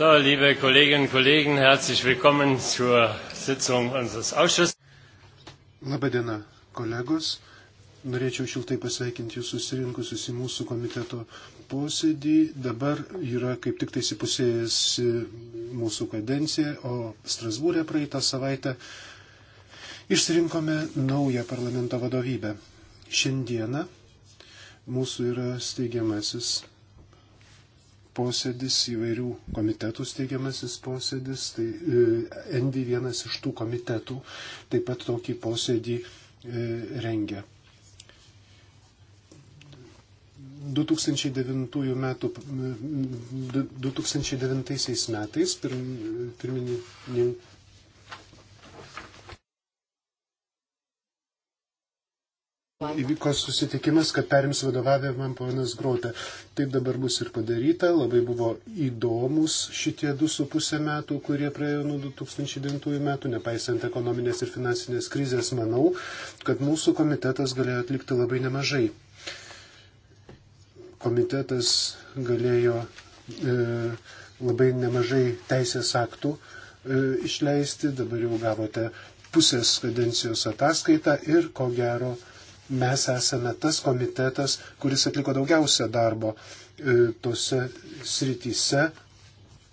So, liebe Kolleginnen und Kollegen, herzlich willkommen zur Sitzung unseres Ausschusses. Labadiena, kolegos. Norėčiau šiltai pasveikinti jūs susirinkusius į mūsų komiteto posėdį. Dabar yra kaip tik tai įpusėjęs mūsų kadencija, o Strasbūrė praeitą savaitę išsirinkome naują parlamento vadovybę. Šiandieną mūsų yra steigiamasis posėdis, įvairių komitetų steigiamasis posėdis, tai Envi vienas iš tų komitetų taip pat tokį posėdį e, rengia. 2009, metų, 2009 metais pirmininkas Įvyko susitikimas, kad perims vadovavimą ponas Grotė. Taip dabar bus ir padaryta. Labai buvo įdomus šitie du su pusę metų, kurie praėjo nuo 2009 metų, nepaisant ekonominės ir finansinės krizės, manau, kad mūsų komitetas galėjo atlikti labai nemažai. Komitetas galėjo e, labai nemažai teisės aktų e, išleisti, dabar jau gavote pusės kadencijos ataskaitą ir ko gero mes esame tas komitetas, kuris atliko daugiausia darbo e, tose srityse,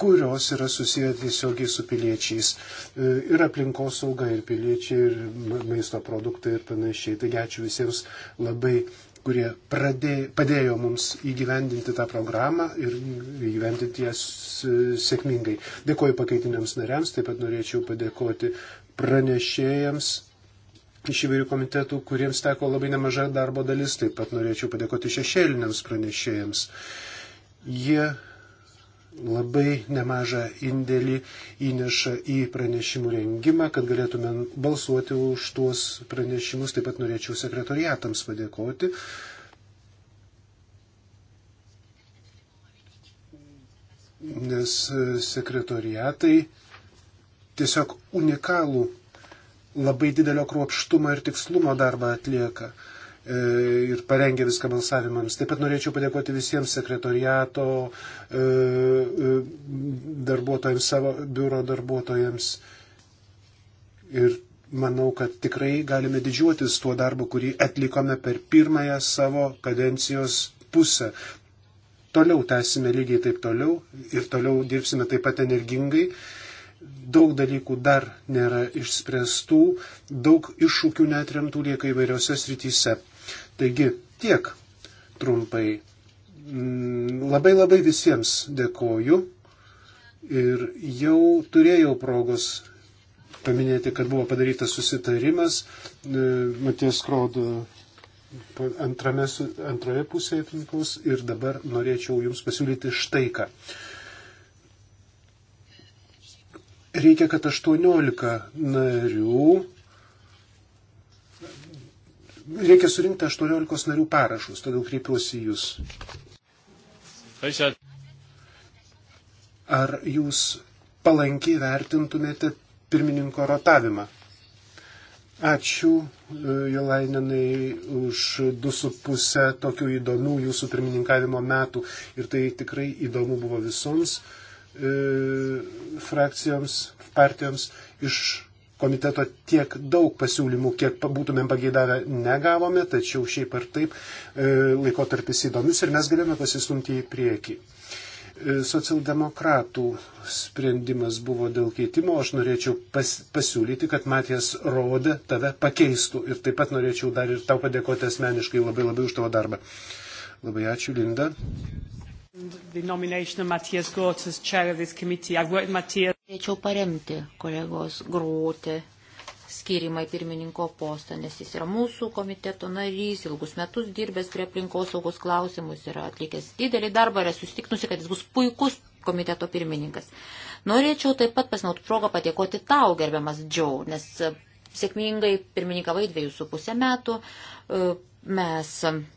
kurios yra susiję tiesiogiai su piliečiais. E, ir aplinkos sauga, ir piliečiai, ir maisto produktai, ir panašiai. Taigi ačiū visiems labai kurie pradėjo, padėjo mums įgyvendinti tą programą ir įgyvendinti jas e, sėkmingai. Dėkoju pakaitiniams nariams, taip pat norėčiau padėkoti pranešėjams iš įvairių komitetų, kuriems teko labai nemaža darbo dalis. Taip pat norėčiau padėkoti šešėliniams pranešėjams. Jie labai nemažą indėlį įneša į pranešimų rengimą, kad galėtume balsuoti už tuos pranešimus. Taip pat norėčiau sekretoriatams padėkoti. Nes e, sekretoriatai tiesiog unikalų labai didelio kruopštumo ir tikslumo darbą atlieka e, ir parengė viską balsavimams. Taip pat norėčiau padėkoti visiems sekretoriato e, e, darbuotojams, savo biuro darbuotojams. Ir manau, kad tikrai galime didžiuotis tuo darbu, kurį atlikome per pirmąją savo kadencijos pusę. Toliau tęsime lygiai taip toliau ir toliau dirbsime taip pat energingai daug dalykų dar nėra išspręstų, daug iššūkių netremtų lieka įvairiose srityse. Taigi tiek trumpai. Mm, labai labai visiems dėkoju ir jau turėjau progos paminėti, kad buvo padarytas susitarimas e, Matės Krodo antrame, antroje pusėje aplinkos ir dabar norėčiau Jums pasiūlyti štai ką. reikia, kad 18 narių reikia surinkti 18 narių parašus, todėl kreipiuosi į Jūs. Ar Jūs palankiai vertintumėte pirmininko rotavimą? Ačiū e, Jolaininai už du su pusę tokių įdomių jūsų pirmininkavimo metų ir tai tikrai įdomu buvo visoms. E, frakcijoms, partijoms iš komiteto tiek daug pasiūlymų, kiek būtumėm pageidavę, negavome, tačiau šiaip ar taip e, laikotarpis įdomius ir mes galėjome pasistumti į priekį. E, socialdemokratų sprendimas buvo dėl keitimo, aš norėčiau pas, pasiūlyti, kad Matijas Rodė tave pakeistų ir taip pat norėčiau dar ir tau padėkoti asmeniškai labai labai už tavo darbą. Labai ačiū, Linda. The nomination of Matthias Grote as chair of this committee. I've worked with Matthias. Norėčiau paremti kolegos Grote skirimą į pirmininko postą, nes jis yra mūsų komiteto narys, ilgus metus dirbęs prie aplinkosaugos klausimus, yra atlikęs didelį darbą ir esu stiknusi, kad jis bus puikus komiteto pirmininkas. Norėčiau taip pat pasinauti progą patiekoti tau, gerbiamas Džiau, nes sėkmingai pirmininkavai dviejų su pusę metų, Mes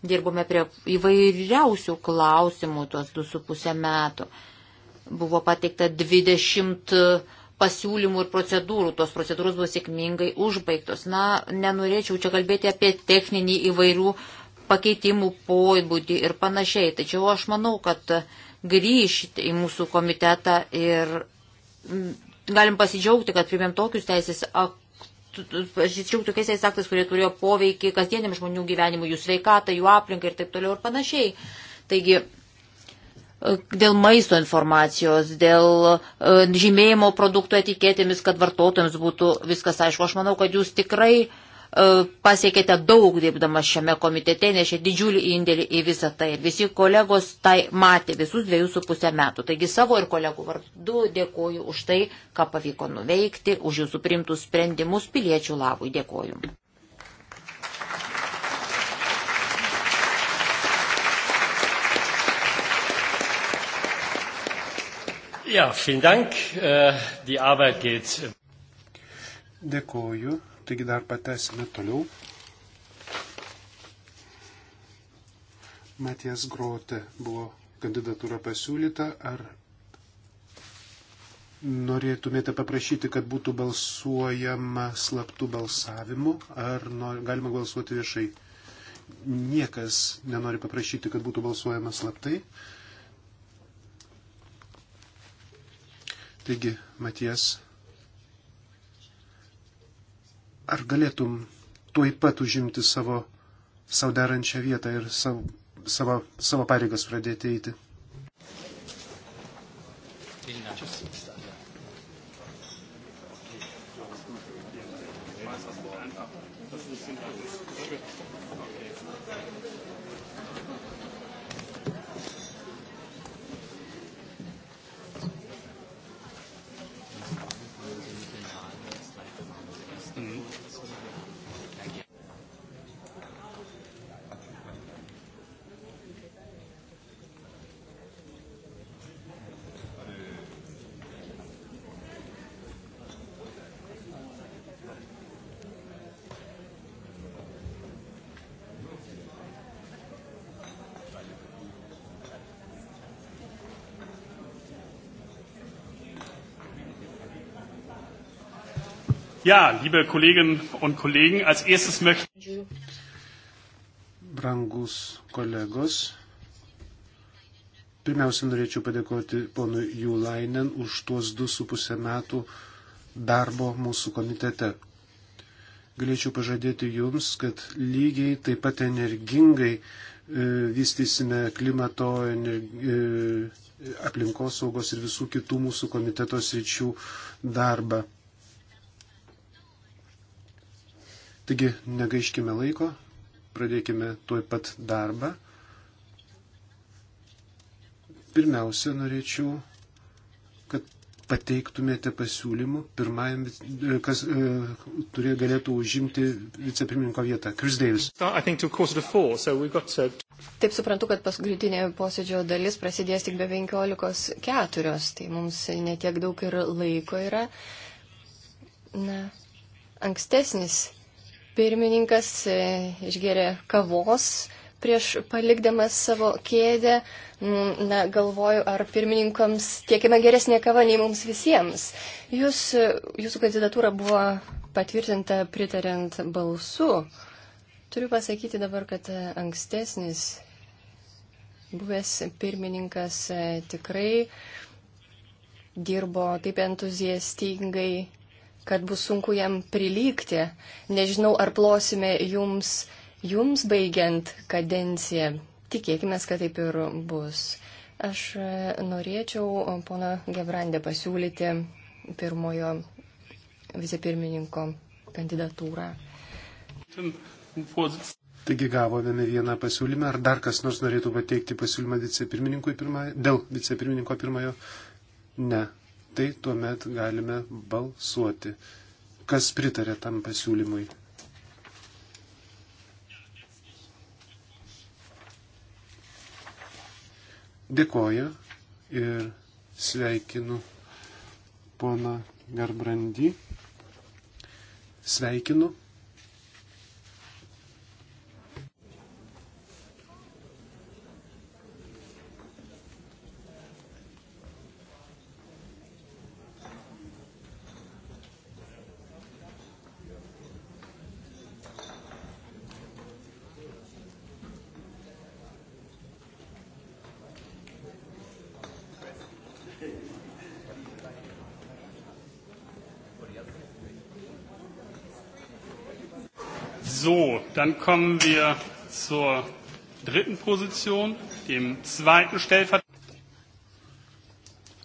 dirbome prie įvairiausių klausimų tuos du su pusę metų. Buvo pateikta 20 pasiūlymų ir procedūrų. Tos procedūros buvo sėkmingai užbaigtos. Na, nenorėčiau čia kalbėti apie techninį įvairių pakeitimų pobūdį ir panašiai. Tačiau aš manau, kad grįžti į mūsų komitetą ir galim pasidžiaugti, kad primėm tokius teisės aktus pasidžiaugti tokiais aktais, kurie turėjo poveikį kasdieniam žmonių gyvenimui, jų sveikatą, jų aplinką ir taip toliau ir panašiai. Taigi, e, dėl maisto informacijos, dėl e, žymėjimo produktų etiketėmis, kad vartotojams būtų viskas aišku. Aš manau, kad jūs tikrai uh, E, pasiekėte daug dirbdamas šiame komitete, nešė didžiulį indėlį į visą tai. Ir visi kolegos tai matė visus dviejus su pusę metų. Taigi savo ir kolegų vardu dėkoju už tai, ką pavyko nuveikti, už jūsų primtus sprendimus piliečių labui. Dėkoju. Ja, vielen Dank. Äh, die Arbeit geht. Dėkoju taigi dar patesime toliau. Matijas Grote buvo kandidatūra pasiūlyta, ar norėtumėte paprašyti, kad būtų balsuojama slaptų balsavimu, ar nor, galima balsuoti viešai? Niekas nenori paprašyti, kad būtų balsuojama slaptai. Taigi, Matijas Ar galėtum tuoj pat užimti savo, savo derančią vietą ir savo, savo, savo pareigas pradėti eiti? Das ist Ja, liebe Kolleginnen und Kollegen, als erstes möchte ich. Brangus kolegos, pirmiausia norėčiau padėkoti ponui Jūlainen už tuos du su pusę metų darbo mūsų komitete. Galėčiau pažadėti jums, kad lygiai taip pat energingai e, vystysime klimato, energi, e, aplinkosaugos ir visų kitų mūsų komiteto sričių darbą. Taigi negaiškime laiko, pradėkime tuoj pat darbą. Pirmiausia, norėčiau, kad pateiktumėte pasiūlymų pirmajam, e, kas e, turė, galėtų užimti vicepirmininko vietą. Chris Davis. Uh, Taip suprantu, kad paskutinė posėdžio dalis prasidės tik be 15.4, tai mums netiek daug ir laiko yra. Na, ankstesnis pirmininkas e, išgėrė kavos prieš palikdamas savo kėdę. Mm, na, galvoju, ar pirmininkams tiekime geresnė kava nei mums visiems. Jūs, e, jūsų kandidatūra buvo patvirtinta pritariant balsu. Turiu pasakyti dabar, kad e, ankstesnis buvęs pirmininkas tikrai dirbo taip entuziastingai kad bus sunku jam prilygti. Nežinau, ar plosime jums, jums baigiant kadenciją. Tikėkime, kad taip ir bus. Aš e, norėčiau pono Gebrandę pasiūlyti pirmojo vicepirmininko kandidatūrą. Taigi gavome vieną pasiūlymą. Ar dar kas nors norėtų pateikti pasiūlymą vicepirmininkui pirmąjį, dėl vicepirmininko pirmojo? Ne tai tuomet galime balsuoti. Kas pritarė tam pasiūlymui? Dėkoju ir sveikinu poną Garbrandy. Sveikinu Dann kommen wir zur dritten Position, dem zweiten Stellvertreter.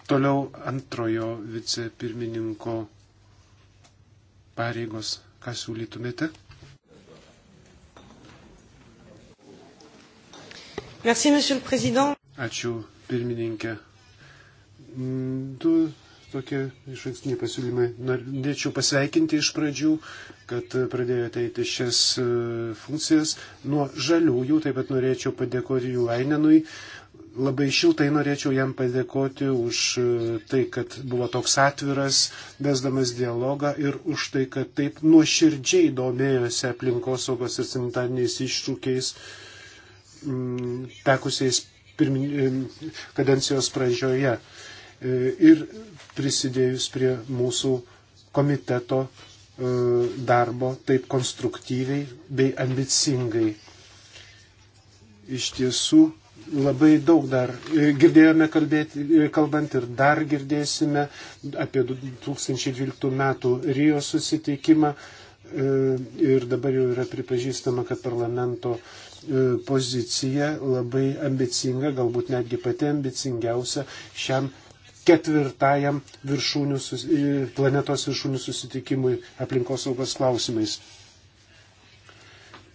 Toliau antrojo vicepirmininko pareigos, ką siūlytumėte? Merci, Ačiū, pirmininkė. Mm, du tokie išankstiniai pasiūlymai. Norėčiau pasveikinti iš pradžių, kad pradėjote eiti šias e, funkcijas. Nuo žaliųjų taip pat norėčiau padėkoti jų Ainenui. Labai šiltai norėčiau jam padėkoti už e, tai, kad buvo toks atviras, besdamas dialogą ir už tai, kad taip nuoširdžiai domėjosi aplinkosaugos ir sanitariniais iššūkiais mm, tekusiais pirmin, e, kadencijos pradžioje. E, ir prisidėjus prie mūsų komiteto e, darbo taip konstruktyviai bei ambicingai. Iš tiesų labai daug dar e, girdėjome kalbėti, kalbant ir dar girdėsime apie 2012 metų Rio susitikimą ir dabar jau yra pripažįstama, kad parlamento pozicija labai ambicinga, galbūt netgi pati ambicingiausia šiam ketvirtajam viršūnių, planetos viršūnių susitikimui aplinkosaugos klausimais.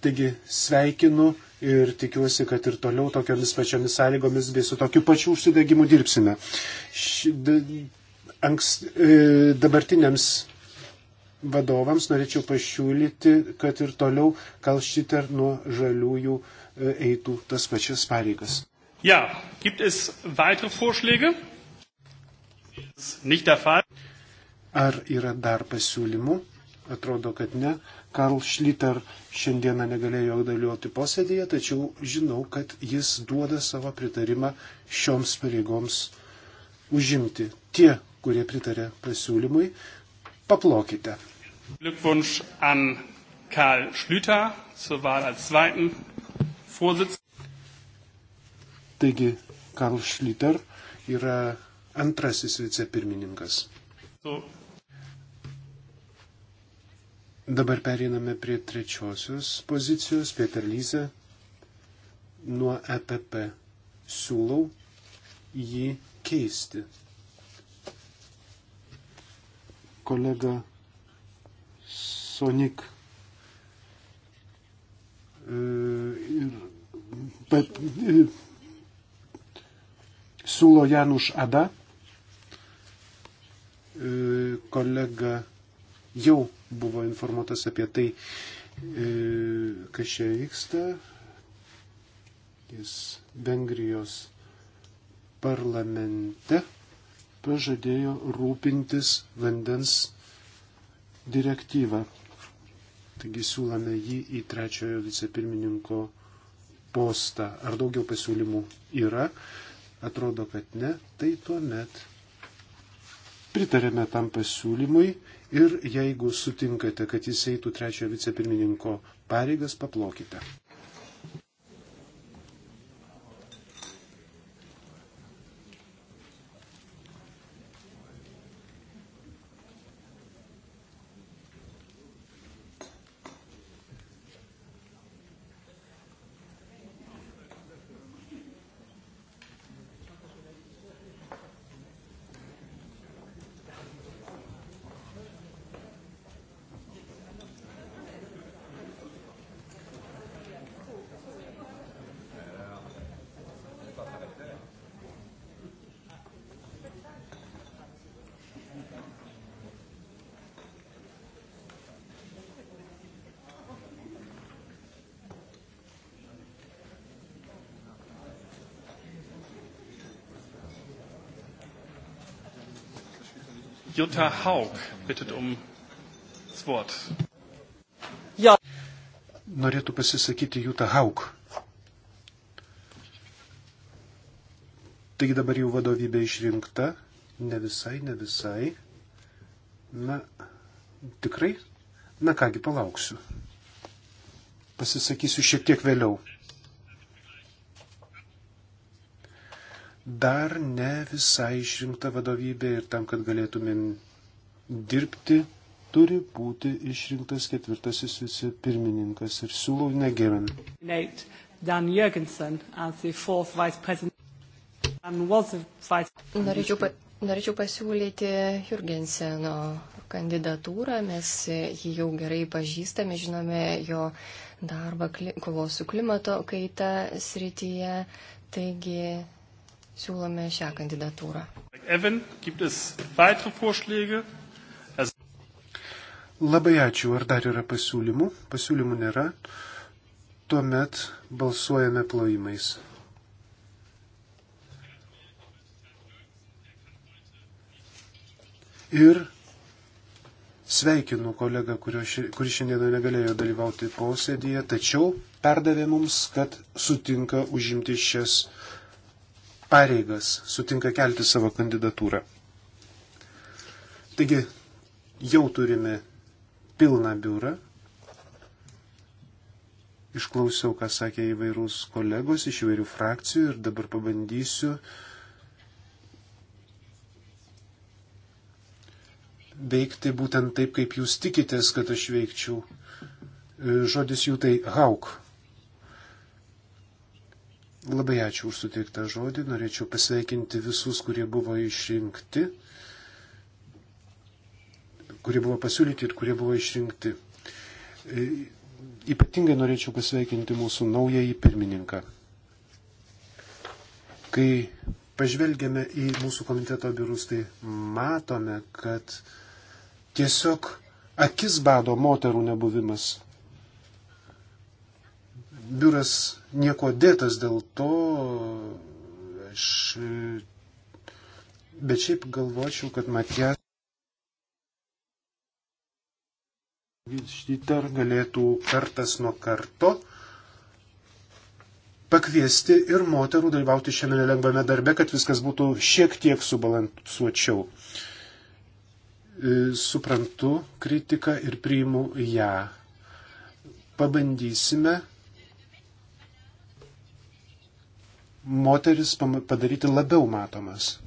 Taigi sveikinu ir tikiuosi, kad ir toliau tokiamis pačiamis sąlygomis bei su tokiu pačiu užsidegimu dirbsime. Ši, d, anks, e, dabartiniams vadovams norėčiau pasiūlyti, kad ir toliau Kalšiter nuo žaliųjų e, eitų tas pačias pareigas. Ja, gibt es weitere Vorschläge? Ar yra dar pasiūlymų? Atrodo, kad ne. Karl Schlitter šiandieną negalėjo dalyvauti posėdėje, tačiau žinau, kad jis duoda savo pritarimą šioms pareigoms užimti. Tie, kurie pritarė pasiūlymui, paplokite. Glückwunsch an Karl Schlüter zur Wahl als zweiten Vorsitzenden. Taigi, Karl Schlüter yra antrasis vicepirmininkas. Dabar pereiname prie trečiosios pozicijos. Peter Lyze nuo EPP siūlau jį keisti. Kolega Sonik e, ir, bet, ir, siūlo Januš Ada E, kolega jau buvo informuotas apie tai, e, kas čia vyksta. Jis Vengrijos parlamente pažadėjo rūpintis vandens direktyvą. Taigi siūlome jį į trečiojo vicepirmininko postą. Ar daugiau pasiūlymų yra? Atrodo, kad ne. Tai tuo met pritarėme tam pasiūlymui ir jeigu sutinkate, kad jis eitų trečiojo vicepirmininko pareigas, paplokite. Jutta Haug bittet um das Wort. Ja. Norėtų pasisakyti Jutta Haug. Taigi dabar jau vadovybė išrinkta. Ne visai, ne visai. Na, tikrai? Na kągi, palauksiu. Pasisakysiu šiek tiek vėliau. dar ne visai išrinkta vadovybė ir tam, kad galėtumėm dirbti, turi būti išrinktas ketvirtasis vicepirmininkas ir siūlau negėmen. Norėčiau, pa, norėčiau pasiūlyti Jurgenseno kandidatūrą, mes jį jau gerai pažįstame, žinome jo darbą kovos su klimato kaita srityje, taigi siūlome šią kandidatūrą. Evan, gibt es weitere Vorschläge? Labai ačiū. Ar dar yra pasiūlymų? Pasiūlymų nėra. Tuomet balsuojame plojimais. Ir sveikinu kolegą, kuris šiandieną negalėjo dalyvauti posėdėje, tačiau perdavė mums, kad sutinka užimti šias pareigas sutinka kelti savo kandidatūrą. Taigi jau turime pilną biurą. Išklausiau, ką sakė įvairūs kolegos iš įvairių frakcijų ir dabar pabandysiu veikti būtent taip, kaip jūs tikitės, kad aš veikčiau. E, žodis jų tai hauk. Labai ačiū už suteiktą žodį. Norėčiau pasveikinti visus, kurie buvo išrinkti, kurie buvo pasiūlyti ir kurie buvo išrinkti. E, ypatingai norėčiau pasveikinti mūsų naująjį pirmininką. Kai pažvelgiame į mūsų komiteto biurus, tai matome, kad tiesiog akis bado moterų nebuvimas biuras nieko dėtas dėl to, aš, bet šiaip galvočiau, kad Matijas Štyter galėtų kartas nuo karto pakviesti ir moterų dalyvauti šiame nelengvame darbe, kad viskas būtų šiek tiek subalansuočiau. E, suprantu kritiką ir priimu ją. Pabandysime moteris padaryti labiau matomas.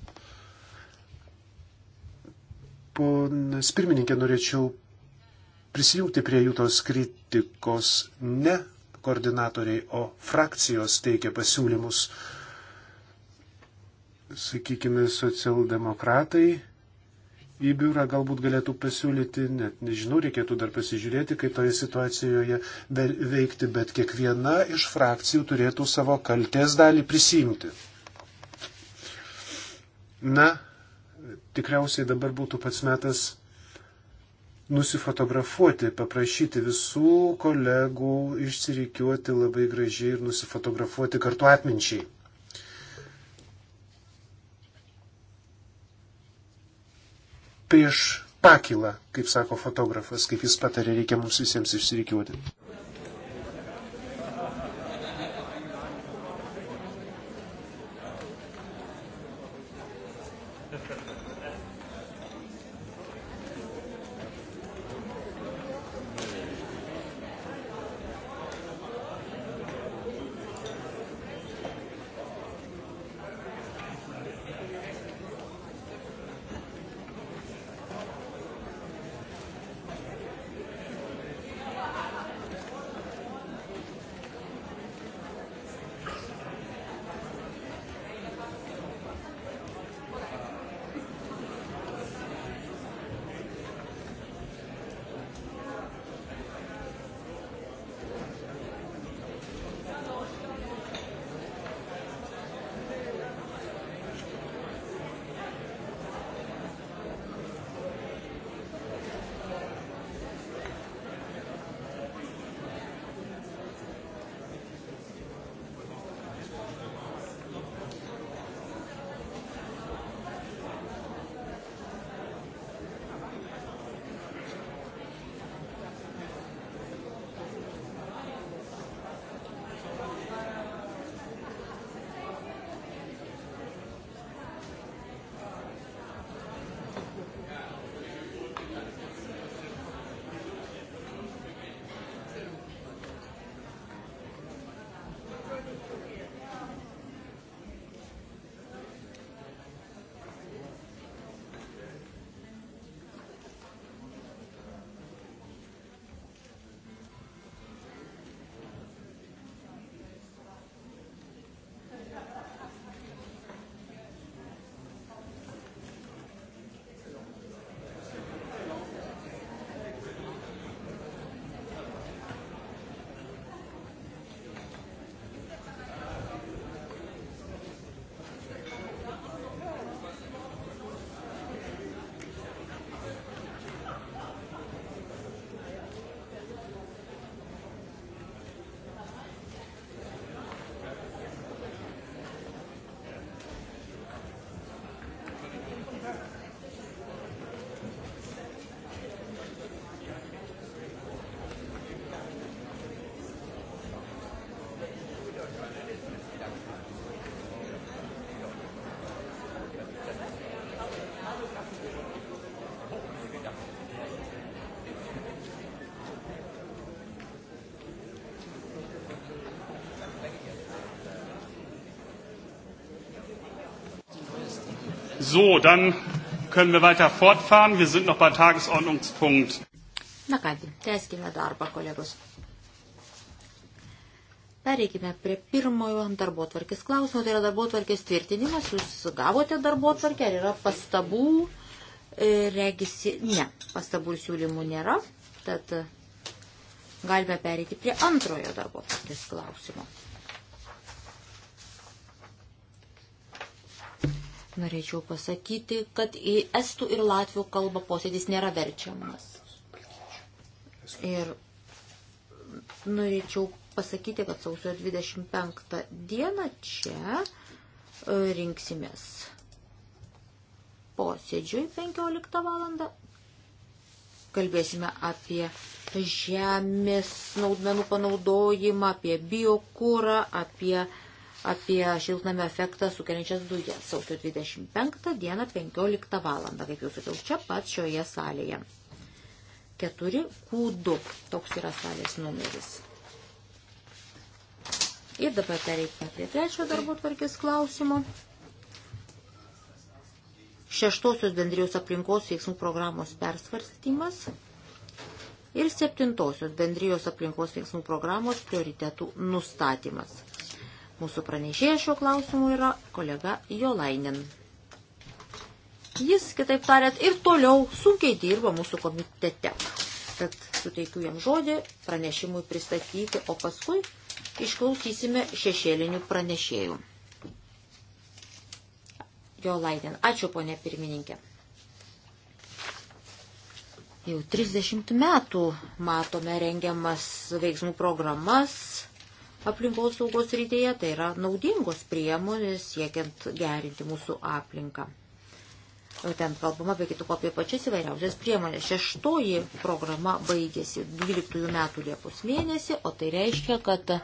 Ponas pirmininkė, norėčiau prisijungti prie jų tos kritikos. Ne koordinatoriai, o frakcijos teikia pasiūlymus. Sakykime, socialdemokratai į biurą galbūt galėtų pasiūlyti, net nežinau, reikėtų dar pasižiūrėti, kaip toje situacijoje veikti, bet kiekviena iš frakcijų turėtų savo kaltės dalį prisimti. Na, tikriausiai dabar būtų pats metas nusifotografuoti, paprašyti visų kolegų išsirikiuoti labai gražiai ir nusifotografuoti kartu atminčiai. prieš pakilą, kaip sako fotografas, kaip jis patarė, reikia mums visiems išsirikiuoti. So, dann können wir weiter fortfahren. Wir sind noch bei Tagesordnungspunkt. Na kągi, tęskime darbą, kolegos. Pereikime prie pirmojo darbo tvarkės klausimo, tai yra darbo tvarkės tvirtinimas. Jūs gavote darbo tvarkę, ar yra pastabų, e, regisi, ne, pastabų siūlymų nėra, tad galime pereiti prie antrojo darbo tvarkės klausimo. Norėčiau pasakyti, kad į estų ir latvių kalbą posėdis nėra verčiamas. Ir norėčiau pasakyti, kad sausio 25 dieną čia e, rinksimės posėdžiui 15 valandą. Kalbėsime apie žemės naudmenų panaudojimą, apie biokūrą, apie uh, apie šiltnamio efektą sukeliančias dujas sausio 25 dieną 15 valandą, kaip jau sakiau, čia pat šioje salėje. 4Q2 toks yra salės numeris. Ir dabar pereikime prie trečio darbo tvarkės klausimo. Šeštosios bendrijos aplinkos veiksmų programos persvarstymas ir septintosios bendrijos aplinkos veiksmų programos prioritetų nustatymas. Mūsų pranešėjas šiuo klausimu yra kolega Jolainin. Jis, kitaip tariant, ir toliau sunkiai dirba mūsų komitete. Tad suteikiu jam žodį pranešimui pristatyti, o paskui išklausysime šešėlinių pranešėjų. Jo laidin. Ačiū, ponė pirmininkė. Jau 30 metų matome rengiamas veiksmų programas aplinkos saugos rytėje, tai yra naudingos priemonės siekiant gerinti mūsų aplinką. Ten kalbama apie kitų apie pačias įvairiausias priemonės. Šeštoji programa baigėsi 12 metų Liepos mėnesį, o tai reiškia, kad,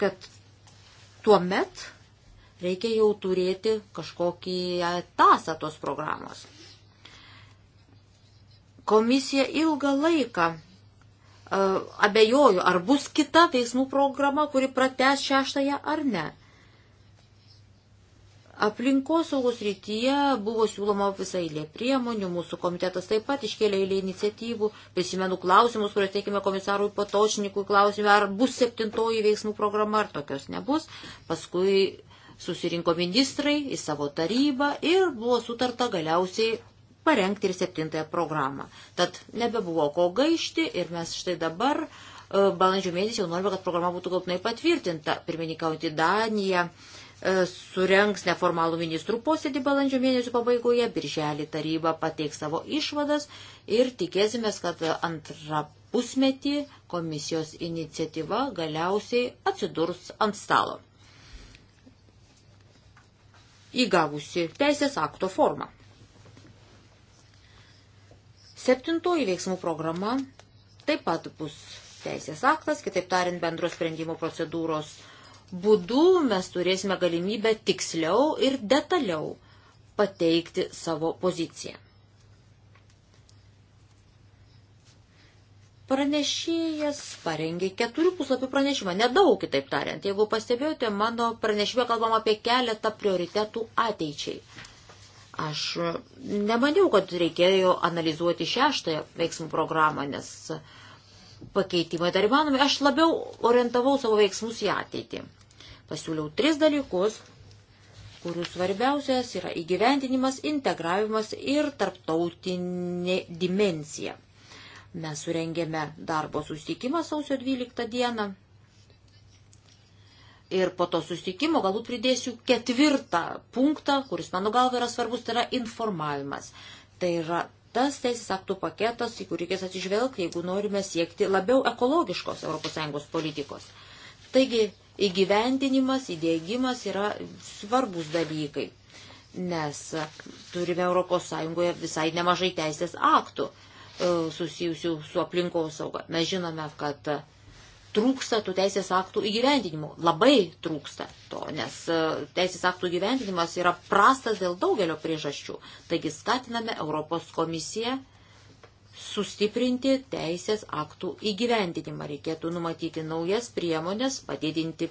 kad tuo met reikia jau turėti kažkokį tasą tos programos. Komisija ilgą laiką E, abejoju, ar bus kita veiksmų programa, kuri prates šeštąją ar ne. Aplinkosaugos rytyje buvo siūloma visai lė priemonių, mūsų komitetas taip pat iškėlė eilę iniciatyvų, prisimenu klausimus, kuriuos teikime komisarui Patočnikui, klausime, ar bus septintoji veiksmų programa, ar tokios nebus. Paskui susirinko ministrai į savo tarybą ir buvo sutarta galiausiai parengti ir septintąją programą. Tad nebebuvo ko gaišti ir mes štai dabar e, balandžio mėnesį jau norime, kad programa būtų galtinai patvirtinta. Pirmininkaujantį Daniją e, surenks neformalų ministrų posėdį balandžio mėnesio pabaigoje, birželį taryba pateiks savo išvadas ir tikėsime, kad antrą pusmetį komisijos iniciatyva galiausiai atsidurs ant stalo. Įgavusi teisės akto formą. Septintoji veiksmų programa taip pat bus teisės aktas, kitaip tariant, bendro sprendimo procedūros būdu mes turėsime galimybę tiksliau ir detaliau pateikti savo poziciją. Pranešėjas parengė keturių puslapių pranešimą, nedaug kitaip tariant. Jeigu pastebėjote, mano pranešime kalbam apie keletą prioritetų ateičiai. Aš nemaniau, kad reikėjo analizuoti šeštąją veiksmų programą, nes pakeitimai dar įmanomi. Aš labiau orientavau savo veiksmus į ateitį. Pasiūliau tris dalykus, kurių svarbiausias yra įgyvendinimas, integravimas ir tarptautinė dimensija. Mes surengėme darbo susitikimą sausio 12 dieną. Ir po to susitikimo galbūt pridėsiu ketvirtą punktą, kuris mano galva yra svarbus, tai yra informavimas. Tai yra tas teisės aktų paketas, į kurį reikės atsižvelgti, jeigu norime siekti labiau ekologiškos ES politikos. Taigi įgyvendinimas, įdėgymas yra svarbus dalykai, nes turime ES visai nemažai teisės aktų e, susijusių su aplinkosauga. Mes žinome, kad trūksta tų teisės aktų įgyvendinimų. Labai trūksta to, nes e, teisės aktų įgyvendinimas yra prastas dėl daugelio priežasčių. Taigi skatiname Europos komisiją sustiprinti teisės aktų įgyvendinimą. Reikėtų numatyti naujas priemonės, padidinti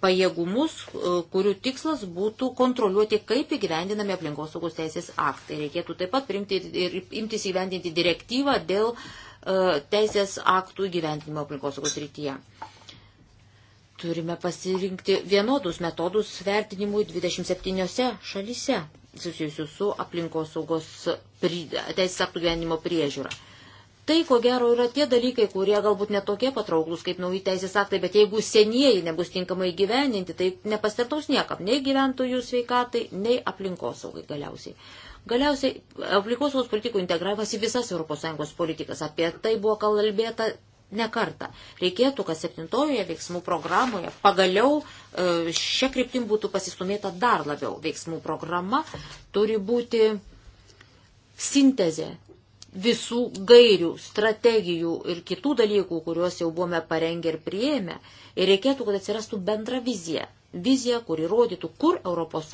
pajėgumus, e, kurių tikslas būtų kontroliuoti, kaip įgyvendinami aplinkosaugos teisės aktai. Reikėtų taip pat priimti ir imtis įgyvendinti direktyvą dėl uh, E, teisės aktų gyventinimo aplinkosaugos rytyje. Turime pasirinkti vienodus metodus vertinimui 27 šalyse susijusių su aplinkosaugos teisės aktų gyvenimo priežiūra. Tai, ko gero, yra tie dalykai, kurie galbūt netokie patrauklus kaip nauji teisės aktai, bet jeigu senieji nebus tinkamai gyveninti, tai nepastartaus niekam, nei gyventojų sveikatai, nei aplinkosaugai galiausiai. Galiausiai aplikosvos politikų integravimas į visas ES politikas. Apie tai buvo kalbėta ne kartą. Reikėtų, kad septintojoje veiksmų programoje pagaliau e, šią kryptim būtų pasistumėta dar labiau. Veiksmų programa turi būti sintezė visų gairių, strategijų ir kitų dalykų, kuriuos jau buvome parengę ir prieėmę. Ir reikėtų, kad atsirastų bendra vizija. Vizija, kuri rodytų, kur ES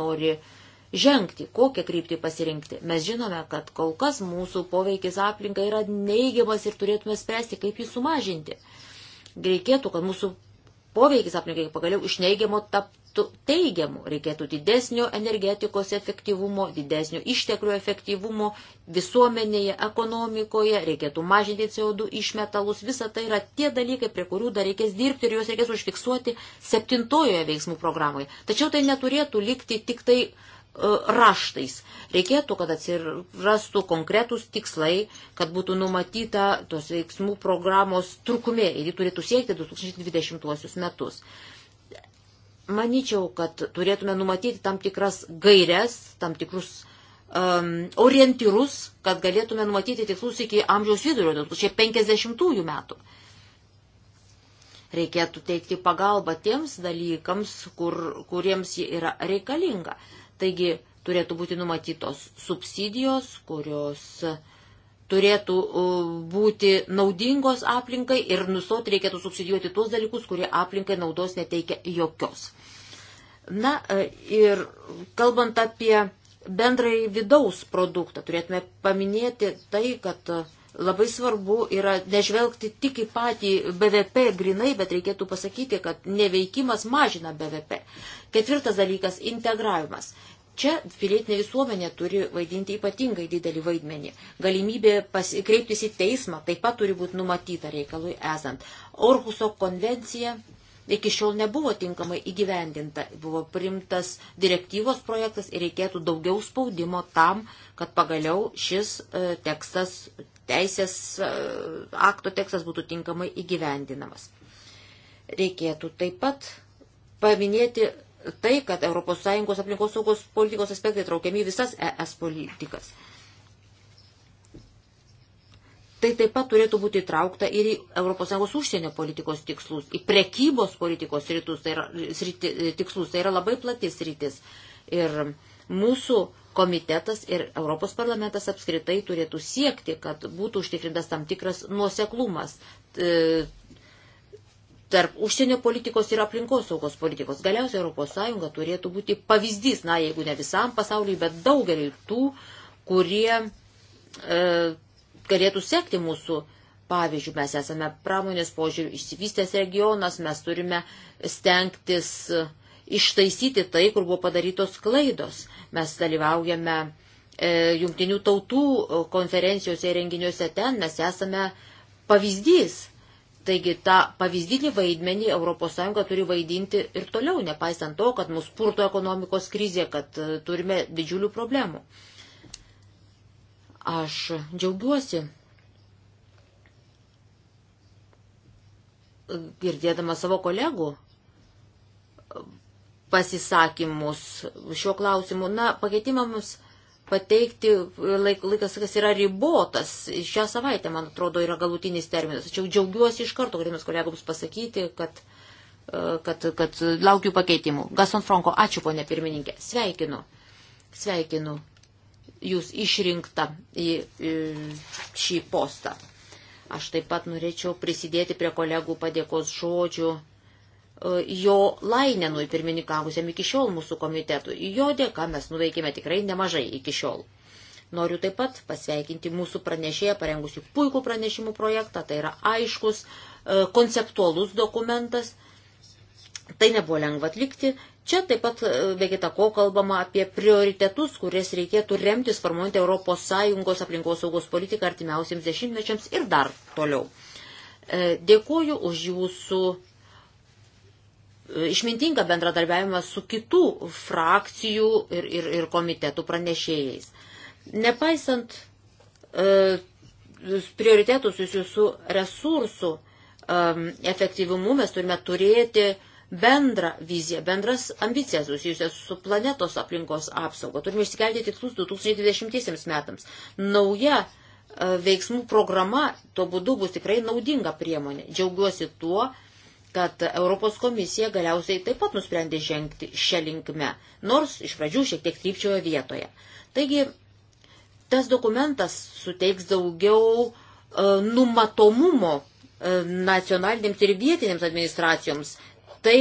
nori uh, žengti, kokią kryptį pasirinkti. Mes žinome, kad kol kas mūsų poveikis aplinka yra neigiamas ir turėtume spręsti, kaip jį sumažinti. Reikėtų, kad mūsų poveikis aplinkai pagaliau iš neigiamo taptų teigiamu. Reikėtų didesnio energetikos efektyvumo, didesnio išteklių efektyvumo visuomenėje, ekonomikoje, reikėtų mažinti CO2 išmetalus. Visa tai yra tie dalykai, prie kurių dar reikės dirbti ir juos reikės užfiksuoti septintojoje veiksmų programoje. Tačiau tai neturėtų likti tik tai uh, E, raštais. Reikėtų, kad atsirastų konkretus tikslai, kad būtų numatyta tos veiksmų programos trukmė ir ji turėtų siekti 2020 metus. Maničiau, kad turėtume numatyti tam tikras gairias, tam tikrus um, orientyrus, kad galėtume numatyti tikslus iki amžiaus vidurio, 2050 metų. Reikėtų teikti pagalbą tiems dalykams, kur, kuriems ji yra reikalinga. Taigi turėtų būti numatytos subsidijos, kurios turėtų būti naudingos aplinkai ir nustoti reikėtų subsidijuoti tuos dalykus, kurie aplinkai naudos neteikia jokios. Na e, ir kalbant apie bendrai vidaus produktą, turėtume paminėti tai, kad Labai svarbu yra nežvelgti tik į patį BVP grinai, bet reikėtų pasakyti, kad neveikimas mažina BVP. Ketvirtas dalykas - integravimas. Čia pilietinė visuomenė turi vaidinti ypatingai didelį vaidmenį. Galimybė kreiptis į teismą taip pat turi būti numatyta reikalui esant. Orhuso konvencija iki šiol nebuvo tinkamai įgyvendinta. Buvo primtas direktyvos projektas ir reikėtų daugiau spaudimo tam, kad pagaliau šis e, tekstas teisės e, akto tekstas būtų tinkamai įgyvendinamas. Reikėtų taip pat paminėti tai, kad ES aplinkos saugos politikos aspektai traukiami visas ES politikas. Tai taip pat turėtų būti įtraukta ir į ES užsienio politikos tikslus, į prekybos politikos rytus, tai yra, sriti, tikslus, tai yra labai platis rytis. Ir mūsų komitetas ir Europos parlamentas apskritai turėtų siekti, kad būtų užtikrintas tam tikras nuoseklumas e, tarp užsienio politikos ir aplinkosaugos politikos. Galiausiai ES turėtų būti pavyzdys, na, jeigu ne visam pasauliui, bet daugeliu tų, kurie e, galėtų sekti mūsų pavyzdžių. Mes esame pramonės požiūrių išsivystęs regionas, mes turime stengtis e, ištaisyti tai, kur buvo padarytos klaidos. Mes dalyvaujame e, jungtinių tautų e, konferencijose ir renginiuose ten, mes esame pavyzdys. Taigi tą pavyzdinį vaidmenį ES turi vaidinti ir toliau, nepaisant to, kad mūsų purto ekonomikos krizė, kad e, turime didžiulių problemų. Aš džiaugiuosi e, girdėdama savo kolegų pasisakymus šiuo klausimu. Na, pakeitimams pateikti laikas, kas yra ribotas. Šią savaitę, man atrodo, yra galutinis terminas. Tačiau džiaugiuosi iš karto, galėtumės kolegoms pasakyti, kad, e, kad, kad laukiu pakeitimų. Gaston Franko, ačiū, ponė pirmininkė. Sveikinu. Sveikinu jūs išrinktą į, į šį postą. Aš taip pat norėčiau prisidėti prie kolegų padėkos žodžių E, jo Lainenui pirmininkavusiam iki šiol mūsų komitetui. Jo dėka mes nuveikėme tikrai nemažai iki šiol. Noriu taip pat pasveikinti mūsų pranešėją, parengusi puikų pranešimų projektą, tai yra aiškus, e, konceptualus dokumentas. Tai nebuvo lengva atlikti. Čia taip pat, e, be kita ko, kalbama apie prioritetus, kurias reikėtų remtis formuojant ES aplinkos saugos politiką artimiausiams dešimtmečiams ir dar toliau. Dėkuoju už jūsų išmintingą bendradarbiavimą su kitų frakcijų ir, ir, ir komitetų pranešėjais. Nepaisant e, prioritėtų susijusių su resursų e, efektyvimu, mes turime turėti bendrą viziją, bendras ambicijas susijusias su planetos aplinkos apsaugo. Turime išsikelti tikslus 2020 metams. Nauja e, veiksmų programa tuo būdu bus tikrai naudinga priemonė. Džiaugiuosi tuo, kad Europos komisija galiausiai taip pat nusprendė žengti šią linkmę, nors iš pradžių šiek tiek trypčiojo vietoje. Taigi, tas dokumentas suteiks daugiau e, numatomumo e, nacionalinėms ir vietinėms administracijoms. Tai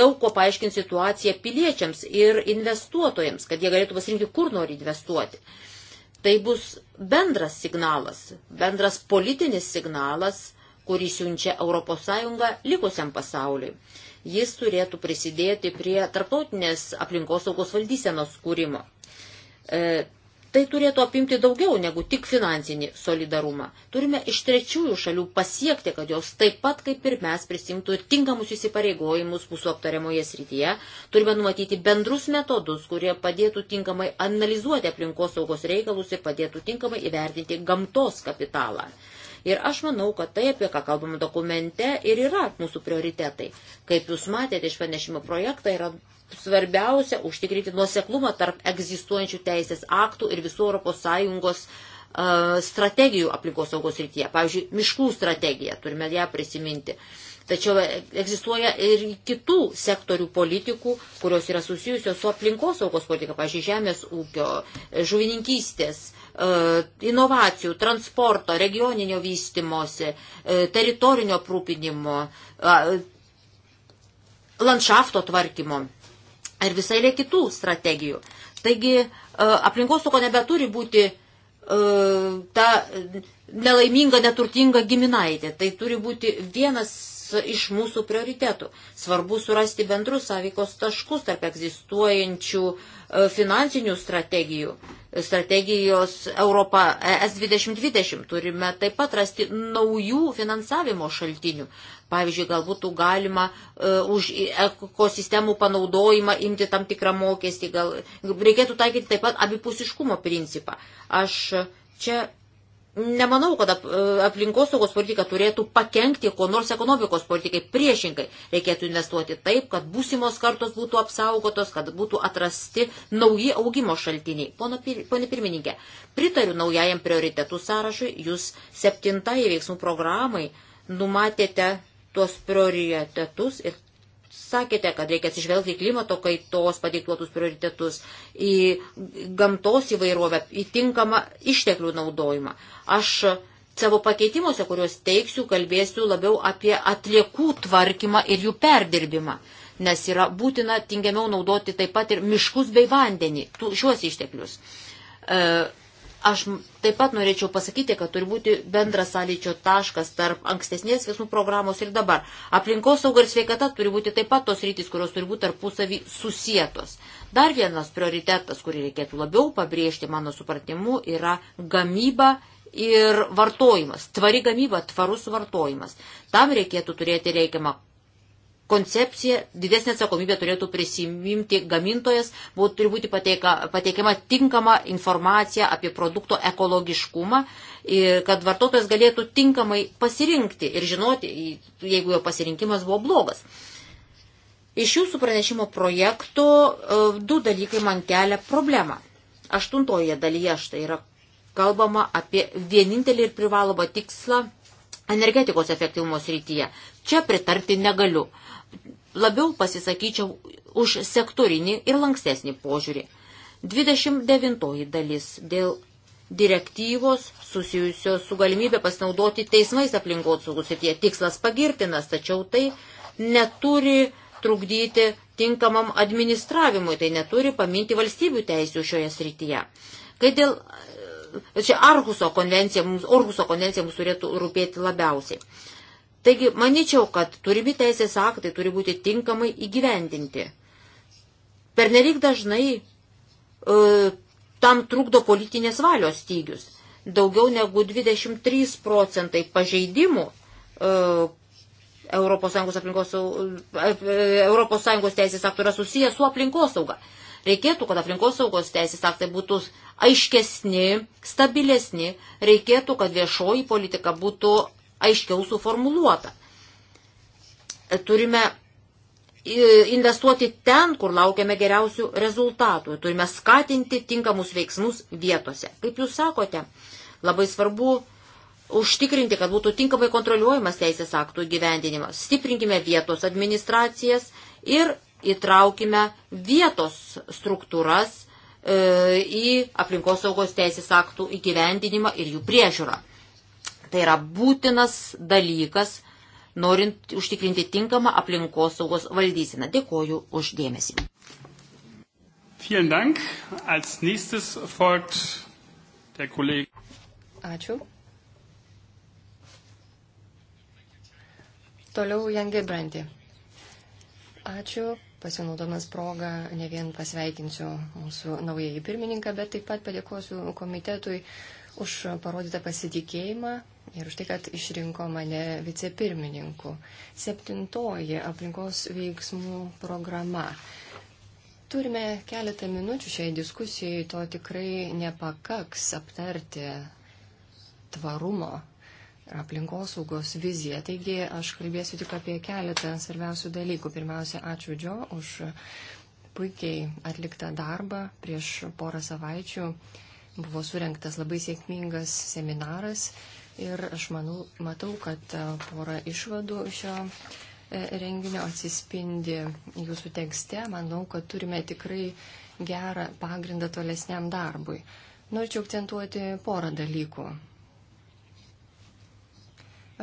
daug ko paaiškins situaciją piliečiams ir investuotojams, kad jie galėtų pasirinkti, kur nori investuoti. Tai bus bendras signalas, bendras politinis signalas kurį siunčia ES likusiam pasauliui. Jis turėtų prisidėti prie tarptautinės aplinkosaugos valdysenos kūrimo. E, tai turėtų apimti daugiau negu tik finansinį solidarumą. Turime iš trečiųjų šalių pasiekti, kad jos taip pat kaip ir mes prisimtų ir tinkamus įsipareigojimus mūsų aptariamoje srityje. Turime numatyti bendrus metodus, kurie padėtų tinkamai analizuoti aplinkosaugos reikalus ir padėtų tinkamai įvertinti gamtos kapitalą. Ir aš manau, kad tai, apie ką kalbam dokumente, ir yra mūsų prioritetai. Kaip jūs matėte iš panešimo projektą, yra svarbiausia užtikrinti nuoseklumą tarp egzistuojančių teisės aktų ir visų ES strategijų aplinkosaugos rytyje. Pavyzdžiui, miškų strategiją turime ją prisiminti. Uh, Tačiau e, egzistuoja ir kitų sektorių politikų, kurios yra susijusios su aplinkosaugos politika, pavyzdžiui, žemės ūkio, e, žuvininkystės, e, inovacijų, transporto, regioninio vystimosi, teritorinio prūpinimo, landšafto tvarkymo ir visai lė kitų strategijų. Taigi aplinkosaugo nebeturi būti ta nelaiminga, neturtinga giminaitė. Tai turi būti vienas iš mūsų prioritetų. Svarbu surasti bendrus sąveikos taškus tarp egzistuojančių e, finansinių strategijų. Strategijos Europa ES 2020 turime taip pat rasti naujų finansavimo šaltinių. Pavyzdžiui, galbūt galima uh, už ekosistemų panaudojimą imti tam tikrą mokestį. Gal, reikėtų taikyti taip pat abipusiškumo principą. Aš čia Nemanau, kad e, aplinkosaugos politika turėtų pakengti ko nors ekonomikos politikai. Priešingai, reikėtų investuoti taip, kad būsimos kartos būtų apsaugotos, kad būtų atrasti nauji augimo šaltiniai. Pone pirmininkė, pritariu naujajam prioritetų sąrašui, jūs septintai veiksmų programai numatėte tuos prioritetus ir sakėte, kad reikia atsižvelgti į klimato kaitos padiktuotus prioritetus, į gamtos įvairovę, į tinkamą išteklių naudojimą. Aš savo pakeitimuose, kuriuos teiksiu, kalbėsiu labiau apie atliekų tvarkymą ir jų perdirbimą, nes yra būtina tingiamiau naudoti taip pat ir miškus bei vandenį, tu, šiuos išteklius. E, Aš taip pat norėčiau pasakyti, kad turi būti bendras sąlyčio taškas tarp ankstesnės veiksmų programos ir dabar. Aplinkos sauga ir sveikata turi būti taip pat tos rytis, kurios turi būti tarpusavį susijėtos. Dar vienas prioritetas, kurį reikėtų labiau pabrėžti, mano supratimu, yra gamyba ir vartojimas. Tvari gamyba, tvarus vartojimas. Tam reikėtų turėti reikiamą koncepciją didesnė atsakomybė turėtų prisimimti gamintojas, būtų turi būti pateika, pateikiama tinkama informacija apie produkto ekologiškumą, kad vartotojas galėtų tinkamai pasirinkti ir žinoti, jeigu jo pasirinkimas buvo blogas. Iš jūsų pranešimo projekto e, du dalykai man kelia problemą. Aštuntoje dalyje štai yra kalbama apie vienintelį ir privalomą tikslą energetikos efektyvumo srityje. Čia pritarti negaliu labiau pasisakyčiau už sektorinį ir lankstesnį požiūrį. 29 dalis dėl direktyvos susijusios su galimybė pasinaudoti teismais aplinkosaugus ir tie tikslas pagirtinas, tačiau tai neturi trukdyti tinkamam administravimui, tai neturi paminti valstybių teisių šioje srityje. Kai dėl e, čia Arhuso konvencija, mums, Orhuso konvencija mums turėtų rūpėti labiausiai. Taigi, manyčiau, kad turimi teisės aktai turi būti tinkamai įgyvendinti. Per nelik dažnai e, tam trukdo politinės valios stygius. Daugiau negu 23 procentai pažeidimų e, Europos Sąjungos, aplinkos, e, e, Europos Sąjungos teisės aktų yra susijęs su aplinkosauga. Reikėtų, kad aplinkosaugos teisės aktai būtų aiškesni, stabilesni, reikėtų, kad viešoji politika būtų aiškiau suformuluota. Turime investuoti ten, kur laukiame geriausių rezultatų. Turime skatinti tinkamus veiksmus vietose. Kaip jūs sakote, labai svarbu užtikrinti, kad būtų tinkamai kontroliuojamas teisės aktų gyvendinimas. Stiprinkime vietos administracijas ir įtraukime vietos struktūras e, į aplinkosaugos teisės aktų įgyvendinimą ir jų priežiūrą. Tai yra būtinas dalykas, norint užtikrinti tinkamą aplinkos saugos valdysiną. Dėkoju už dėmesį. Ačiū. Toliau Jangė Brandi. Ačiū, pasinaudomas progą ne vien pasveikinsiu mūsų naująjį pirmininką, bet taip pat padėkosiu komitetui už parodytą pasitikėjimą ir už tai, kad išrinko mane vicepirmininku. Septintoji aplinkos veiksmų programa. Turime keletą minučių šiai diskusijai, to tikrai nepakaks aptarti tvarumo ir aplinkosaugos viziją. Taigi aš kalbėsiu tik apie keletą svarbiausių dalykų. Pirmiausia, ačiū Džio už puikiai atliktą darbą prieš porą savaičių Buvo surinktas labai sėkmingas seminaras ir aš manau, matau, kad e, pora išvadų šio e, renginio atsispindi jūsų tekste. Manau, kad turime tikrai gerą pagrindą tolesniam darbui. Norėčiau akcentuoti porą dalykų.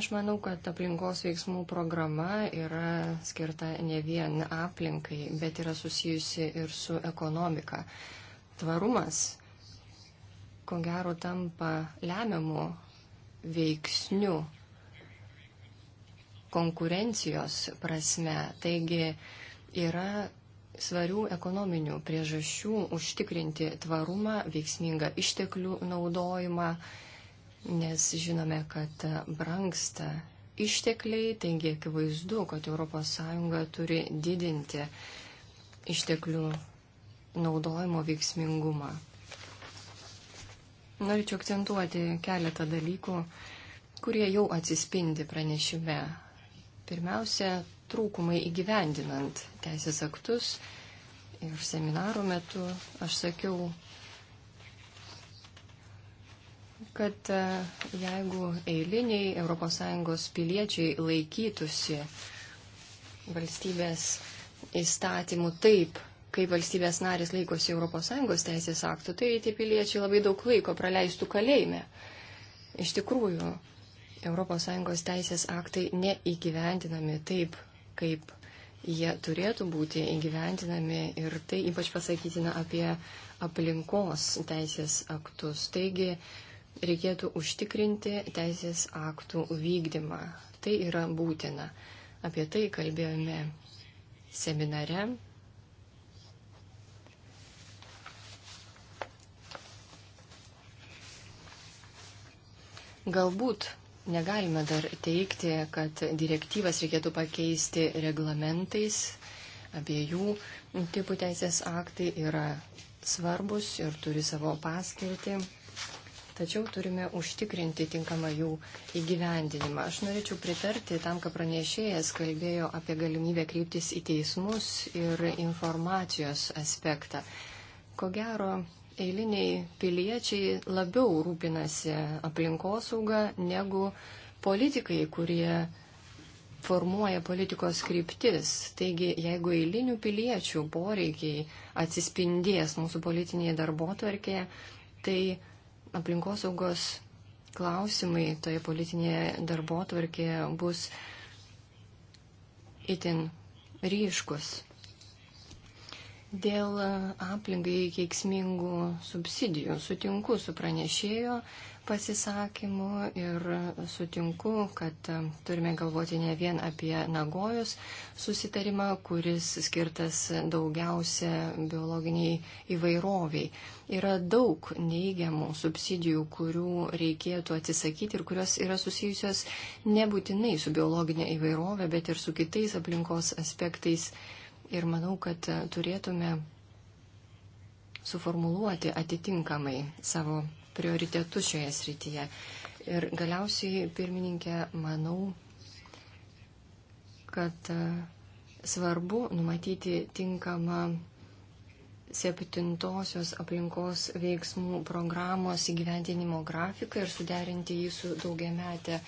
Aš manau, kad aplinkos veiksmų programa yra skirta ne vien aplinkai, bet yra susijusi ir su ekonomika. Tvarumas ko gero tampa lemiamu veiksniu konkurencijos prasme. Taigi yra svarių ekonominių priežasčių užtikrinti tvarumą, veiksmingą išteklių naudojimą, nes žinome, kad brangsta ištekliai, taigi akivaizdu, kad ES turi didinti išteklių naudojimo veiksmingumą. Norėčiau akcentuoti keletą dalykų, kurie jau atsispindi pranešime. Pirmiausia, trūkumai įgyvendinant teisės aktus ir seminaro metu aš sakiau, kad e, jeigu eiliniai ES piliečiai laikytųsi valstybės įstatymų taip, kai valstybės narės laikosi ES teisės aktų, tai tie piliečiai labai daug laiko praleistų kalėjime. Iš tikrųjų, ES teisės aktai neįgyvendinami taip, kaip jie turėtų būti įgyvendinami ir tai ypač pasakytina apie aplinkos teisės aktus. Taigi, reikėtų užtikrinti teisės aktų vykdymą. Tai yra būtina. Apie tai kalbėjome seminare Galbūt negalime dar teikti, kad direktyvas reikėtų pakeisti reglamentais. Abiejų tipų teisės aktai yra svarbus ir turi savo paskirtį. Tačiau turime užtikrinti tinkamą jų įgyvendinimą. Aš norėčiau pritarti tam, ką pranešėjas kalbėjo apie galimybę kryptis į teismus ir informacijos aspektą. Ko gero, eiliniai piliečiai labiau rūpinasi aplinkosauga negu politikai, kurie formuoja politikos kryptis. Taigi, jeigu eilinių piliečių poreikiai atsispindės mūsų politinėje darbo tvarkėje, tai aplinkosaugos klausimai toje politinėje darbo tvarkėje bus itin ryškus. Dėl e, aplinkai keiksmingų subsidijų sutinku su pranešėjo pasisakymu ir e, sutinku, kad e, turime galvoti ne vien apie Nagojus susitarimą, kuris skirtas daugiausia biologiniai įvairoviai. Yra daug neįgiamų subsidijų, kurių reikėtų atsisakyti ir kurios yra susijusios nebūtinai su biologinė įvairovė, bet ir su kitais aplinkos aspektais Ir manau, kad e, turėtume suformuluoti atitinkamai savo prioritetus šioje srityje. Ir galiausiai, pirmininkė, manau, kad e, svarbu numatyti tinkamą septintosios aplinkos veiksmų programos įgyvendinimo grafiką ir suderinti jį su daugiametė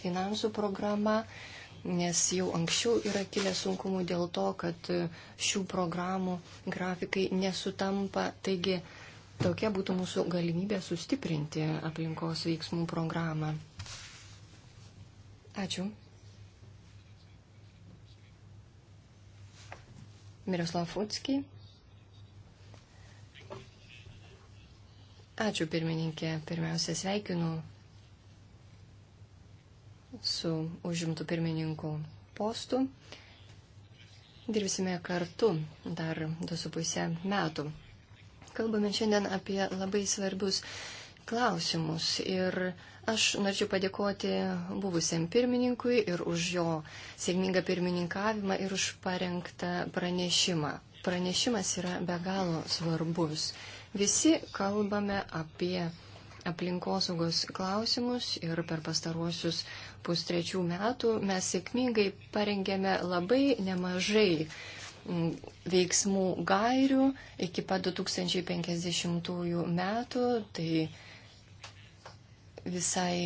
finansų programa nes jau anksčiau yra kilę sunkumų dėl to, kad šių programų grafikai nesutampa. Taigi tokia būtų mūsų galimybė sustiprinti aplinkos veiksmų programą. Ačiū. Miroslav Utski. Ačiū pirmininkė. Pirmiausia, sveikinu su užimtų pirmininku postu. Dirbsime kartu dar 2,5 metų. Kalbame šiandien apie labai svarbius klausimus ir aš norėčiau padėkoti buvusiam pirmininkui ir už jo sėkmingą pirmininkavimą ir už parengtą pranešimą. Pranešimas yra be galo svarbus. Visi kalbame apie aplinkosaugos klausimus ir per pastaruosius pustrečių metų mes sėkmingai parengėme labai nemažai veiksmų gairių iki pat 2050 metų. Tai visai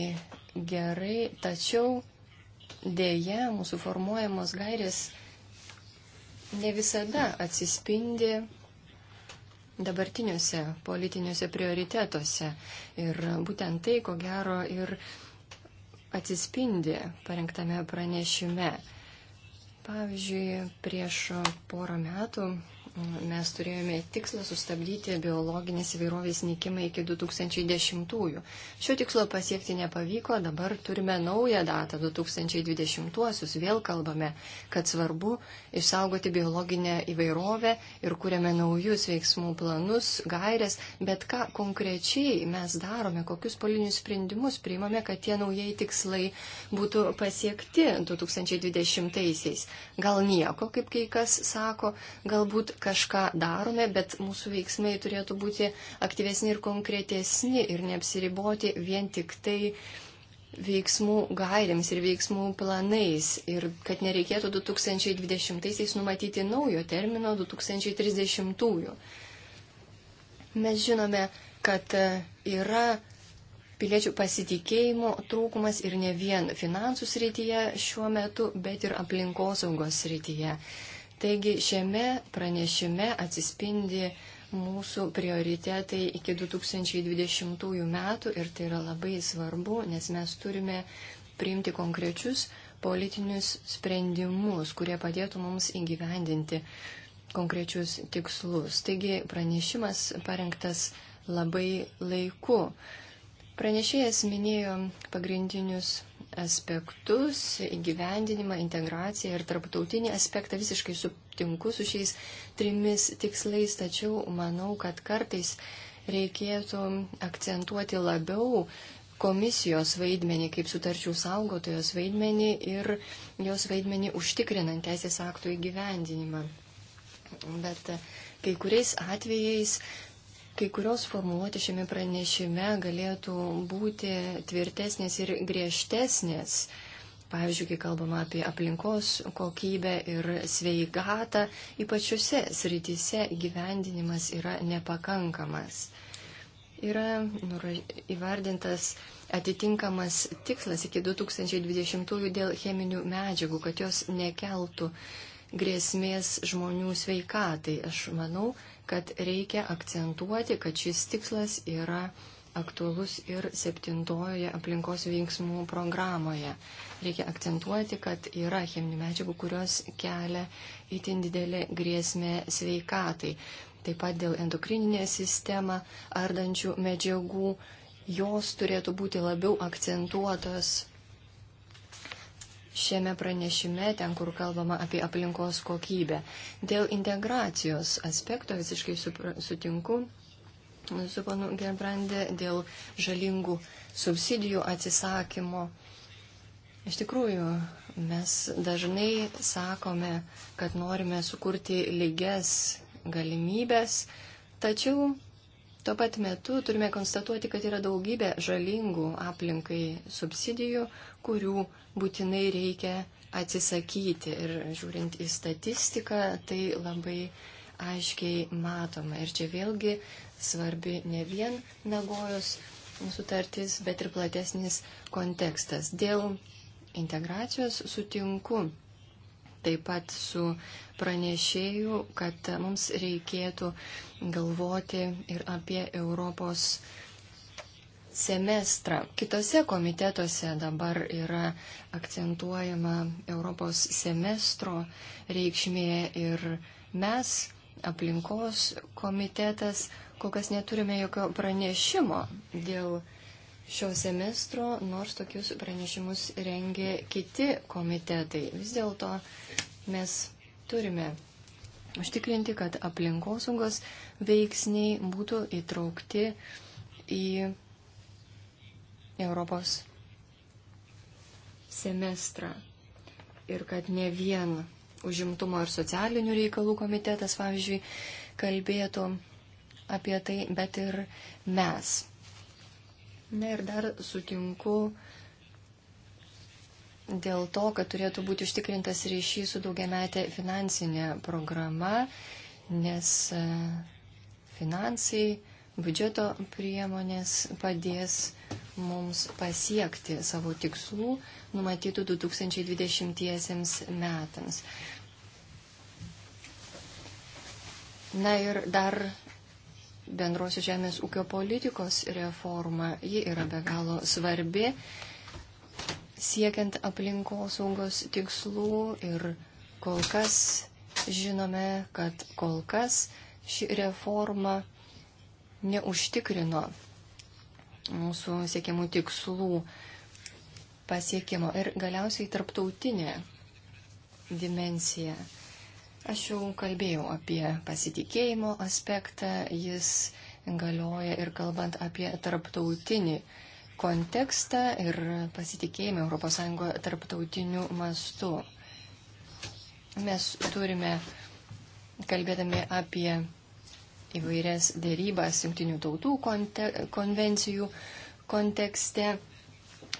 gerai, tačiau dėje mūsų formuojamos gairės ne visada atsispindi dabartiniuose politiniuose prioritetuose. Ir būtent tai, ko gero, ir atsispindi parengtame pranešime. Pavyzdžiui, prieš porą metų mes turėjome tikslą sustabdyti biologinės įvairovės nykimą iki 2010-ųjų. Šio tikslo pasiekti nepavyko, dabar turime naują datą 2020-uosius. Vėl kalbame, kad svarbu išsaugoti biologinę įvairovę ir kuriame naujus veiksmų planus, gairias, bet ką konkrečiai mes darome, kokius politinius sprendimus priimame, kad tie naujai tikslai būtų pasiekti 2020-aisiais. Gal nieko, kaip kai kas sako, galbūt, kad kažką darome, bet mūsų veiksmai turėtų būti aktyvesni ir konkretesni ir neapsiriboti vien tik tai veiksmų gairėms ir veiksmų planais. Ir kad nereikėtų 2020-aisiais numatyti naujo termino 2030-ųjų. Mes žinome, kad e, yra piliečių pasitikėjimo trūkumas ir ne vien finansų srityje šiuo metu, bet ir aplinkosaugos srityje. Taigi šiame pranešime atsispindi mūsų prioritetai iki 2020 metų ir tai yra labai svarbu, nes mes turime priimti konkrečius politinius sprendimus, kurie padėtų mums įgyvendinti konkrečius tikslus. Taigi pranešimas parengtas labai laiku. Pranešėjas minėjo pagrindinius aspektus, įgyvendinimą, integraciją ir tarptautinį aspektą. Visiškai sutinku su šiais trimis tikslais, tačiau manau, kad kartais reikėtų akcentuoti labiau komisijos vaidmenį kaip sutarčių saugotojos vaidmenį ir jos vaidmenį užtikrinant teisės aktų įgyvendinimą. Bet kai kuriais atvejais Kai kurios formuluoti šiame pranešime galėtų būti tvirtesnės ir griežtesnės. Pavyzdžiui, kai kalbama apie aplinkos kokybę ir sveikatą, ypač šiuose srityse gyvendinimas yra nepakankamas. Yra nura, įvardintas atitinkamas tikslas iki 2020 dėl cheminių medžiagų, kad jos nekeltų grėsmės žmonių sveikatai. Aš manau, kad reikia akcentuoti, kad šis tikslas yra aktualus ir septintojoje aplinkos veiksmų programoje. Reikia akcentuoti, kad yra cheminių medžiagų, kurios kelia itin didelį grėsmę sveikatai. Taip pat dėl endokrininę sistemą ardančių medžiagų jos turėtų būti labiau akcentuotos šiame pranešime, ten, kur kalbama apie aplinkos kokybę. Dėl integracijos aspekto visiškai sutinku su panu Gerbrandė, dėl žalingų subsidijų atsisakymo. Iš tikrųjų, mes dažnai sakome, kad norime sukurti lygias galimybės, tačiau Tuo pat metu turime konstatuoti, kad yra daugybė žalingų aplinkai subsidijų, kurių būtinai reikia atsisakyti. Ir žiūrint į statistiką, tai labai aiškiai matoma. Ir čia vėlgi svarbi ne vien Nagojos sutartis, bet ir platesnis kontekstas. Dėl integracijos sutinku taip pat su pranešėju, kad mums reikėtų galvoti ir apie Europos semestrą. Kitose komitetuose dabar yra akcentuojama Europos semestro reikšmė ir mes, aplinkos komitetas, kol kas neturime jokio pranešimo dėl šio semestro, nors tokius pranešimus rengė kiti komitetai. Vis dėlto mes turime užtikrinti, kad aplinkosaugos veiksniai būtų įtraukti į Europos semestrą. Ir kad ne vien užimtumo ir socialinių reikalų komitetas, pavyzdžiui, kalbėtų apie tai, bet ir mes. Na ir dar sutinku dėl to, kad turėtų būti užtikrintas ryšys su daugiametė finansinė programa, nes e, finansai, biudžeto priemonės padės mums pasiekti savo tikslų numatytų 2020 metams. Na ir dar bendrosios žemės ūkio politikos reforma. Ji yra be galo svarbi, siekiant aplinkosaugos tikslų ir kol kas žinome, kad kol kas ši reforma neužtikrino mūsų siekiamų tikslų pasiekimo ir galiausiai tarptautinė dimensija. Aš jau kalbėjau apie pasitikėjimo aspektą, jis galioja ir kalbant apie tarptautinį kontekstą ir pasitikėjimą ES tarptautiniu mastu. Mes turime, kalbėdami apie įvairias dėrybas jungtinių tautų konte konvencijų kontekste,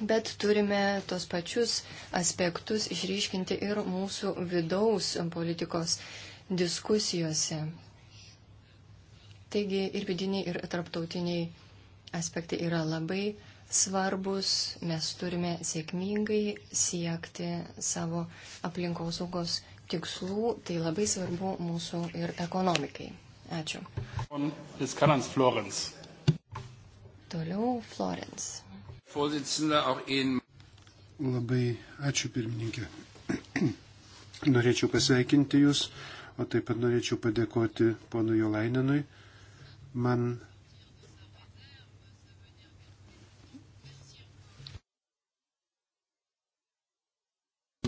Bet turime tos pačius aspektus išryškinti ir mūsų vidaus politikos diskusijose. Taigi ir vidiniai, ir tarptautiniai aspektai yra labai svarbus. Mes turime sėkmingai siekti savo aplinkosaugos tikslų. Tai labai svarbu mūsų ir ekonomikai. Ačiū. Toliau Florence. Labai ačiū pirmininkė. Norėčiau pasveikinti Jūs, o taip pat norėčiau padėkoti ponu Jolaininui. Man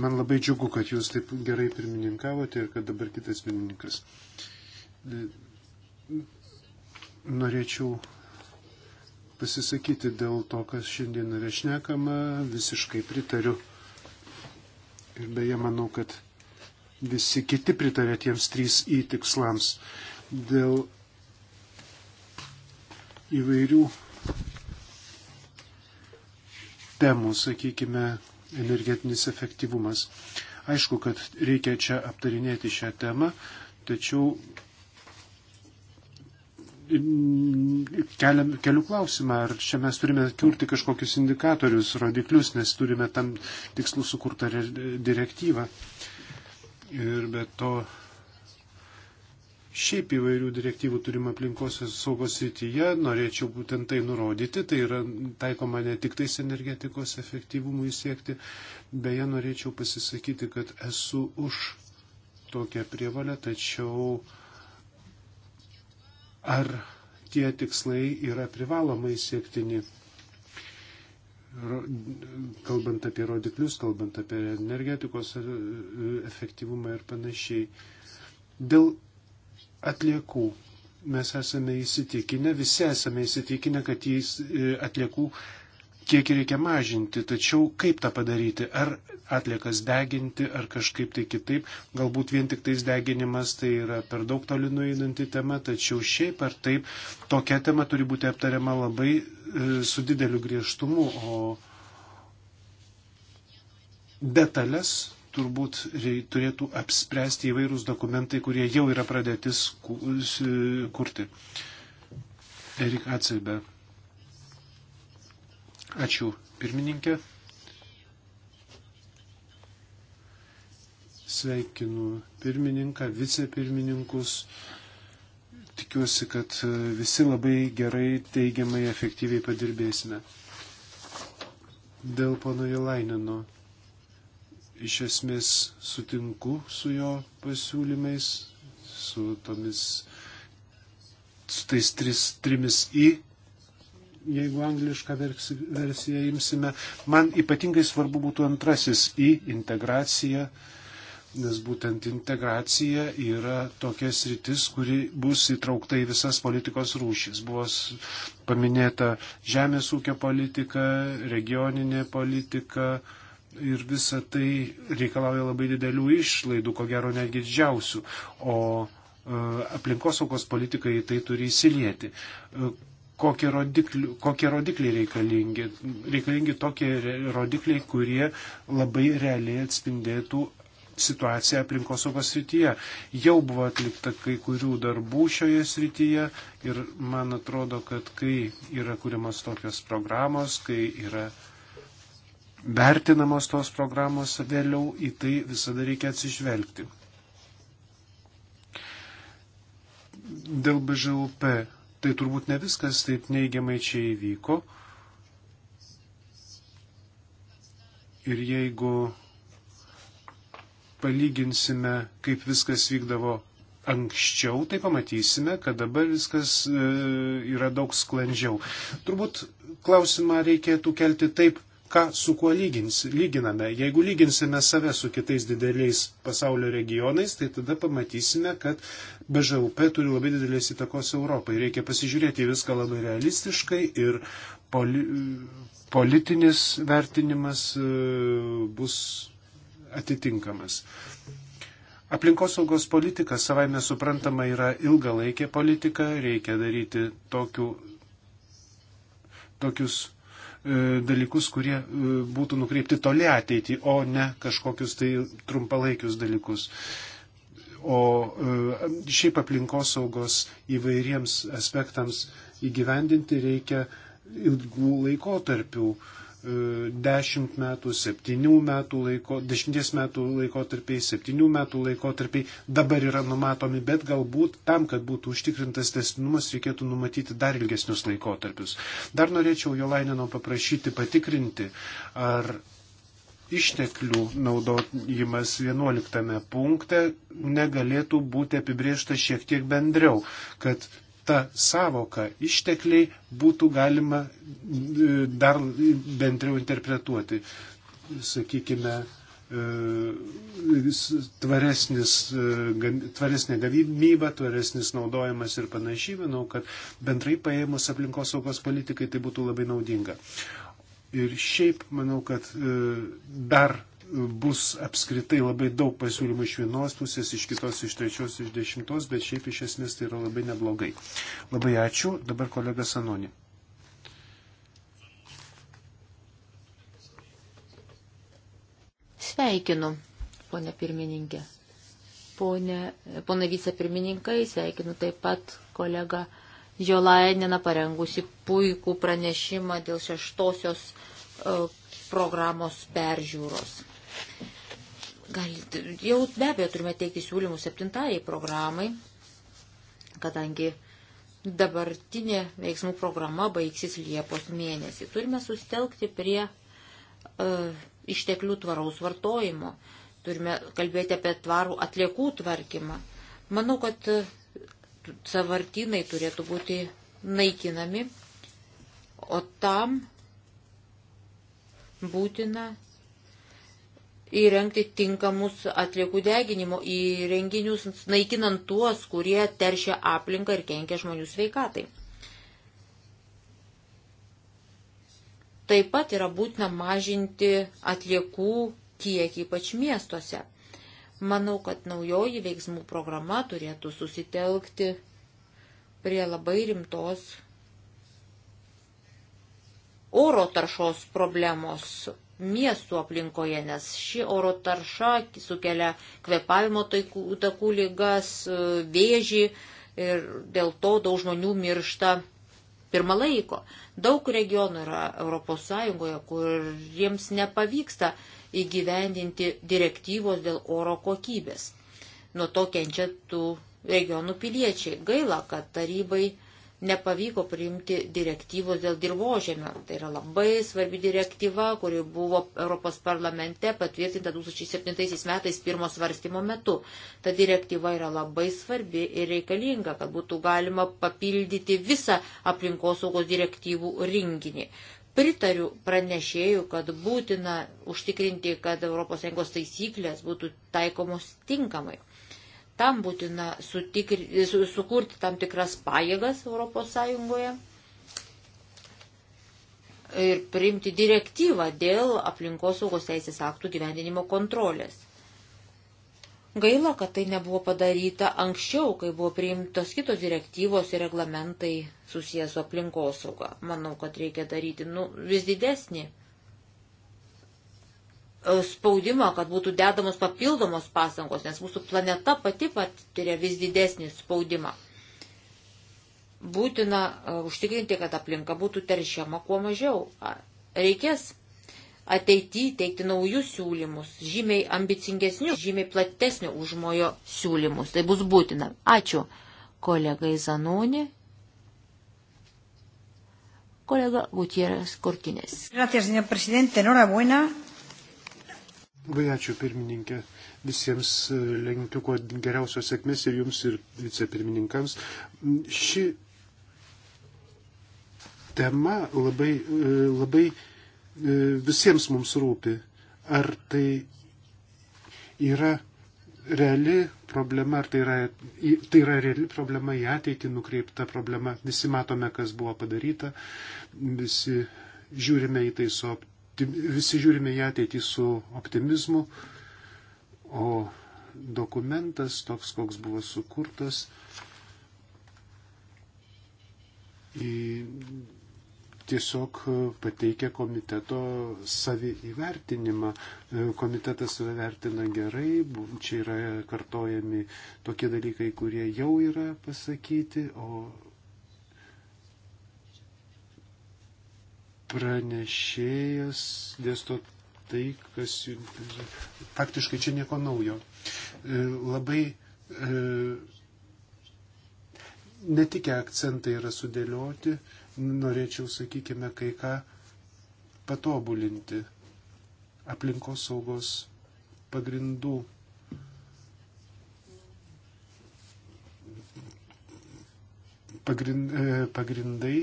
Man labai džiugu, kad jūs taip gerai pirmininkavote ir kad dabar kitas pirmininkas. Norėčiau pasisakyti dėl to, kas šiandien yra šnekama, visiškai pritariu. Ir beje, manau, kad visi kiti pritarė tiems trys į tikslams. Dėl įvairių temų, sakykime, energetinis efektyvumas. Aišku, kad reikia čia aptarinėti šią temą, tačiau Mm, keliam, keliu klausimą, ar čia mes turime kurti kažkokius indikatorius, rodiklius, nes turime tam tikslų sukurtą direktyvą. Ir be to Šiaip įvairių direktyvų turim aplinkosios saugos srityje, norėčiau būtent tai nurodyti, tai yra taikoma ne tik tais energetikos efektyvumui siekti, beje, norėčiau pasisakyti, kad esu už tokią prievalę, tačiau Ar tie tikslai yra privalomai siektini? Kalbant apie rodiklius, kalbant apie energetikos e, efektyvumą ir panašiai. Dėl atliekų mes esame įsitikinę, visi esame įsitikinę, kad e, atliekų kiekį reikia mažinti, tačiau kaip tą padaryti, ar atliekas deginti, ar kažkaip tai kitaip, galbūt vien tik tais deginimas tai yra per daug toli nueinanti tema, tačiau šiaip ar taip tokia tema turi būti aptariama labai e, su dideliu griežtumu, o detalės turbūt turėtų apspręsti įvairūs dokumentai, kurie jau yra pradėtis kurti. Erik Atsilbe. Ačiū pirmininkė. Sveikinu pirmininką, vicepirmininkus. Tikiuosi, kad visi labai gerai, teigiamai, efektyviai padirbėsime. Dėl pono Jelainino. Iš esmės sutinku su jo pasiūlymais, su tomis, su tais tris, trimis į jeigu anglišką versiją imsime. Man ypatingai svarbu būtų antrasis į integraciją, nes būtent integracija yra tokia sritis, kuri bus įtraukta į visas politikos rūšis. Buvo paminėta žemės ūkio politika, regioninė politika. Ir visa tai reikalauja labai didelių išlaidų, ko gero netgi didžiausių. O e, aplinkosaugos politikai tai turi įsilieti. E, kokie, rodikli, kokie rodikliai reikalingi. Reikalingi tokie rodikliai, kurie labai realiai atspindėtų situaciją aplinkosaugos srityje. Jau buvo atlikta kai kurių darbų šioje srityje ir man atrodo, kad kai yra kuriamas tokios programos, kai yra vertinamos tos programos vėliau, į tai visada reikia atsižvelgti. Dėl BŽUP tai turbūt ne viskas taip neigiamai čia įvyko. Ir jeigu palyginsime, kaip viskas vykdavo anksčiau, tai pamatysime, kad dabar viskas e, yra daug sklandžiau. Turbūt klausimą reikėtų kelti taip ką su kuo lygins, lyginame. Jeigu lyginsime save su kitais dideliais pasaulio regionais, tai tada pamatysime, kad BŽUP turi labai didelės įtakos Europai. Reikia pasižiūrėti viską labai realistiškai ir poli, politinis vertinimas e, bus atitinkamas. Aplinkosaugos politika savai nesuprantama yra ilgalaikė politika, reikia daryti tokių, tokius E, dalykus, kurie e, būtų nukreipti toli ateitį, o ne kažkokius tai trumpalaikius dalykus. O e, šiaip aplinkosaugos įvairiems aspektams įgyvendinti reikia ilgų laikotarpių. 10 e, metų, 7 metų laiko, 10 metų laikotarpiai, 7 metų laikotarpiai dabar yra numatomi, bet galbūt tam, kad būtų užtikrintas testinumas, reikėtų numatyti dar ilgesnius laikotarpius. Dar norėčiau jo lainino paprašyti patikrinti, ar išteklių naudojimas 11 punkte negalėtų būti apibriešta šiek tiek bendriau, kad ta savoka ištekliai būtų galima e, dar bendriau interpretuoti. Sakykime, e, tvaresnis, e, tvaresnė gamyba, tvaresnis naudojimas ir panašiai, manau, kad bendrai paėmus aplinkosaugos politikai tai būtų labai naudinga. Ir šiaip manau, kad dar bus apskritai labai daug pasiūlymų iš vienos pusės, iš kitos, iš trečios, iš dešimtos, bet šiaip iš esmės tai yra labai neblogai. Labai ačiū. Dabar kolega Sanoni. Sveikinu, ponė pirmininkė. Pone, pone vicepirmininkai, sveikinu taip pat kolegą Jolaininą parengusi puikų pranešimą dėl šeštosios uh, programos peržiūros. Gal, jau be abejo turime teikti siūlymų septintajai programai, kadangi dabartinė veiksmų programa baigsis Liepos mėnesį. Turime sustelkti prie uh, išteklių tvaraus vartojimo. Turime kalbėti apie tvarų atliekų tvarkymą. Manau, kad e, savartinai turėtų būti naikinami, o tam būtina įrengti tinkamus atliekų deginimo įrenginius, naikinant tuos, kurie teršia aplinką ir kenkia žmonių sveikatai. Taip pat yra būtina mažinti atliekų kiekį, ypač miestuose. Manau, kad naujoji veiksmų programa turėtų susitelkti prie labai rimtos oro taršos problemos miestų aplinkoje, nes ši oro tarša sukelia kvepavimo takų lygas, e, vėžį ir dėl to daug žmonių miršta pirmą laiko. Daug regionų yra ES, kuriems nepavyksta įgyvendinti direktyvos dėl oro kokybės. Nuo to kenčia tų regionų piliečiai. Gaila, kad tarybai nepavyko priimti direktyvos dėl dirbožėmio. Tai yra labai svarbi direktyva, kuri buvo Europos parlamente patvirtinta 2007 metais pirmo svarstymo metu. Ta direktyva yra labai svarbi ir reikalinga, kad būtų galima papildyti visą aplinkosaugos direktyvų rinkinį. Pritariu pranešėjų, kad būtina užtikrinti, kad ES taisyklės būtų taikomos tinkamai. Tam būtina sutikri, su, sukurti tam tikras pajėgas ES ir priimti direktyvą dėl aplinkosaugos teisės aktų gyvendinimo kontrolės. Gaila, kad tai nebuvo padaryta anksčiau, kai buvo priimtos kitos direktyvos ir reglamentai susijęs su aplinkosauga. Manau, kad reikia daryti nu, vis didesnį E, spaudimą, kad būtų dedamos papildomos pasangos, nes mūsų planeta pati patiria vis didesnį spaudimą. Būtina e, užtikrinti, kad aplinka būtų teršiama kuo mažiau. Reikės ateityje teikti naujus siūlymus, žymiai ambicingesnius, žymiai platesnio užmojo siūlymus. Tai bus būtina. Ačiū kolegai Zanoni. Kolega Gutierrez Cortines. Gracias, señor presidente. Enhorabuena Labai ačiū pirmininkė. Visiems e, linkiu kuo geriausios sėkmės ir jums ir vicepirmininkams. Ši tema labai, e, labai e, visiems mums rūpi. Ar tai yra reali problema, ar tai yra, tai yra reali problema į ateitį nukreipta problema. Visi matome, kas buvo padaryta, visi žiūrime į tai su visi žiūrime į ateitį su optimizmu, o dokumentas toks, koks buvo sukurtas, tiesiog pateikia komiteto savi įvertinimą. Komitetas save vertina gerai, čia yra kartojami tokie dalykai, kurie jau yra pasakyti, o pranešėjas dėsto tai, kas faktiškai čia nieko naujo. E, labai e, netikę akcentai yra sudėlioti, norėčiau, sakykime, kai ką patobulinti aplinkos saugos pagrindų. Pagrind, e, pagrindai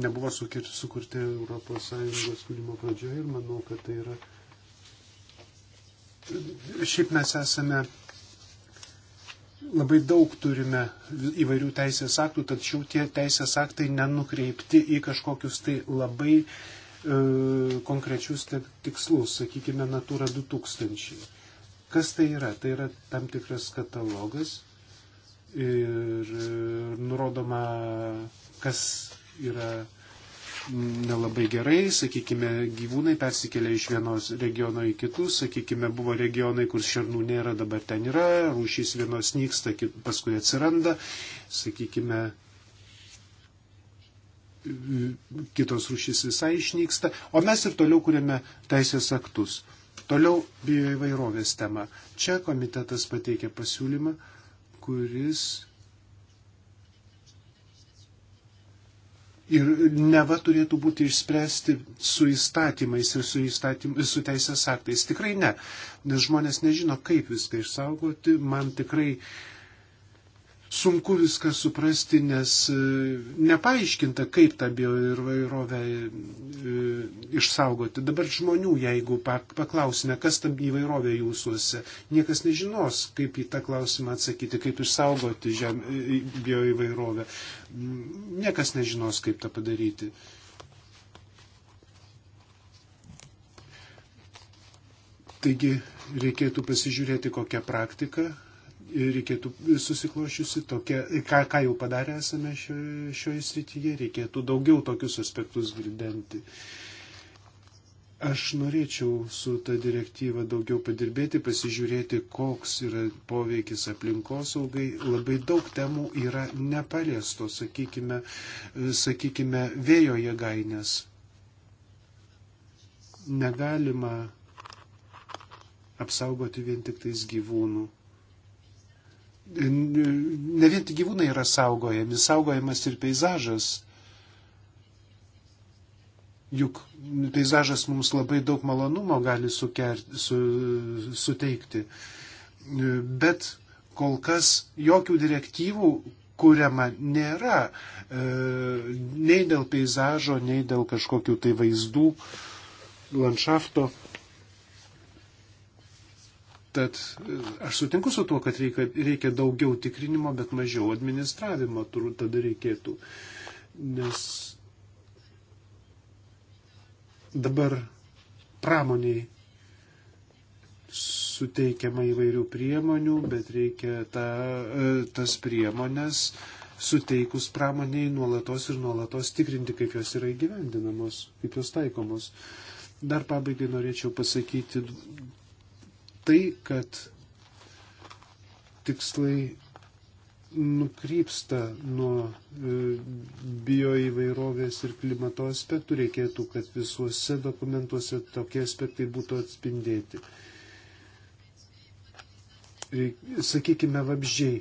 nebuvo sukurti ES kūrimo pradžioje ir manau, kad tai yra. Šiaip mes esame labai daug turime įvairių teisės aktų, tačiau tie teisės aktai nenukreipti į kažkokius tai labai e, konkrečius tikslus, sakykime, Natura 2000. Kas tai yra? Tai yra tam tikras katalogas ir e, nurodoma, kas yra nelabai gerai, sakykime, gyvūnai persikelia iš vienos regiono į kitus, sakykime, buvo regionai, kur šernų nėra, dabar ten yra, rūšys vienos nyksta, paskui atsiranda, sakykime, kitos rūšys visai išnyksta, o mes ir toliau kuriame teisės aktus. Toliau bioįvairovės tema. Čia komitetas pateikė pasiūlymą, kuris ir neva turėtų būti išspręsti su įstatymais ir su, įstatym, su teisės aktais. Tikrai ne, nes žmonės nežino, kaip viską išsaugoti. Man tikrai uh, sunku viską suprasti, nes e, nepaaiškinta, kaip tą bioįvairovę e, išsaugoti. Dabar žmonių, jeigu paklausime, kas ta bioįvairovė jūsuose, niekas nežinos, kaip į tą klausimą atsakyti, kaip išsaugoti žem... E, bioįvairovę. Niekas nežinos, kaip tą padaryti. Taigi reikėtų pasižiūrėti, kokią praktiką reikėtų susiklošiusi tokia, ką, ką jau padarę esame šio, šioje srityje, reikėtų daugiau tokius aspektus gildenti. Aš norėčiau su ta direktyva daugiau padirbėti, pasižiūrėti, koks yra poveikis aplinkosaugai. Labai daug temų yra nepaliesto, sakykime, sakykime vėjo jėgainės. Negalima apsaugoti vien tik tais gyvūnų ne vien tik gyvūnai yra saugojami, saugojamas ir peizažas. Juk peizažas mums labai daug malonumo gali suker, su, suteikti. Bet kol kas jokių direktyvų kuriama nėra e, nei dėl peizažo, nei dėl kažkokių tai vaizdų, landšafto. Tad e, aš sutinku su tuo, kad reikia, reikia daugiau tikrinimo, bet mažiau administravimo turbūt tada reikėtų. Nes dabar pramoniai suteikiama įvairių priemonių, bet reikia ta, e, tas priemonės suteikus pramoniai nuolatos ir nuolatos tikrinti, kaip jos yra įgyvendinamos, kaip jos taikomos. Dar pabaigai norėčiau pasakyti tai, kad tikslai nukrypsta nuo e, bioįvairovės ir klimato aspektų, reikėtų, kad visuose dokumentuose tokie aspektai būtų atspindėti. Sakykime, vabžiai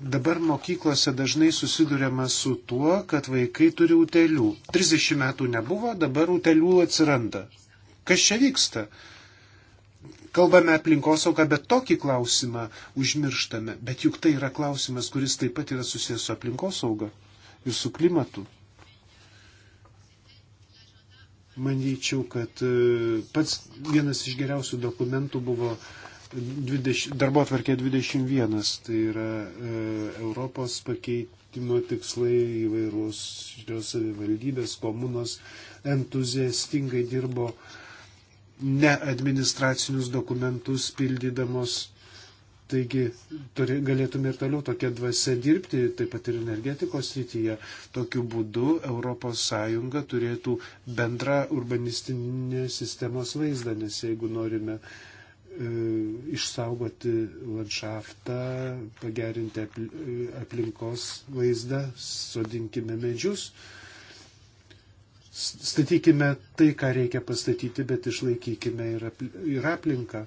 Dabar mokyklose dažnai susidurėma su tuo, kad vaikai turi utelių. 30 metų nebuvo, dabar utelių atsiranda. Kas čia vyksta? Kalbame aplinkosaugą, bet tokį klausimą užmirštame. Bet juk tai yra klausimas, kuris taip pat yra susijęs su aplinkosauga ir su klimatu. Manyčiau, kad e, pats vienas iš geriausių dokumentų buvo uh, 20, darbo atvarkė 21, tai yra e, Europos pakeitimo tikslai įvairūs jos savivaldybės, komunos entuziastingai dirbo ne administracinius dokumentus pildydamos. Taigi turi, galėtume ir toliau tokia dvasia dirbti, taip pat ir energetikos srityje. Tokiu būdu ES turėtų bendrą urbanistinį sistemos vaizdą, nes jeigu norime uh, E, išsaugoti landšaftą, pagerinti e, aplinkos vaizdą, sodinkime medžius, statykime tai, ką reikia pastatyti, bet išlaikykime ir aplinką.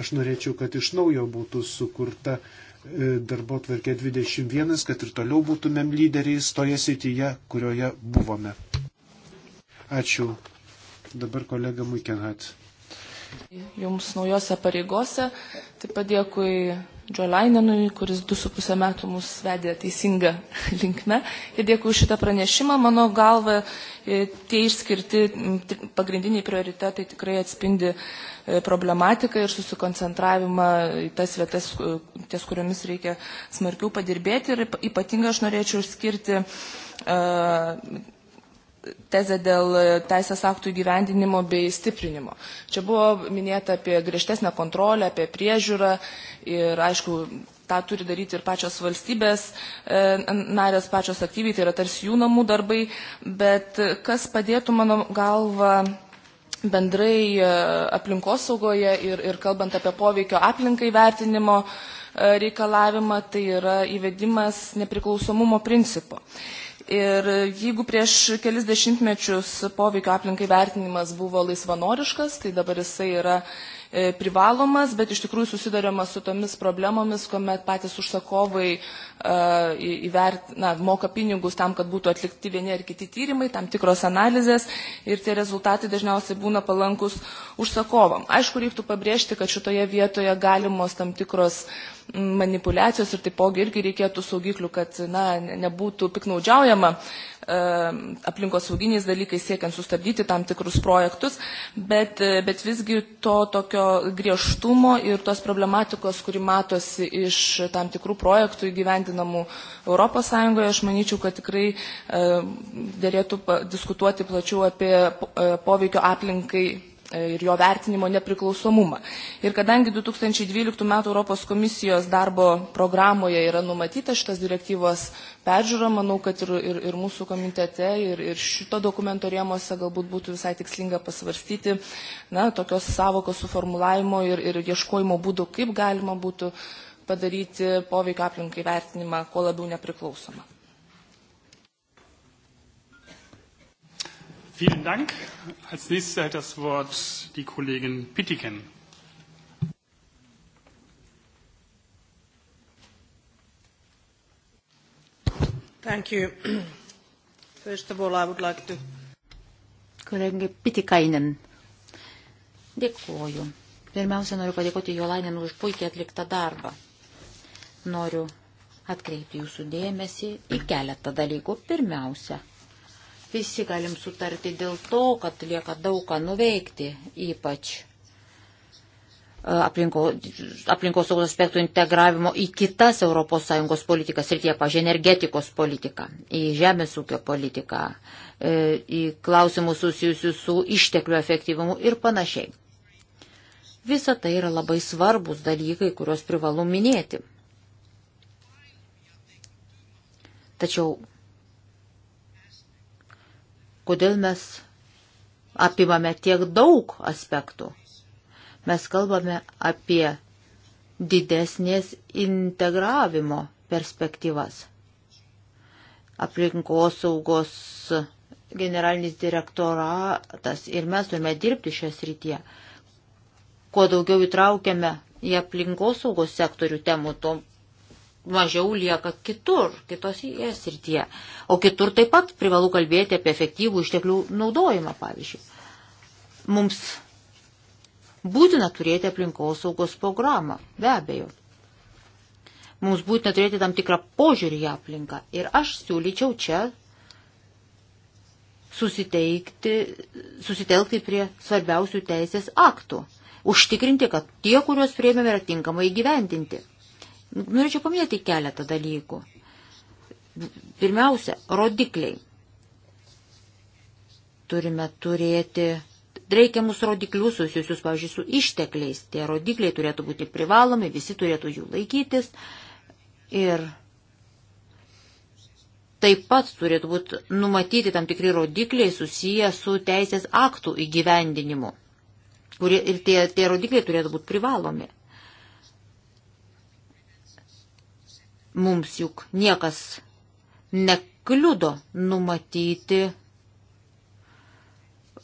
Aš norėčiau, kad iš naujo būtų sukurta e, darbo tvarkė 21, kad ir toliau būtumėm lyderiais toje srityje, kurioje buvome. Ačiū. Dabar kolega Muikenhat. Jums naujose pareigose, taip pat dėkui Džolaininui, kuris du su pusę metų mus vedė teisinga linkme. Ir dėkui už šitą pranešimą. Mano galva, e, tie išskirti pagrindiniai prioritetai tikrai atspindi e, problematiką ir susikoncentravimą į tas vietas, ties kuriomis reikia smarkiau padirbėti. Ir ypatingai aš norėčiau išskirti uh, tezę dėl e, teisės aktų įgyvendinimo bei stiprinimo. Čia buvo minėta apie griežtesnę kontrolę, apie priežiūrą ir, aišku, tą turi daryti ir pačios valstybės e, narės pačios aktyviai, tai yra tarsi jų namų darbai, bet kas padėtų, mano galva, bendrai e, aplinkosaugoje ir, ir kalbant apie poveikio aplinkai vertinimo reikalavimą, tai yra įvedimas nepriklausomumo principo. Ir jeigu prieš kelis dešimtmečius poveikio aplinkai vertinimas buvo laisvanoriškas, tai dabar jisai yra E, privalomas, bet iš tikrųjų susidariama su tomis problemomis, kuomet patys užsakovai e, įvert, na, moka pinigus tam, kad būtų atlikti vieni ar kiti tyrimai, tam tikros analizės ir tie rezultatai dažniausiai būna palankus užsakovam. Aišku, reiktų pabrėžti, kad šitoje vietoje galimos tam tikros manipulacijos ir taipogi irgi reikėtų saugiklių, kad na, nebūtų piknaudžiaujama E, aplinkosauginiais dalykais siekiant sustabdyti tam tikrus projektus, bet, e, bet visgi to tokio griežtumo ir tos problematikos, kuri matosi iš tam tikrų projektų įgyvendinamų ES, aš manyčiau, kad tikrai e, dėlėtų diskutuoti plačiau apie poveikio aplinkai ir jo vertinimo nepriklausomumą. Ir kadangi 2012 m. Europos komisijos darbo programoje yra numatyta šitas direktyvos peržiūrą, manau, kad ir, ir, ir mūsų komitete, ir, ir šito dokumento rėmose galbūt būtų visai tikslinga pasvarstyti na, tokios savokos suformulavimo ir, ir ieškojimo būdų, kaip galima būtų padaryti poveikio aplinkai vertinimą kuo labiau nepriklausomą. Vielen Dank. Als nächstes hat das Wort die Kollegin Pittiken. Thank you. First of all, I would like to. Kolegė Pitikainen. Dėkuoju. Pirmiausia, noriu padėkoti Jolainin už puikiai atliktą darbą. Noriu atkreipti jūsų dėmesį į keletą dalykų. Pirmiausia, visi galim sutarti dėl to, kad lieka daug ką nuveikti, ypač aplinko, aplinkos saugos aspektų integravimo į kitas ES politikas ir tie, pažiūrėjau, energetikos politiką, į žemės ūkio politiką, e, į klausimus susijusius su išteklių efektyvumu ir panašiai. Visa tai yra labai svarbus dalykai, kuriuos privalu minėti. Tačiau, kodėl mes apimame tiek daug aspektų? Mes kalbame apie didesnės integravimo perspektyvas. Aplinkosaugos generalinis direktoratas ir mes turime dirbti šią srityje. Kuo daugiau įtraukiame į aplinkosaugos sektorių temų, to mažiau lieka kitur, kitos srityje. O kitur taip pat privalu kalbėti apie efektyvų išteklių naudojimą, pavyzdžiui. Mums būtina turėti aplinkosaugos programą, be abejo. Mums būtina turėti tam tikrą požiūrį į aplinką. Ir aš siūlyčiau čia susitelkti prie svarbiausių teisės aktų. Užtikrinti, kad tie, kuriuos prieimėme, yra tinkamai įgyvendinti. Norėčiau paminėti keletą dalykų. Pirmiausia, rodikliai. Turime turėti reikiamus rodiklius susijusius, pavyzdžiui, su ištekliais. Tie rodikliai turėtų būti privalomi, visi turėtų jų laikytis. Ir taip pat turėtų būti numatyti tam tikri rodikliai susiję su teisės aktų įgyvendinimu. Kurie, ir tie, tie rodikliai turėtų būti privalomi. Mums juk niekas nekliudo numatyti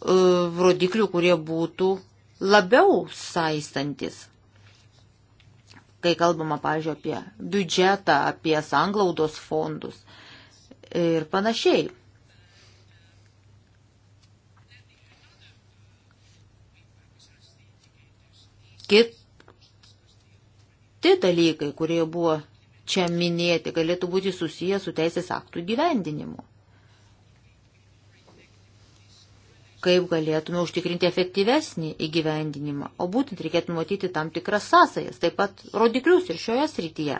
E, rodiklių, kurie būtų labiau saistantis. Kai kalbama, pažiūrėjau, apie biudžetą, apie sanglaudos fondus ir panašiai. Kiti dalykai, kurie buvo čia minėti, galėtų būti susijęs su teisės aktų gyvendinimu. kaip galėtume užtikrinti efektyvesnį įgyvendinimą. O būtent reikėtų matyti tam tikras sąsajas, taip pat rodiklius ir šioje srityje,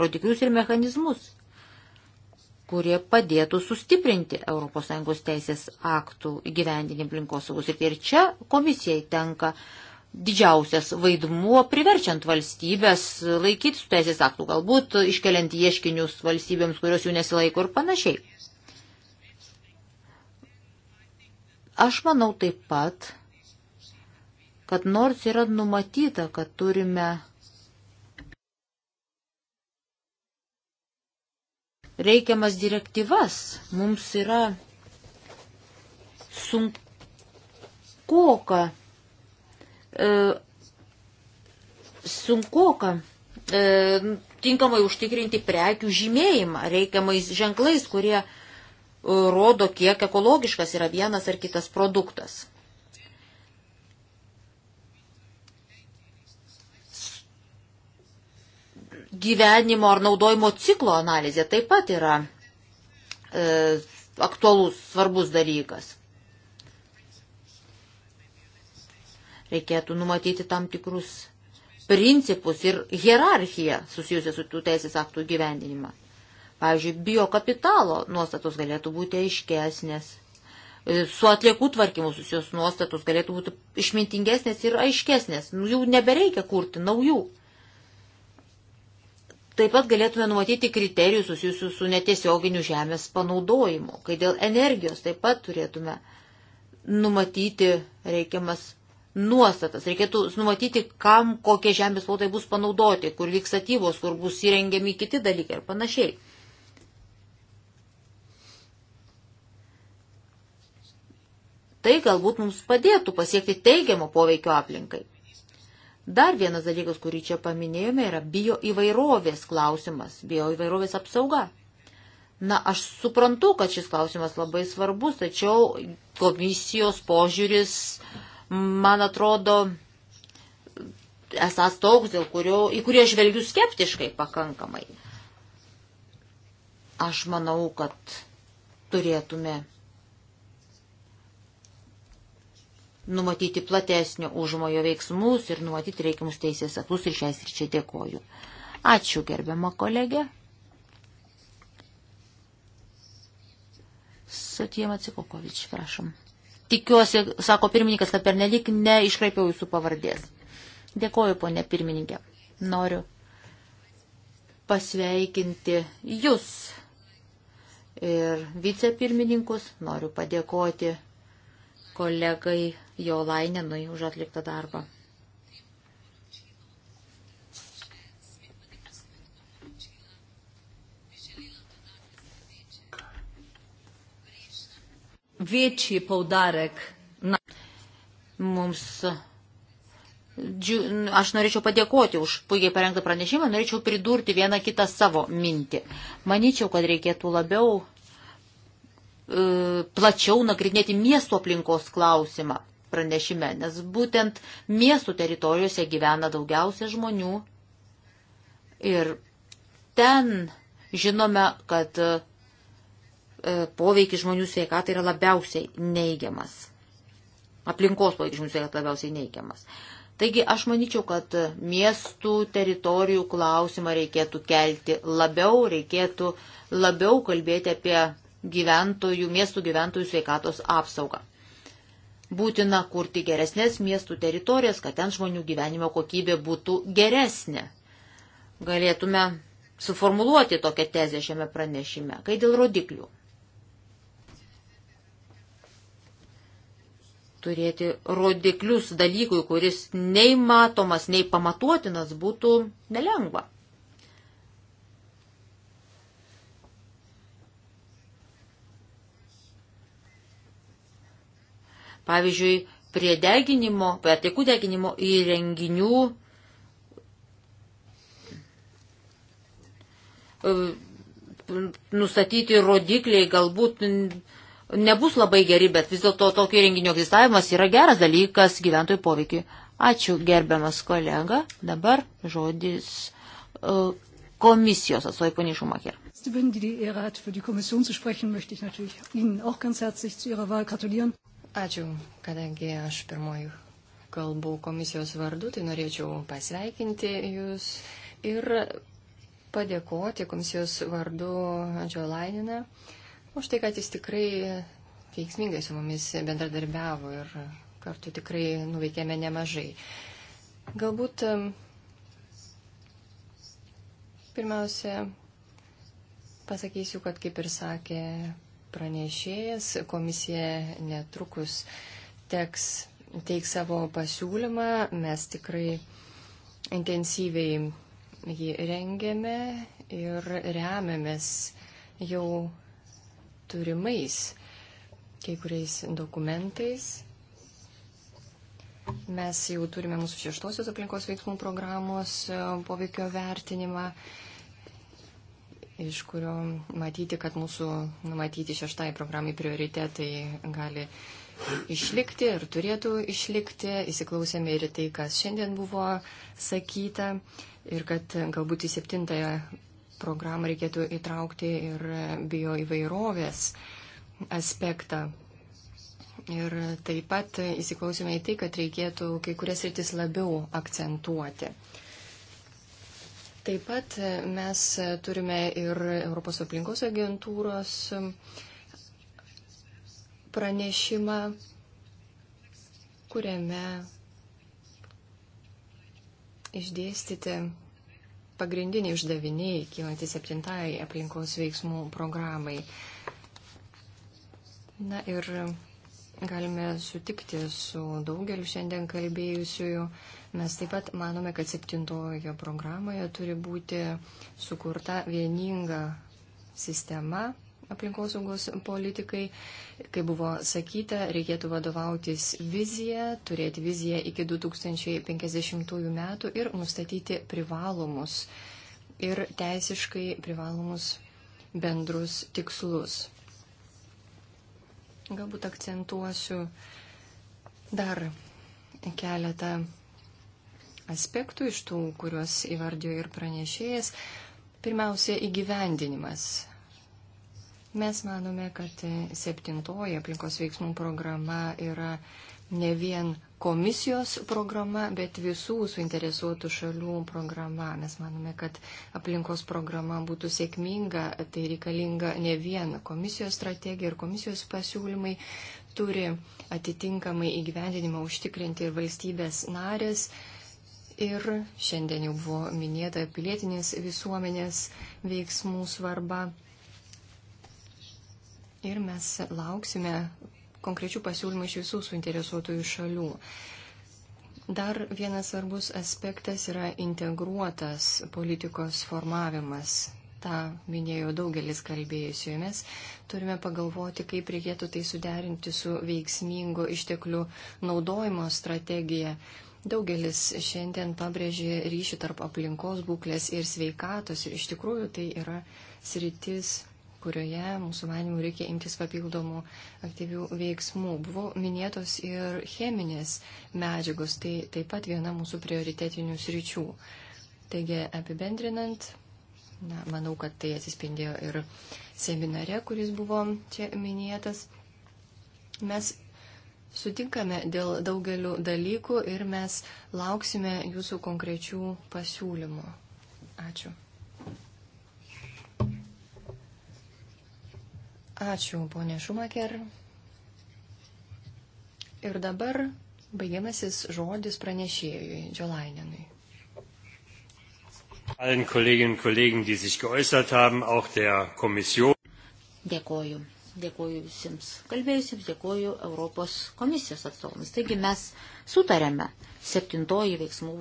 rodiklius ir mechanizmus, kurie padėtų sustiprinti ES teisės aktų įgyvendinį aplinkosaugos. Ir čia komisijai tenka didžiausias vaidmuo priverčiant valstybės laikytis teisės aktų, galbūt iškeliant ieškinius valstybėms, kurios jų nesilaiko ir panašiai. Aš manau taip pat, kad nors yra numatyta, kad turime reikiamas direktyvas, mums yra sunkuoka, e, sunkuoka e, tinkamai užtikrinti prekių žymėjimą reikiamais ženklais, kurie rodo, kiek ekologiškas yra vienas ar kitas produktas. Gyvenimo ar naudojimo ciklo analizė taip pat yra e, aktualus, svarbus dalykas. Reikėtų numatyti tam tikrus principus ir hierarchiją susijusią su tų teisės aktų gyvendinimą. Pavyzdžiui, biokapitalo nuostatos galėtų būti aiškesnės. E, su atliekų tvarkymu susijusios nuostatos galėtų būti išmintingesnės ir aiškesnės. Nu, Jų nebereikia kurti naujų. Taip pat galėtume numatyti kriterijus susijusius su netiesioginiu žemės panaudojimu, kai dėl energijos taip pat turėtume numatyti reikiamas nuostatas. Reikėtų numatyti, kam kokie žemės plotai bus panaudoti, kur vyks statybos, kur bus įrengiami kiti dalykai ir panašiai. Tai galbūt mums padėtų pasiekti teigiamo poveikio aplinkai. Dar vienas dalykas, kurį čia paminėjome, yra bio įvairovės klausimas, bio įvairovės apsauga. Na, aš suprantu, kad šis klausimas labai svarbus, tačiau komisijos požiūris, man atrodo, esas toks, kurio, į kurį aš žvelgiu skeptiškai pakankamai. Aš manau, kad turėtume numatyti platesnio užmojo veiksmus ir numatyti reikimus teisės aktus ir šiais ir čia dėkoju. Ačiū gerbiama kolegė. Satijama Cikokovič, prašom. Tikiuosi, sako pirmininkas, kad pernelik neiškraipiau jūsų pavardės. Dėkoju, ponė pirmininkė. Noriu pasveikinti jūs ir vicepirmininkus. Noriu padėkoti kolegai Jo Laininui už atliktą darbą. večji paudarek. Na. Mums. Džiu, aš norėčiau padėkoti už puikiai parengtą pranešimą, norėčiau pridurti vieną kitą savo mintį. Manyčiau, kad reikėtų labiau E, plačiau nagrinėti miesto aplinkos klausimą pranešime, nes būtent miestų teritorijose gyvena daugiausia žmonių ir ten žinome, kad e, poveikis žmonių sveikatai yra labiausiai neigiamas. Aplinkos poveikis žmonių sveikatai labiausiai neigiamas. Taigi aš manyčiau, kad miestų teritorijų klausimą reikėtų kelti labiau, reikėtų labiau kalbėti apie gyventojų, miestų gyventojų sveikatos apsaugą. Būtina kurti geresnės miestų teritorijas, kad ten žmonių gyvenimo kokybė būtų geresnė. Galėtume suformuluoti tokią tezę šiame pranešime, kai dėl rodiklių. Turėti rodiklius dalykui, kuris nei matomas, nei pamatuotinas, būtų nelengva. Pavyzdžiui, prie deginimo, prie atliekų deginimo įrenginių e, nustatyti rodikliai galbūt nebus labai geri, bet vis dėlto tokio renginio egzistavimas yra geras dalykas gyventojų poveikiai. Ačiū, gerbiamas kolega. Dabar žodis uh, komisijos atstovai poniai Šumacher. Die die Ehre hat, für die Kommission zu sprechen, möchte ich natürlich Ihnen auch ganz herzlich zu Ihrer Wahl gratulieren. Ačiū, kadangi aš pirmoji kalbu komisijos vardu, tai norėčiau pasveikinti Jūs ir padėkoti komisijos vardu Andžio Laininą už tai, kad jis tikrai veiksmingai su mumis bendradarbiavo ir kartu tikrai nuveikėme nemažai. Galbūt pirmiausia pasakysiu, kad kaip ir sakė pranešėjas. Komisija netrukus teks teiks savo pasiūlymą. Mes tikrai intensyviai jį rengiame ir remiamės jau turimais kai kuriais dokumentais. Mes jau turime mūsų šeštosios aplinkos veiksmų programos e, poveikio vertinimą iš kurio matyti, kad mūsų numatyti šeštai programai prioritetai gali išlikti ir turėtų išlikti. Įsiklausėme ir tai, kas šiandien buvo sakyta ir kad galbūt į septintąją programą reikėtų įtraukti ir bio įvairovės aspektą. Ir taip pat įsiklausėme į tai, kad reikėtų kai kurias rytis labiau akcentuoti. Uh, Taip pat mes turime ir Europos aplinkos agentūros pranešimą, kuriame išdėstyti pagrindiniai uždaviniai kylantys septintai aplinkos veiksmų programai. Na ir galime sutikti su daugeliu šiandien kalbėjusiųjų Mes taip pat manome, kad septintojo programoje turi būti sukurta vieninga sistema aplinkosaugos politikai. Kaip buvo sakyta, reikėtų vadovautis viziją, turėti viziją iki 2050 metų ir nustatyti privalomus ir teisiškai privalomus bendrus tikslus. Galbūt akcentuosiu dar keletą aspektų iš tų, kuriuos įvardėjo ir pranešėjas. Pirmiausia, įgyvendinimas. Mes manome, kad septintoji aplinkos veiksmų programa yra ne vien komisijos programa, bet visų suinteresuotų šalių programa. Mes manome, kad aplinkos programa būtų sėkminga, tai reikalinga ne vien komisijos strategija ir komisijos pasiūlymai, turi atitinkamai įgyvendinimą užtikrinti ir valstybės narės, Ir šiandien jau buvo minėta pilietinės visuomenės veiksmų svarba. Ir mes lauksime konkrečių pasiūlymų iš visų suinteresuotųjų šalių. Dar vienas svarbus aspektas yra integruotas politikos formavimas. Ta minėjo daugelis kalbėjusių. Mes turime pagalvoti, kaip reikėtų tai suderinti su veiksmingo išteklių naudojimo strategija Daugelis šiandien pabrėžė ryšį tarp aplinkos būklės ir sveikatos ir iš tikrųjų tai yra sritis, kurioje mūsų manimų reikia imtis papildomų aktyvių veiksmų. Buvo minėtos ir cheminės medžiagos, tai taip pat viena mūsų prioritetinių sričių. Taigi apibendrinant, na, manau, kad tai atsispindėjo ir seminare, kuris buvo čia minėtas. Mes sutinkame dėl daugelių dalykų ir mes lauksime jūsų konkrečių pasiūlymų. Ačiū. Ačiū, ponė Šumaker. Ir dabar baigiamasis žodis pranešėjui Džolaininui. Allen Kolleginnen und Kollegen, die sich geäußert haben, auch der Kommission. Dėkoju dėkoju visiems kalbėjusiems, dėkoju Europos komisijos atstovams. Taigi mes sutarėme, septintoji veiksmų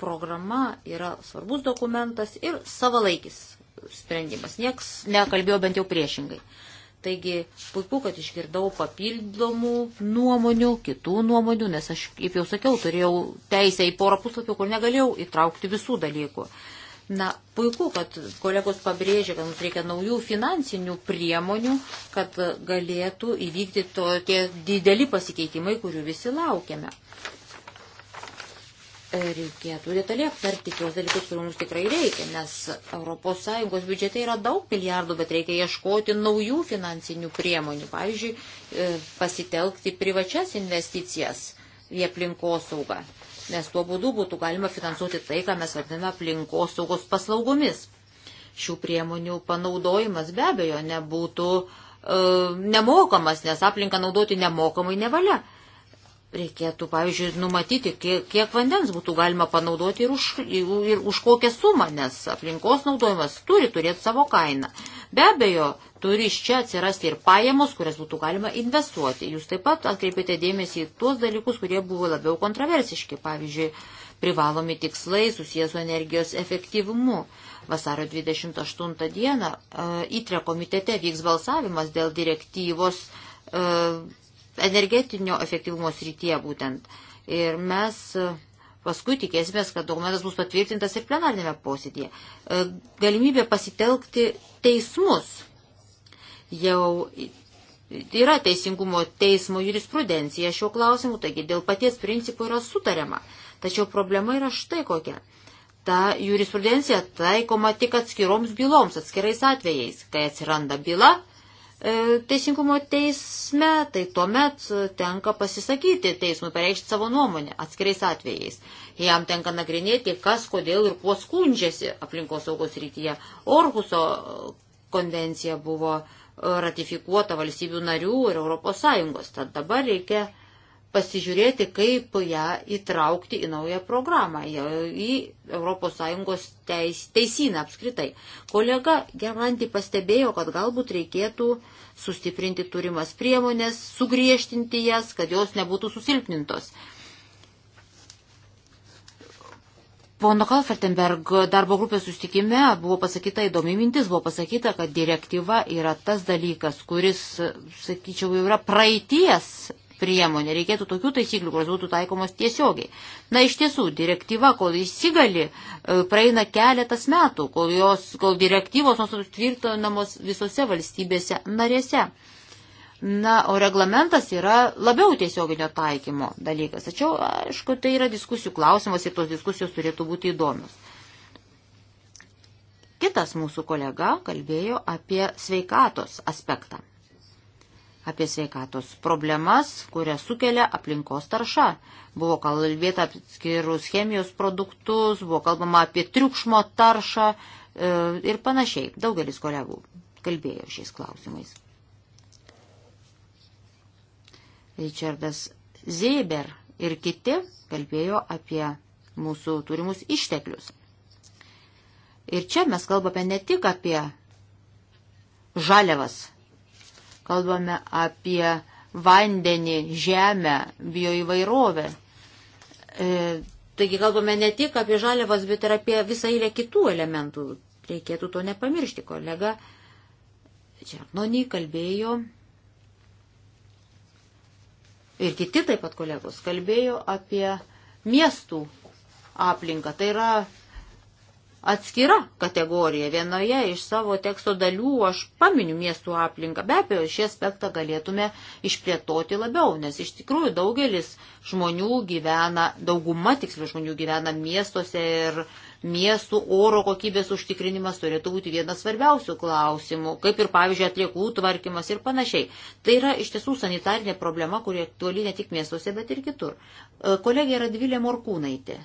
programa yra svarbus dokumentas ir savalaikis sprendimas. Niekas nekalbėjo bent jau priešingai. Taigi puiku, kad išgirdau papildomų nuomonių, kitų nuomonių, nes aš, kaip jau sakiau, turėjau teisę į porą puslapių, kur negalėjau įtraukti visų dalykų. Uh, Na, puiku, kad kolegos pabrėžia, kad mums reikia naujų finansinių priemonių, kad galėtų įvykti tokie dideli pasikeitimai, kurių visi laukiame. Reikėtų detaliai aptarti tuos dalykus, kurių mums tikrai reikia, nes ES biudžete yra daug milijardų, bet reikia ieškoti naujų finansinių priemonių. Pavyzdžiui, e, pasitelkti privačias investicijas į aplinkosaugą. saugą nes tuo būdu būtų galima finansuoti tai, ką mes vadiname aplinkos saugos paslaugomis. Šių priemonių panaudojimas be abejo nebūtų e, nemokamas, nes aplinką naudoti nemokamai nevalia. Reikėtų, pavyzdžiui, numatyti, kiek, kiek vandens būtų galima panaudoti ir už, ir už kokią sumą, nes aplinkos naudojimas turi turėti savo kainą. E, Be abejo, turi iš čia atsirasti ir pajamos, kurias būtų galima investuoti. Jūs taip pat atkreipėte dėmesį į tuos dalykus, kurie buvo labiau kontroversiški, pavyzdžiui, privalomi tikslai susijęs su energijos efektyvumu. Vasario 28 dieną įtre e, komitete vyks balsavimas dėl direktyvos e, energetinio efektyvumo srityje būtent. Ir mes e, Paskui tikėsime, kad dokumentas bus patvirtintas ir plenarinėme posėdėje. E, galimybė pasitelkti teismus jau yra teisingumo teismo jurisprudencija šiuo klausimu, taigi dėl paties principų yra sutariama. Tačiau problema yra štai kokia. Ta jurisprudencija taikoma tik atskiroms byloms, atskirais atvejais. Kai atsiranda byla, E, teisingumo teisme, tai tuomet tenka pasisakyti teismui, pareikšti savo nuomonę atskiriais atvejais. Jam tenka nagrinėti, kas, kodėl ir kuo skundžiasi aplinkos saugos rytyje. Orhuso konvencija buvo ratifikuota valstybių narių ir Europos Sąjungos. Tad dabar reikia pasižiūrėti, kaip ją įtraukti į naują programą, į ES teis, teisiną apskritai. Kolega Gerlanti pastebėjo, kad galbūt reikėtų sustiprinti turimas priemonės, sugriežtinti jas, kad jos nebūtų susilpnintos. Pono Kalfertenberg darbo grupės sustikime buvo pasakyta įdomi mintis, buvo pasakyta, kad direktyva yra tas dalykas, kuris, sakyčiau, yra praeities priemonė. Reikėtų tokių taisyklių, kurios būtų taikomos tiesiogiai. Na iš tiesų, direktyva, kol įsigali, e, praeina keletas metų, kol, jos, kol direktyvos nuostatos tvirtinamos visose valstybėse narėse. Na, o reglamentas yra labiau tiesioginio taikymo dalykas. Tačiau, aišku, tai yra diskusijų klausimas ir tos diskusijos turėtų būti įdomios. Kitas mūsų kolega kalbėjo apie sveikatos aspektą apie sveikatos problemas, kurias sukelia aplinkos tarša. Buvo kalbėta apie skirus chemijos produktus, buvo kalbama apie triukšmo taršą e, ir panašiai. Daugelis kolegų kalbėjo šiais klausimais. Richardas Zeiber ir kiti kalbėjo apie mūsų turimus išteklius. Ir čia mes kalbame ne tik apie žaliavas kalbame apie vandenį, žemę, bioįvairovę. E, taigi kalbame ne tik apie žalėvas, bet ir apie visą eilę kitų elementų. Reikėtų to nepamiršti, kolega Černonį kalbėjo. Ir kiti taip pat kolegos kalbėjo apie miestų aplinką. Tai yra atskira kategorija. Vienoje iš savo teksto dalių aš paminiu miestų aplinką. Be abejo, šį aspektą galėtume išplėtoti labiau, nes iš tikrųjų daugelis žmonių gyvena, dauguma tiksliau žmonių gyvena miestuose ir miestų oro kokybės užtikrinimas turėtų būti vienas svarbiausių klausimų, kaip ir, pavyzdžiui, atliekų tvarkymas ir panašiai. Tai yra iš tiesų sanitarinė problema, kuri aktuali ne tik miestuose, bet ir kitur. E, kolegė Radvilė Morkūnaitė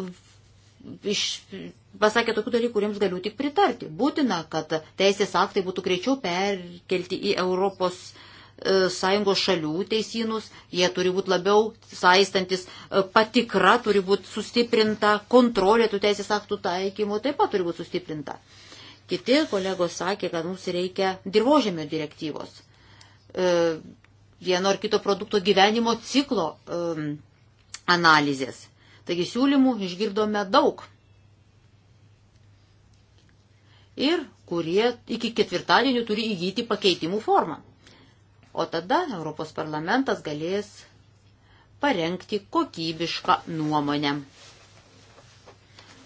iš, pasakė tokių dalykų, kuriems galiu tik pritarti. Būtina, kad teisės aktai būtų greičiau perkelti į Europos e, Sąjungos šalių teisynus, jie turi būti labiau saistantis, e, patikra turi būti sustiprinta, kontrolė tų teisės aktų taikymų taip pat turi būti sustiprinta. Kiti kolegos sakė, kad mums reikia dirbožėmio direktyvos, e, vieno ar kito produkto gyvenimo ciklo analizės Taigi siūlymų išgirdome daug. Ir kurie iki ketvirtadienio turi įgyti pakeitimų formą. O tada Europos parlamentas galės parengti kokybišką nuomonę.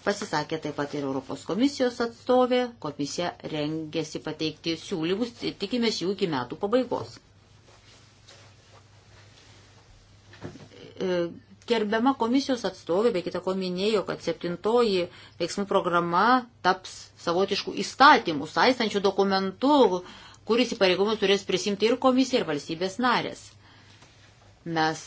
Pasisakė taip pat ir Europos komisijos atstovė, komisija rengėsi pateikti siūlymus, tikimės jų iki metų pabaigos. E, Gerbiama komisijos atstovė, be kita ko minėjo, kad septintoji veiksmų programa taps savotiškų įstatymų, saistančių dokumentų, kuris įpareigomus turės prisimti ir komisija, ir valstybės narės. Mes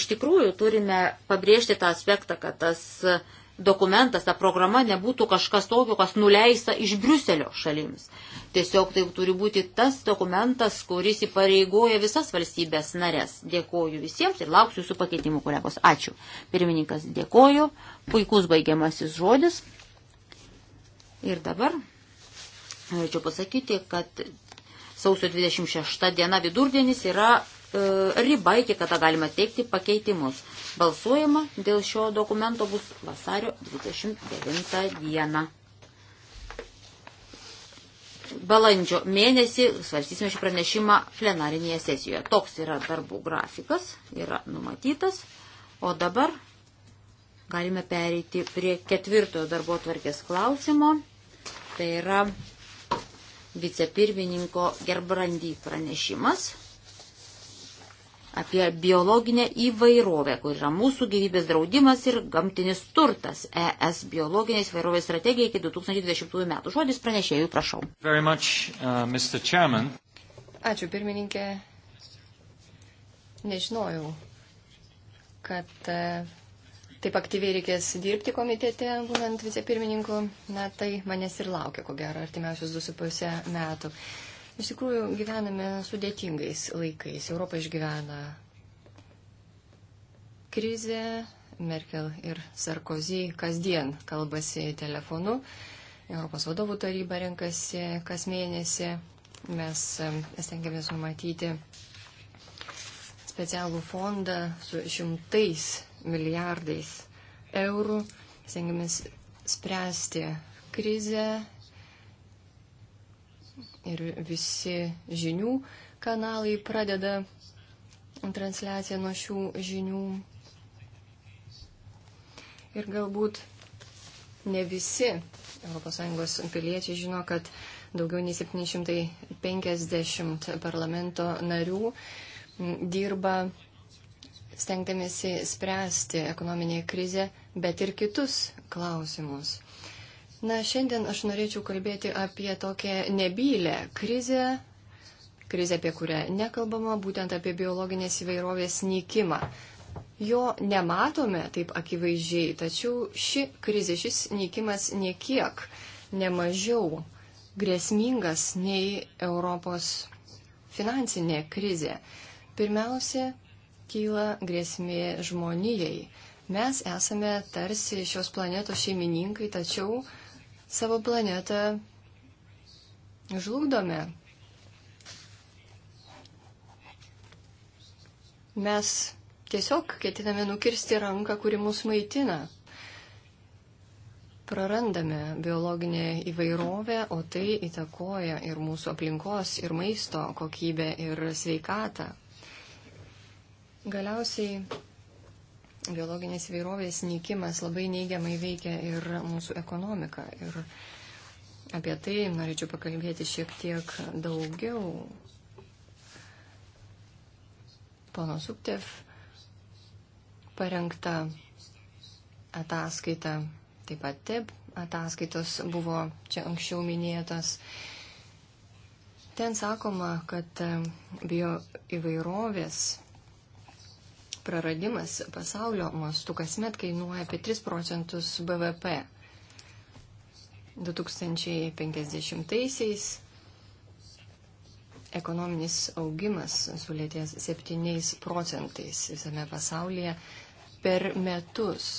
iš tikrųjų turime pabrėžti tą aspektą, kad tas uh, dokumentas, ta programa nebūtų kažkas tokio, kas nuleista iš Briuselio šalims. Tiesiog tai turi būti tas dokumentas, kuris įpareigoja visas valstybės narės. Dėkoju visiems ir lauksiu jūsų pakeitimų, kolegos. Ačiū. Pirmininkas, dėkoju. Puikus baigiamasis žodis. Ir dabar norėčiau pasakyti, kad sausio 26 diena vidurdienis yra E, riba, iki kada galima teikti pakeitimus. Balsuojama dėl šio dokumento bus vasario 29 dieną. Balandžio mėnesį svarstysime šį pranešimą plenarinėje sesijoje. Toks yra darbų grafikas, yra numatytas. O dabar galime pereiti prie ketvirtojo darbo tvarkės klausimo. Tai yra vicepirmininko Gerbrandy pranešimas apie biologinę įvairovę, kur yra mūsų gyvybės draudimas ir gamtinis turtas ES biologinės įvairovės strategija iki 2020 metų. Žodis pranešėjų, prašau. Very much, uh, Ačiū, pirmininkė. Nežinojau, kad uh, taip aktyviai reikės dirbti komitete, būnant vicepirmininku. Na, tai manęs ir laukia, ko gero, artimiausius du su pusę metų. Uh, Iš tikrųjų, gyvename sudėtingais laikais. Europa išgyvena krizę. Merkel ir Sarkozy kasdien kalbasi telefonu. Europos vadovų taryba renkasi kas mėnesį. Mes stengiamės numatyti specialų fondą su šimtais milijardais eurų. Stengiamės spręsti krizę ir visi žinių kanalai pradeda transliaciją nuo šių žinių. Ir galbūt ne visi ES piliečiai žino, kad daugiau nei 750 parlamento narių dirba stengdamėsi spręsti ekonominę krizę, bet ir kitus klausimus. Na, šiandien aš norėčiau kalbėti apie tokią nebylę krizę, krizę, apie kurią nekalbama, būtent apie biologinės įvairovės nykimą. Jo nematome taip akivaizdžiai, tačiau ši krizė, šis nykimas niekiek nemažiau grėsmingas nei Europos finansinė krizė. Pirmiausia, kyla grėsmė žmonijai. Mes esame tarsi šios planetos šeimininkai, tačiau uh, savo planetą žlugdome. Mes tiesiog ketiname nukirsti ranką, kuri mus maitina. Prarandame biologinę įvairovę, o tai įtakoja ir mūsų aplinkos, ir maisto kokybę, ir sveikatą. Galiausiai biologinės vairovės nykimas labai neigiamai veikia ir mūsų ekonomiką. Ir apie tai norėčiau pakalbėti šiek tiek daugiau. Pono Suptev parengta ataskaita, taip pat TEB ataskaitos buvo čia anksčiau minėtas. Ten sakoma, kad bio įvairovės praradimas pasaulio mastu kasmet kainuoja apie 3 procentus BVP. 2050-aisiais ekonominis augimas sulėties 7 procentais visame pasaulyje per metus.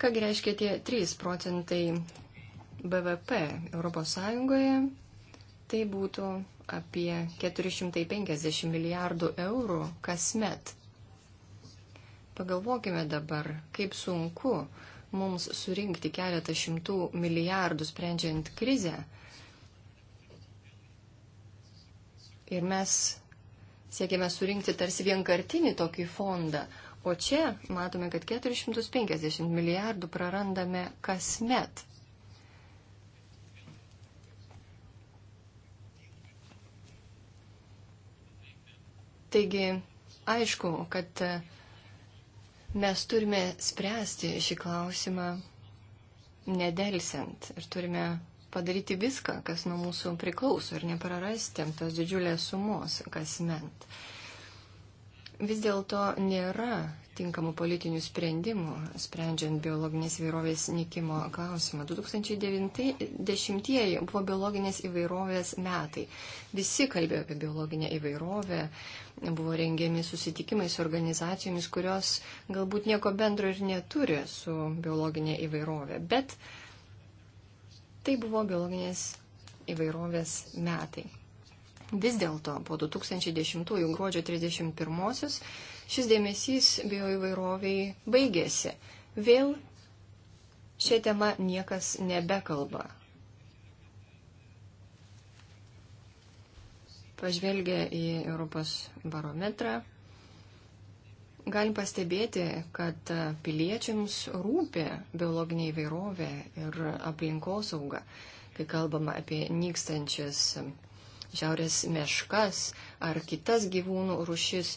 Ką reiškia tie 3 procentai BVP ES? Tai būtų apie 450 milijardų eurų kasmet. Pagalvokime dabar, kaip sunku mums surinkti keletą šimtų milijardų sprendžiant krizę. Ir mes siekiame surinkti tarsi vienkartinį tokį fondą. O čia matome, kad 450 milijardų prarandame kasmet. Taigi, aišku, kad Mes turime spręsti šį klausimą nedelsiant ir turime padaryti viską, kas nuo mūsų priklauso ir neprarasti tos didžiulės sumos kasmet. ment vis dėlto nėra tinkamų politinių sprendimų, sprendžiant biologinės įvairovės nikimo klausimą. 2010 buvo biologinės įvairovės metai. Visi kalbėjo apie biologinę įvairovę, buvo rengiami susitikimai su organizacijomis, kurios galbūt nieko bendro ir neturi su biologinė įvairovė. Bet tai buvo biologinės įvairovės metai. Vis dėlto po 2010 gruodžio 31 šis dėmesys bioįvairoviai baigėsi. Vėl šią temą niekas nebekalba. Pažvelgę į Europos barometrą, galim pastebėti, kad piliečiams rūpi biologinė įvairovė ir aplinkosauga, kai kalbama apie nykstančias šiaurės meškas ar kitas gyvūnų rušis.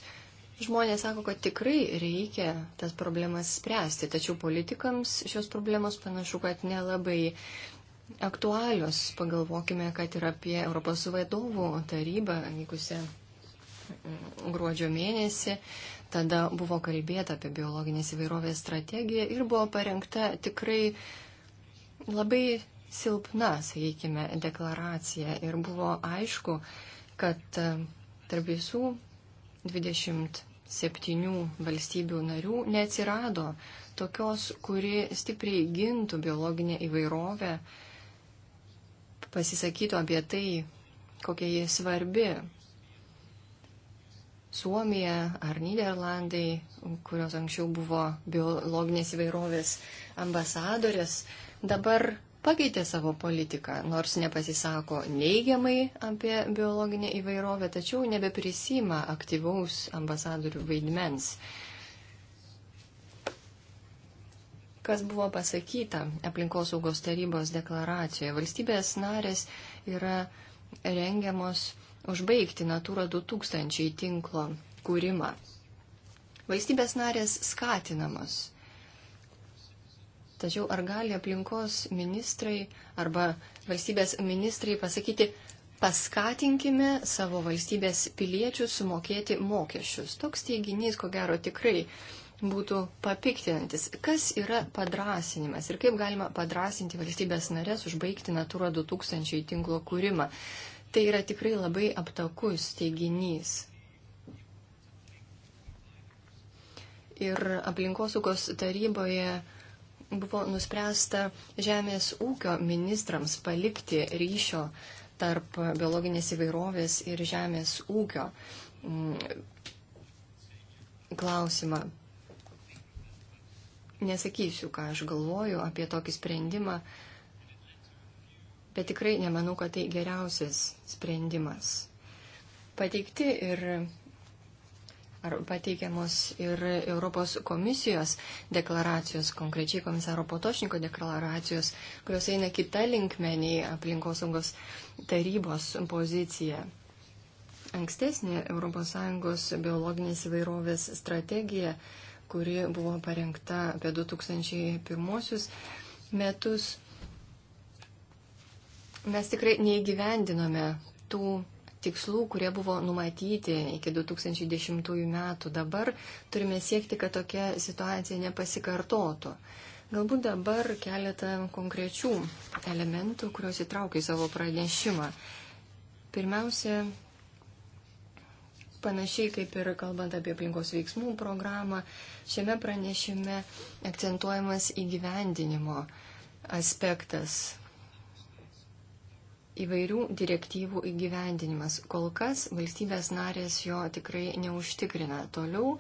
Žmonės sako, kad tikrai reikia tas problemas spręsti, tačiau politikams šios problemos panašu, kad nelabai aktualios. Pagalvokime, kad ir apie Europos vadovų tarybą vykusią mm, gruodžio mėnesį. Tada buvo kalbėta apie biologinės įvairovės strategiją ir buvo parengta tikrai labai silpna, sakykime, deklaracija ir buvo aišku, kad e, tarp visų 27 valstybių narių neatsirado tokios, kuri stipriai gintų biologinę įvairovę, pasisakytų apie tai, kokia jie svarbi. Suomija ar Niderlandai, kurios anksčiau buvo biologinės įvairovės ambasadorės, dabar pakeitė savo politiką, nors nepasisako neigiamai apie biologinę įvairovę, tačiau nebeprisima aktyvaus ambasadorių vaidmens. Kas buvo pasakyta aplinkosaugos tarybos deklaracijoje? Valstybės narės yra rengiamos užbaigti Natūra 2000 tinklo kūrimą. Valstybės narės skatinamos Tačiau ar gali aplinkos ministrai arba valstybės ministrai pasakyti, paskatinkime savo valstybės piliečius sumokėti mokesčius? Toks teiginys, ko gero, tikrai būtų papiktinantis. Kas yra padrasinimas ir kaip galima padrasinti valstybės narės užbaigti Natūra 2000 tinklo kūrimą? Tai yra tikrai labai aptakus teiginys. Ir aplinkosaugos taryboje buvo nuspręsta žemės ūkio ministrams palikti ryšio tarp biologinės įvairovės ir žemės ūkio mm, klausimą. Nesakysiu, ką aš galvoju apie tokį sprendimą, bet tikrai nemanau, kad tai geriausias sprendimas. Pateikti ir ar pateikiamos ir Europos komisijos deklaracijos, konkrečiai komisaro Potošniko deklaracijos, kurios eina kita linkmeniai aplinkosaugos tarybos pozicija. Ankstesnė ES biologinės įvairovės strategija, kuri buvo parengta apie 2001 metus, mes tikrai neįgyvendinome tų tikslų, kurie buvo numatyti iki 2010 metų. Dabar turime siekti, kad tokia situacija nepasikartotų. Galbūt dabar keletą konkrečių elementų, kuriuos įtraukiu į savo pranešimą. Pirmiausia, panašiai kaip ir kalbant apie aplinkos veiksmų programą, šiame pranešime akcentuojamas įgyvendinimo aspektas įvairių direktyvų įgyvendinimas. Kol kas valstybės narės jo tikrai neužtikrina. Toliau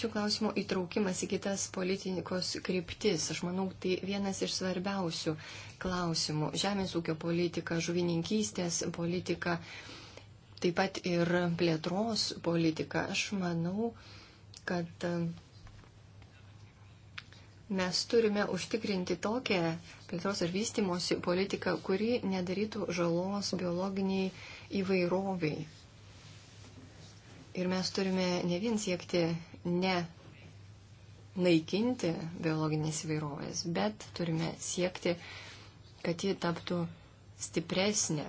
šių klausimų įtraukimas į kitas politikos kryptis. Aš manau, tai vienas iš svarbiausių klausimų. Žemės ūkio politika, žuvininkystės politika, taip pat ir plėtros politika. Aš manau, kad. Uh, Mes turime užtikrinti tokią plėtros ir vystimosi politiką, kuri nedarytų žalos biologiniai įvairoviai. Ir mes turime ne vien siekti ne naikinti biologinės įvairovės, bet turime siekti, kad ji taptų stipresnė.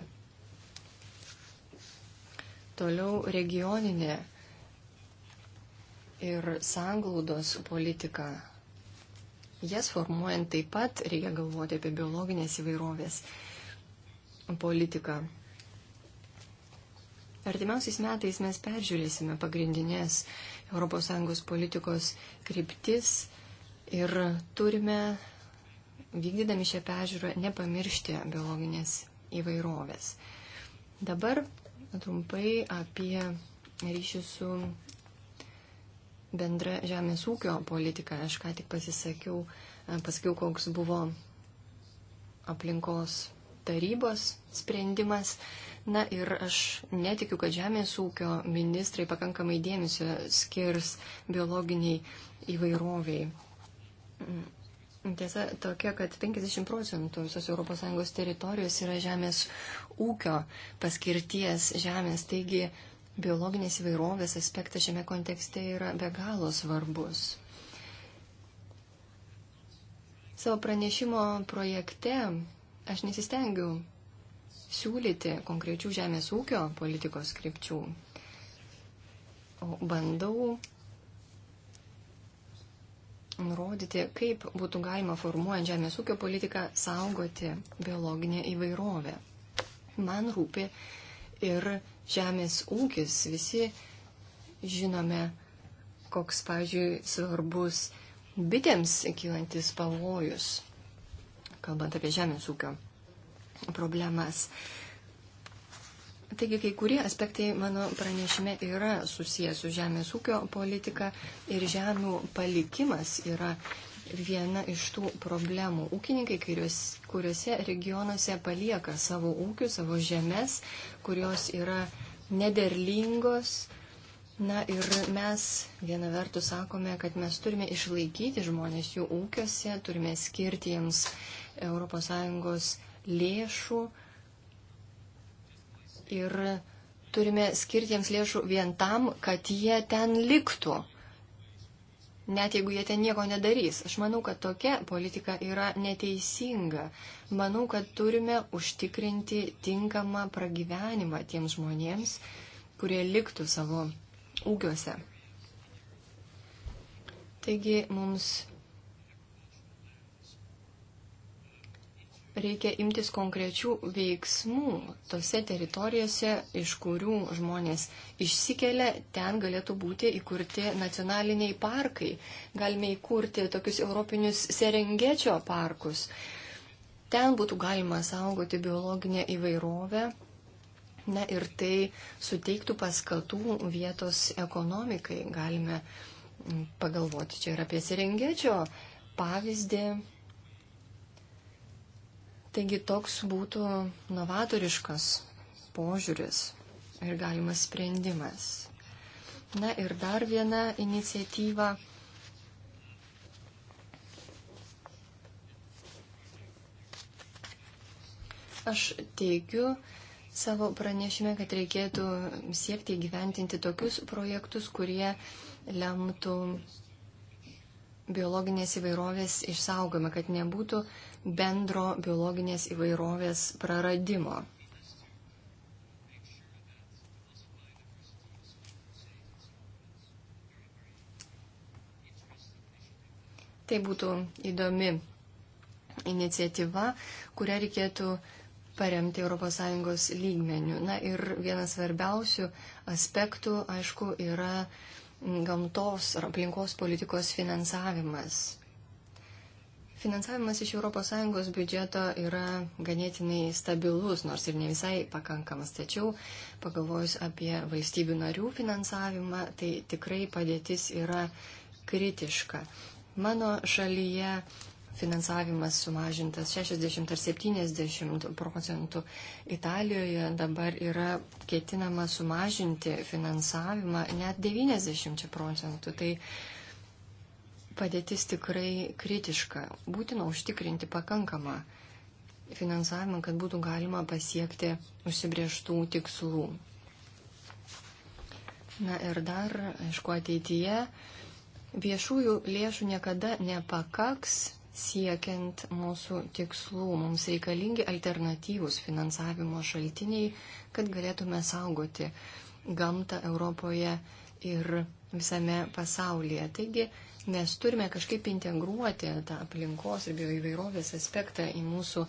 Toliau regioninė ir sanglaudos politika Jas formuojant taip pat reikia galvoti apie biologinės įvairovės politiką. Artimiausiais metais mes peržiūrėsime pagrindinės ES politikos kryptis ir turime, vykdydami šią peržiūrą, nepamiršti biologinės įvairovės. Dabar trumpai apie ryšį su bendra žemės ūkio politika. Aš ką tik pasisakiau, e, pasakiau, koks buvo aplinkos tarybos sprendimas. Na ir aš netikiu, kad žemės ūkio ministrai pakankamai dėmesio skirs biologiniai įvairoviai. Mm. Tiesa tokia, kad 50 procentų visos ES teritorijos yra žemės ūkio paskirties žemės, taigi biologinės įvairovės aspektas šiame kontekste yra be galo svarbus. Savo pranešimo projekte aš nesistengiu siūlyti konkrečių žemės ūkio politikos skripčių, o bandau nurodyti, kaip būtų galima formuojant žemės ūkio politiką saugoti biologinę įvairovę. Man rūpi ir žemės ūkis. Visi žinome, koks, pavyzdžiui, svarbus bitėms kylantis pavojus, kalbant apie žemės ūkio problemas. Taigi kai kurie aspektai mano pranešime yra susijęs su žemės ūkio politika ir žemių palikimas yra viena iš tų problemų. Ūkininkai, kuriuose regionuose palieka savo ūkius, savo žemės, kurios yra nederlingos. Na ir mes viena vertus sakome, kad mes turime išlaikyti žmonės jų ūkiuose, turime skirti jiems ES lėšų ir turime skirti jiems lėšų vien tam, kad jie ten liktų net jeigu jie ten nieko nedarys. Aš manau, kad tokia politika yra neteisinga. Manau, kad turime užtikrinti tinkamą pragyvenimą tiems žmonėms, kurie liktų savo ūkiuose. Taigi mums reikia imtis konkrečių veiksmų tose teritorijose, iš kurių žmonės išsikelia, ten galėtų būti įkurti nacionaliniai parkai. Galime įkurti tokius europinius serengečio parkus. Ten būtų galima saugoti biologinę įvairovę. Na ir tai suteiktų paskatų vietos ekonomikai. Galime mm, pagalvoti čia ir apie serengečio pavyzdį Taigi toks būtų novatoriškas požiūris ir galimas sprendimas. Na ir dar viena iniciatyva. Aš teigiu savo pranešime, kad reikėtų siekti gyventinti tokius projektus, kurie lemtų biologinės įvairovės išsaugomą, kad nebūtų uh, bendro biologinės įvairovės praradimo. Tai būtų įdomi iniciatyva, kurią reikėtų paremti ES lygmenių. Na ir vienas svarbiausių aspektų, aišku, yra gamtos ar aplinkos politikos finansavimas. Finansavimas iš ES biudžeto yra ganėtinai stabilus, nors ir ne visai pakankamas. Tačiau pagalvojus apie valstybių narių finansavimą, tai tikrai padėtis yra kritiška. Mano šalyje finansavimas sumažintas 60 ar 70 procentų. Italijoje dabar yra ketinama sumažinti finansavimą net 90 procentų. Tai padėtis tikrai kritiška. Būtina užtikrinti pakankamą finansavimą, kad būtų galima pasiekti užsibrieštų tikslų. Na ir dar, aišku, ateityje viešųjų lėšų niekada nepakaks siekiant mūsų tikslų. Mums reikalingi alternatyvūs finansavimo šaltiniai, kad galėtume saugoti gamtą Europoje ir visame pasaulyje. Taigi nes turime kažkaip integruoti tą aplinkos ir bioįvairovės aspektą į mūsų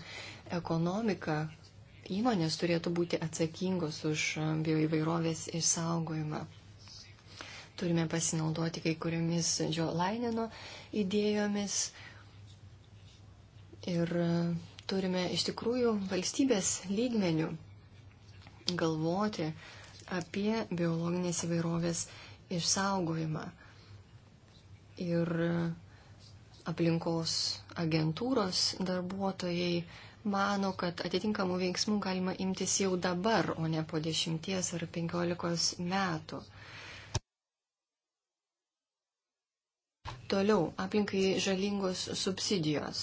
ekonomiką. Įmonės turėtų būti atsakingos už bioįvairovės išsaugojimą. Turime pasinaudoti kai kuriomis Džio Laineno idėjomis ir turime iš tikrųjų valstybės lygmenių galvoti apie biologinės įvairovės išsaugojimą ir aplinkos agentūros darbuotojai mano, kad atitinkamų veiksmų galima imtis jau dabar, o ne po dešimties ar penkiolikos metų. Toliau aplinkai žalingos subsidijos.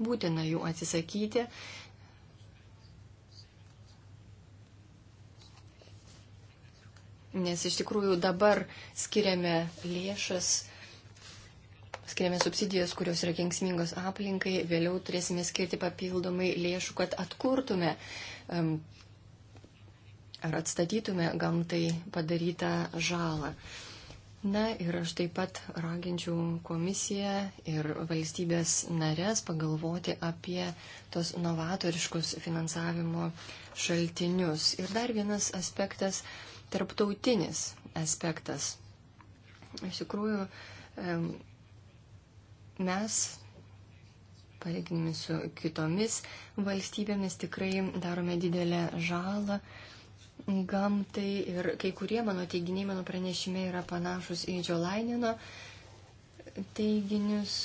Būtina jų atsisakyti, nes iš tikrųjų dabar skiriame lėšas, skiriame subsidijas, kurios yra kengsmingos aplinkai, vėliau turėsime skirti papildomai lėšų, kad atkurtume um, ar atstatytume gamtai padarytą žalą. Na ir aš taip pat raginčiau komisiją ir valstybės narės pagalvoti apie tos novatoriškus finansavimo šaltinius. Ir dar vienas aspektas tarptautinis aspektas. Iš tikrųjų, mes, palyginami su kitomis valstybėmis, tikrai darome didelę žalą gamtai ir kai kurie mano teiginiai mano pranešime yra panašus į Džiolainino teiginius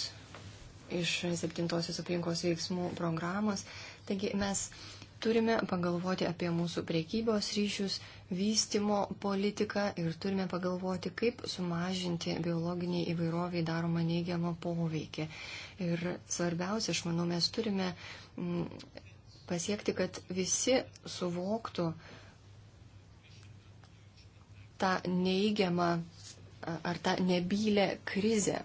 iš septintosios aplinkos veiksmų programos. Taigi mes turime pagalvoti apie mūsų priekybos ryšius vystimo politiką ir turime pagalvoti, kaip sumažinti biologiniai įvairoviai daromą neigiamą poveikį. Ir svarbiausia, aš manau, mes turime mm, pasiekti, kad visi suvoktų tą neigiamą ar tą nebylę krizę,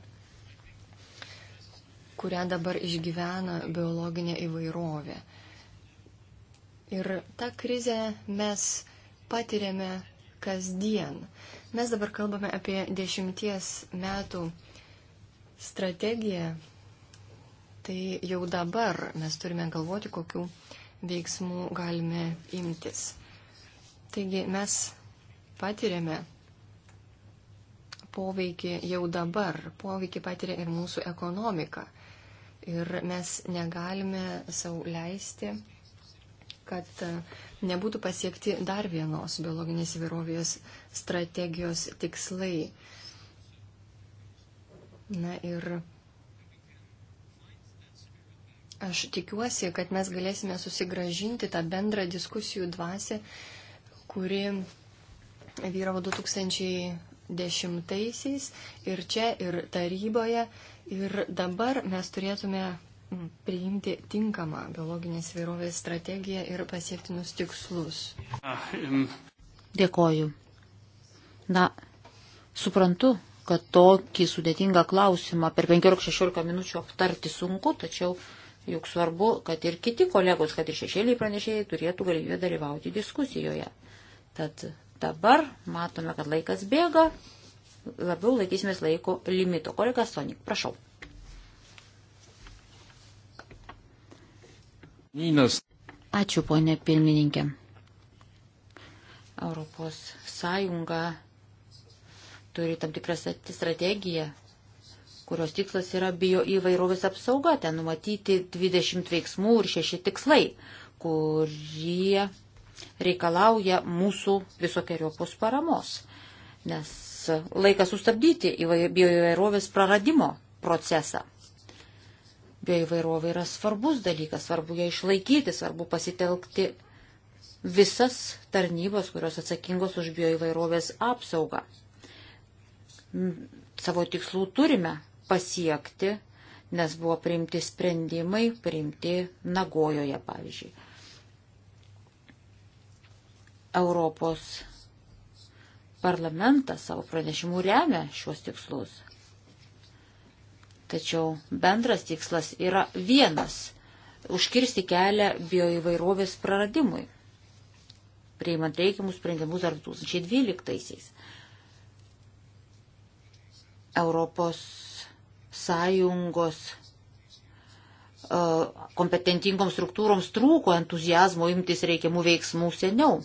kurią dabar išgyvena biologinė įvairovė. Ir tą krizę mes patiriame kasdien. Mes dabar kalbame apie dešimties metų strategiją. Tai jau dabar mes turime galvoti, kokiu veiksmų galime imtis. Taigi mes patiriame poveikį jau dabar, poveikį patiria ir mūsų ekonomika. Ir mes negalime savo leisti kad e, nebūtų pasiekti dar vienos biologinės įvairovės strategijos tikslai. Na ir aš tikiuosi, kad mes galėsime susigražinti tą bendrą diskusijų dvasę, kuri vyravo 2010-aisiais ir čia, ir taryboje. Ir dabar mes turėtume priimti tinkamą biologinės vyrovės strategiją ir pasiektinus tikslus. Ah, Dėkoju. Na, suprantu, kad tokį sudėtingą klausimą per 15-16 minučių aptarti sunku, tačiau juk svarbu, kad ir kiti kolegos, kad ir šešėliai pranešėjai turėtų galimybę dalyvauti diskusijoje. Tad dabar matome, kad laikas bėga, labiau laikysimės laiko limito. Kolega Sonik, prašau. Ninas. Ačiū, ponė pirmininkė. Europos Sąjunga turi tam tikrą strategiją, kurios tikslas yra bio įvairovės apsauga, ten numatyti 20 veiksmų ir 6 tikslai, kurie reikalauja mūsų visokiojopos paramos, nes laikas sustabdyti bio įvairovės praradimo procesą. Bioįvairovė yra svarbus dalykas, svarbu ją išlaikyti, svarbu pasitelkti visas tarnybos, kurios atsakingos už bioįvairovės apsaugą. Savo tikslų turime pasiekti, nes buvo priimti sprendimai, priimti Nagojoje, pavyzdžiui. Europos parlamentas savo pranešimu remia šiuos tikslus. Tačiau bendras tikslas yra vienas - užkirsti kelią bioįvairovės praradimui, priimant reikiamus sprendimus dar 2012-aisiais. Europos Sąjungos e, kompetentingoms struktūroms trūko entuzijazmo imtis reikiamų veiksmų seniau.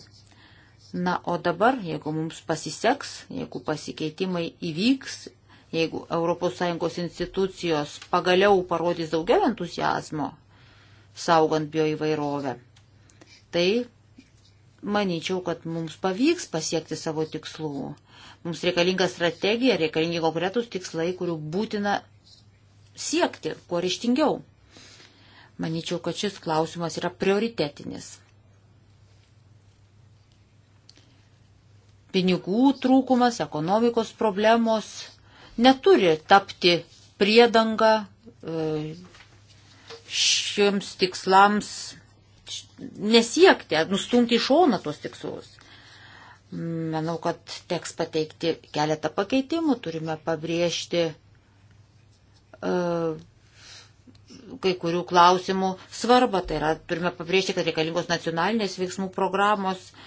Na, o dabar, jeigu mums pasiseks, jeigu pasikeitimai įvyks Jeigu ES institucijos pagaliau parodys daugiau entuzijazmo, saugant bioįvairovę, tai manyčiau, kad mums pavyks pasiekti savo tikslų. Mums reikalinga strategija, reikalingi konkretus tikslai, kurių būtina siekti, kuo ryštingiau. Manyčiau, kad šis klausimas yra prioritetinis. Pinigų trūkumas, ekonomikos problemos neturi tapti priedanga e, šiems tikslams nesiekti, nustumti į šoną tuos tikslus. Manau, kad teks pateikti keletą pakeitimų, turime pabrėžti e, kai kurių klausimų svarbą. Tai yra, turime pabrėžti, kad reikalingos nacionalinės veiksmų programos, uh,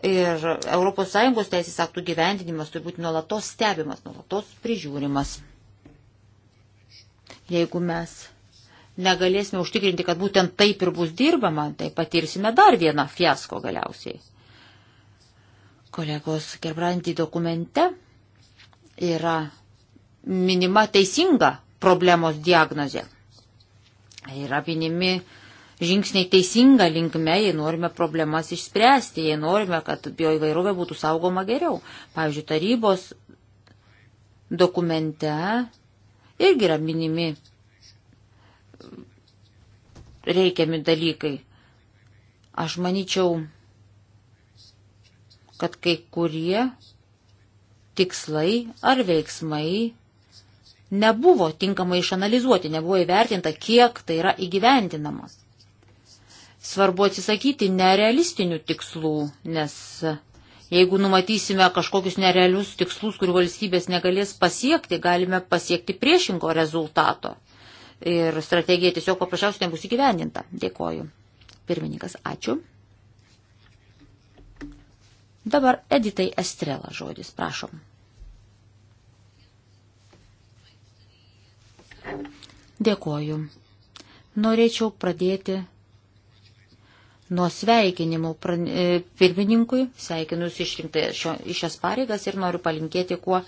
Ir ES teisės aktų gyvendinimas turi būti nuolatos stebimas, nuolatos prižiūrimas. Jeigu mes negalėsime užtikrinti, kad būtent taip ir bus dirbama, tai patirsime dar vieną fiasko galiausiai. Kolegos Gerbrantį dokumente yra minima teisinga problemos diagnozė. Yra minimi žingsniai teisinga linkme, jei norime problemas išspręsti, jei norime, kad bioįvairovė būtų saugoma geriau. Pavyzdžiui, tarybos dokumente irgi yra minimi reikiami dalykai. Aš manyčiau, kad kai kurie tikslai ar veiksmai nebuvo tinkamai išanalizuoti, nebuvo įvertinta, kiek tai yra įgyvendinamas svarbu atsisakyti nerealistinių tikslų, nes jeigu numatysime kažkokius nerealius tikslus, kurių valstybės negalės pasiekti, galime pasiekti priešingo rezultato. Ir strategija tiesiog paprasčiausiai nebus įgyvendinta. Dėkoju. Pirmininkas, ačiū. Dabar Editai Estrela žodis, prašom. Dėkoju. Norėčiau pradėti nuo sveikinimų e, pirmininkui, sveikinus išrinktai šio, iš šias pareigas ir noriu palinkėti kuo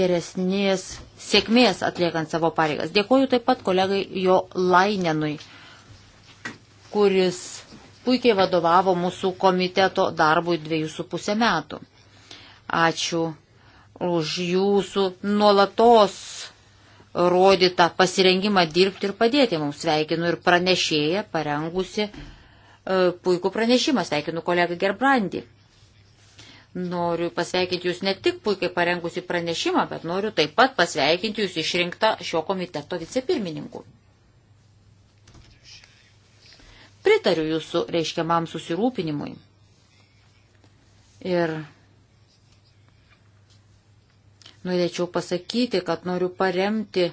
geresnės sėkmės atliekant savo pareigas. Dėkuoju taip pat kolegai jo Lainenui, kuris puikiai vadovavo mūsų komiteto darbui dviejų su pusę metų. Ačiū už jūsų nuolatos rodytą pasirengimą dirbti ir padėti mums. Sveikinu ir pranešėję, parengusi E, puikų pranešimą, sveikinu kolegą Gerbrandį. Noriu pasveikinti Jūs ne tik puikiai parengusi pranešimą, bet noriu taip pat pasveikinti Jūs išrinktą šio komiteto vicepirmininkų. Pritariu Jūsų reiškiamam susirūpinimui. Ir norėčiau pasakyti, kad noriu paremti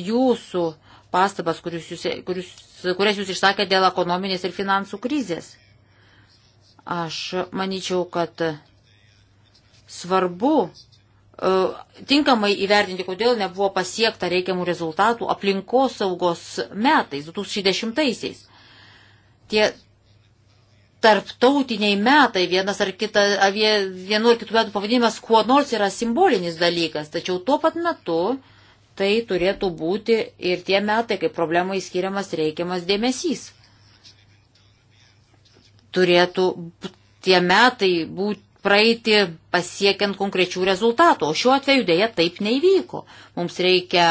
Jūsų pastabas, kurius jūs, kurius kurias jūs išsakėte dėl ekonominės ir finansų krizės. Aš manyčiau, kad svarbu e, tinkamai įvertinti, kodėl nebuvo pasiekta reikiamų rezultatų aplinkos saugos metais, 2010-aisiais. Tie tarptautiniai metai, vienas ar kita, vienų ar kitų metų pavadinimas, kuo nors yra simbolinis dalykas, tačiau tuo pat metu uh, tai turėtų būti ir tie metai, kai problemai skiriamas reikiamas dėmesys. Turėtų tie metai būti praeiti pasiekiant konkrečių rezultatų, o šiuo atveju dėja taip neįvyko. Mums reikia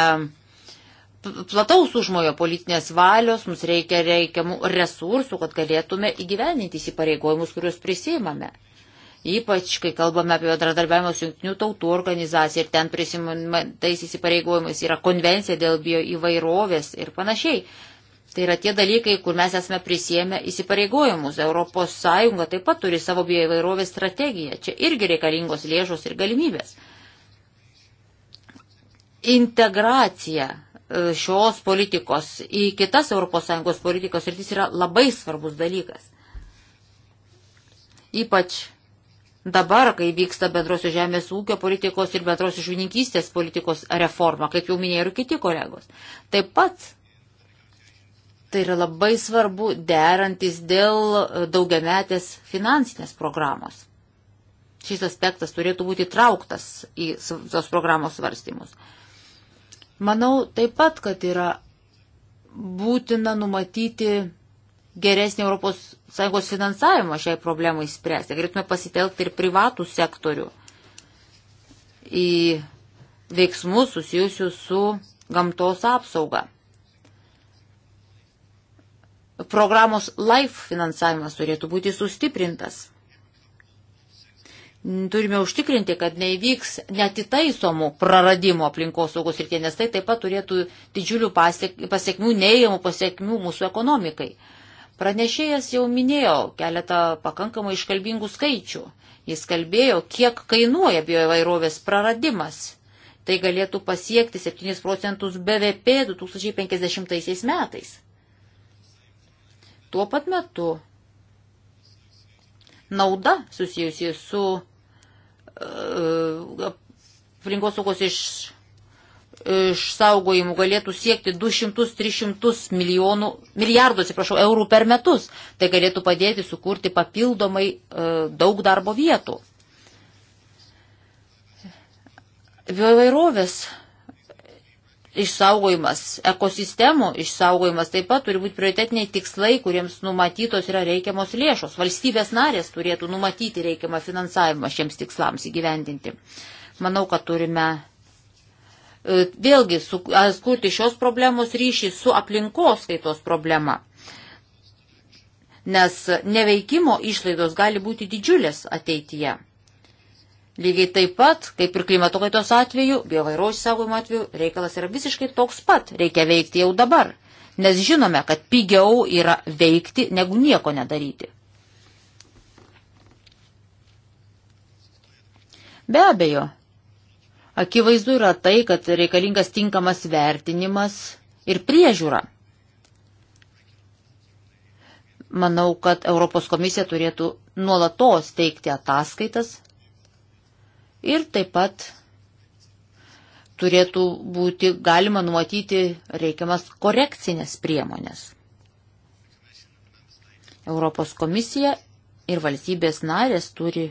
plataus užmojo politinės valios, mums reikia reikiamų resursų, kad galėtume įgyveninti įsipareigojimus, kuriuos prisimame ypač kai kalbame apie bendradarbiavimą su jungtinių tautų organizacija ir ten prisimtais įsipareigojimais yra konvencija dėl bioįvairovės ir panašiai. Tai yra tie dalykai, kur mes esame prisėmę įsipareigojimus. Europos Sąjunga taip pat turi savo bioįvairovės strategiją. Čia irgi reikalingos lėšos ir galimybės. Integracija e, šios politikos į kitas ES politikos rytis yra labai svarbus dalykas. Ypač dabar, kai vyksta bendrosios žemės ūkio politikos ir bendrosios žuvininkystės politikos reforma, kaip jau minėjo ir kiti kolegos. Taip pat tai yra labai svarbu derantis dėl daugiametės finansinės programos. Šis aspektas turėtų būti trauktas į tos programos svarstymus. Manau taip pat, kad yra būtina numatyti geresnį Europos sąjungos finansavimo šiai problemai spręsti. Galėtume pasitelkti ir privatų sektorių į veiksmus susijusius su gamtos apsauga. Programos LIFE finansavimas turėtų būti sustiprintas. Turime užtikrinti, kad neįvyks netitaisomų praradimo aplinkos saugos ir tie, nes tai taip pat turėtų didžiulių pasiekmių, neįjamų pasiekmių mūsų ekonomikai. Pranešėjas jau minėjo keletą pakankamai iškalbingų skaičių. Jis kalbėjo, kiek kainuoja bioįvairovės praradimas. Tai galėtų pasiekti 7 procentus BVP 2050 metais. Tuo pat metu nauda susijusi su e, aplinkos saugos iš išsaugojimų galėtų siekti 200-300 milijonų, milijardų, atsiprašau, eurų per metus. Tai galėtų padėti sukurti papildomai e, daug darbo vietų. Vairovės išsaugojimas, ekosistemų išsaugojimas taip pat turi būti prioritetiniai tikslai, kuriems numatytos yra reikiamos lėšos. Valstybės narės turėtų numatyti reikiamą finansavimą šiems tikslams įgyvendinti. Manau, kad turime E, vėlgi atkurti šios problemos ryšį su aplinkos kaitos problema. Nes neveikimo išlaidos gali būti didžiulės ateityje. Lygiai taip pat, kaip ir klimato kaitos atveju, biovairos saugojimo atveju, reikalas yra visiškai toks pat, reikia veikti jau dabar, nes žinome, kad pigiau yra veikti, negu nieko nedaryti. Be abejo, Akivaizdu yra tai, kad reikalingas tinkamas vertinimas ir priežiūra. Manau, kad Europos komisija turėtų nuolatos teikti ataskaitas ir taip pat turėtų būti galima numatyti reikiamas korekcinės priemonės. Europos komisija ir valstybės narės turi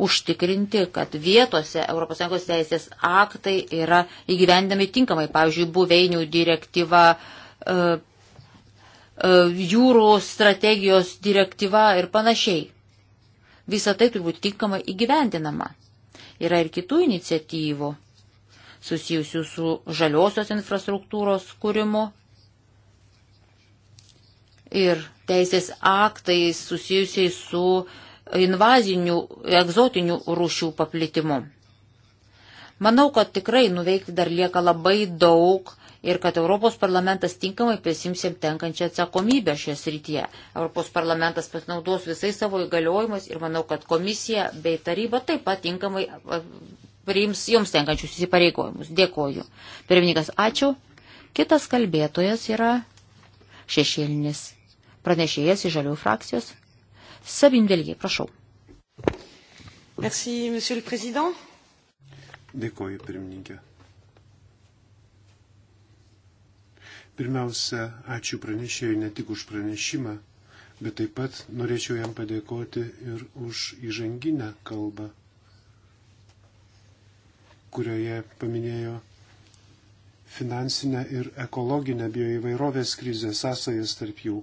užtikrinti, kad vietose ES teisės aktai yra įgyvendami tinkamai, pavyzdžiui, buveinių direktyva, e, e, jūrų strategijos direktyva ir panašiai. Visa tai turi būti tinkamai įgyvendinama. Yra ir kitų iniciatyvų susijusių su žaliosios infrastruktūros kūrimu ir teisės aktais susijusiai su uh, invazinių, egzotinių rūšių paplitimu. Manau, kad tikrai nuveikti dar lieka labai daug ir kad Europos parlamentas tinkamai prisimsim tenkančią atsakomybę šioje srityje. Europos parlamentas pasinaudos visais savo įgaliojimais ir manau, kad komisija bei taryba taip pat tinkamai priims jums tenkančius įsipareigojimus. Dėkoju. Pirmininkas, ačiū. Kitas kalbėtojas yra šešėlinis pranešėjas iš žalių frakcijos. Sabine Delier, prašau. Merci, monsieur le président. Dėkoju, pirmininkė. Pirmiausia, ačiū pranešėjui ne tik už pranešimą, bet taip pat norėčiau jam padėkoti ir už įžanginę kalbą, kurioje paminėjo finansinę ir ekologinę bioįvairovės krizę sąsajas tarp jų.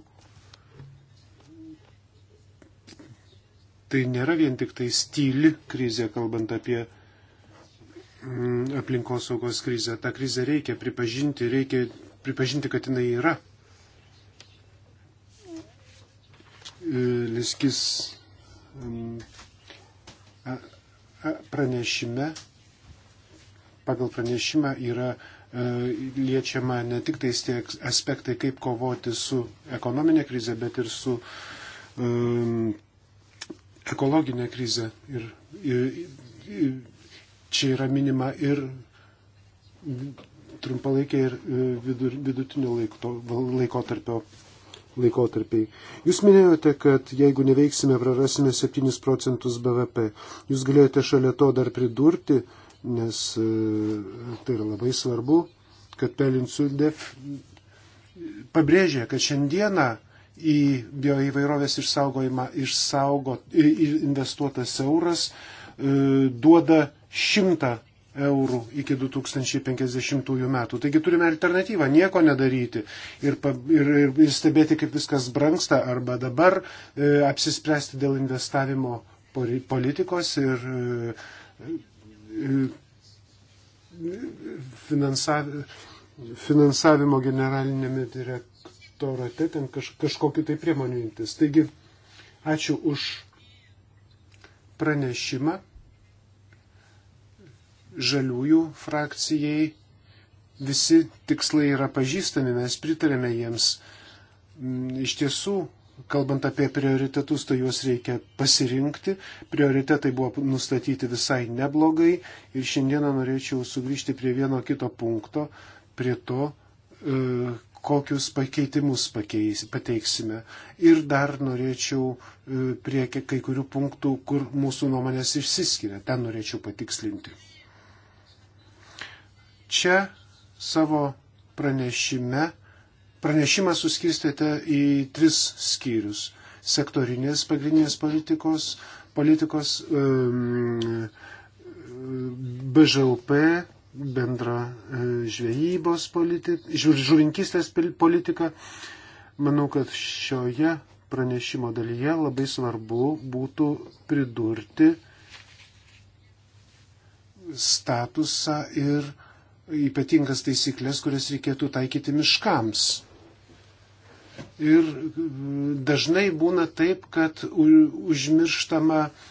tai nėra vien tik tai styli krizė, kalbant apie mm, aplinkosaugos krizę. Ta krizė reikia pripažinti, reikia pripažinti, kad jinai yra. E, Liskis mm, pranešime, pagal pranešimą yra e, liečiama ne tik tais tie aspektai, kaip kovoti su ekonominė krize, bet ir su um, ekologinę krizę. Ir, ir, ir čia yra minima ir trumpalaikė ir vidur, vidutinio laiko, laikotarpio laikotarpiai. Jūs minėjote, kad jeigu neveiksime, prarasime 7 procentus BVP. Jūs galėjote šalia to dar pridurti, nes e, tai yra labai svarbu, kad Pelinsuldė pabrėžė, kad šiandieną į bioįvairovės išsaugojimą išsaugo, investuotas euras e, duoda 100 eurų iki 2050 metų. Taigi turime alternatyvą - nieko nedaryti ir, ir, ir stebėti, kaip viskas brangsta arba dabar e, apsispręsti dėl investavimo politikos ir e, e finansavimo, finansavimo generalinėme direk, elektorate tai ten kaž, kažkokiu tai priemonių imtis. Taigi, ačiū už pranešimą žaliųjų frakcijai. Visi tikslai yra pažįstami, mes pritarėme jiems. Mm, iš tiesų, kalbant apie prioritetus, tai juos reikia pasirinkti. Prioritetai buvo nustatyti visai neblogai ir šiandieną norėčiau sugrįžti prie vieno kito punkto, prie to, e, kokius pakeitimus pakeis, pateiksime. Ir dar norėčiau e, prie kai kurių punktų, kur mūsų nuomonės išsiskiria, ten norėčiau patikslinti. Čia savo pranešime, pranešimą suskirstėte į tris skyrius - sektorinės pagrindinės politikos, politikos um, ehm, e, BŽLP bendrą e, žvejybos politiką, žuvinkistės politiką. Manau, kad šioje pranešimo dalyje labai svarbu būtų pridurti statusą ir ypatingas taisyklės, kurias reikėtų taikyti miškams. Ir dažnai būna taip, kad užmirštama uh,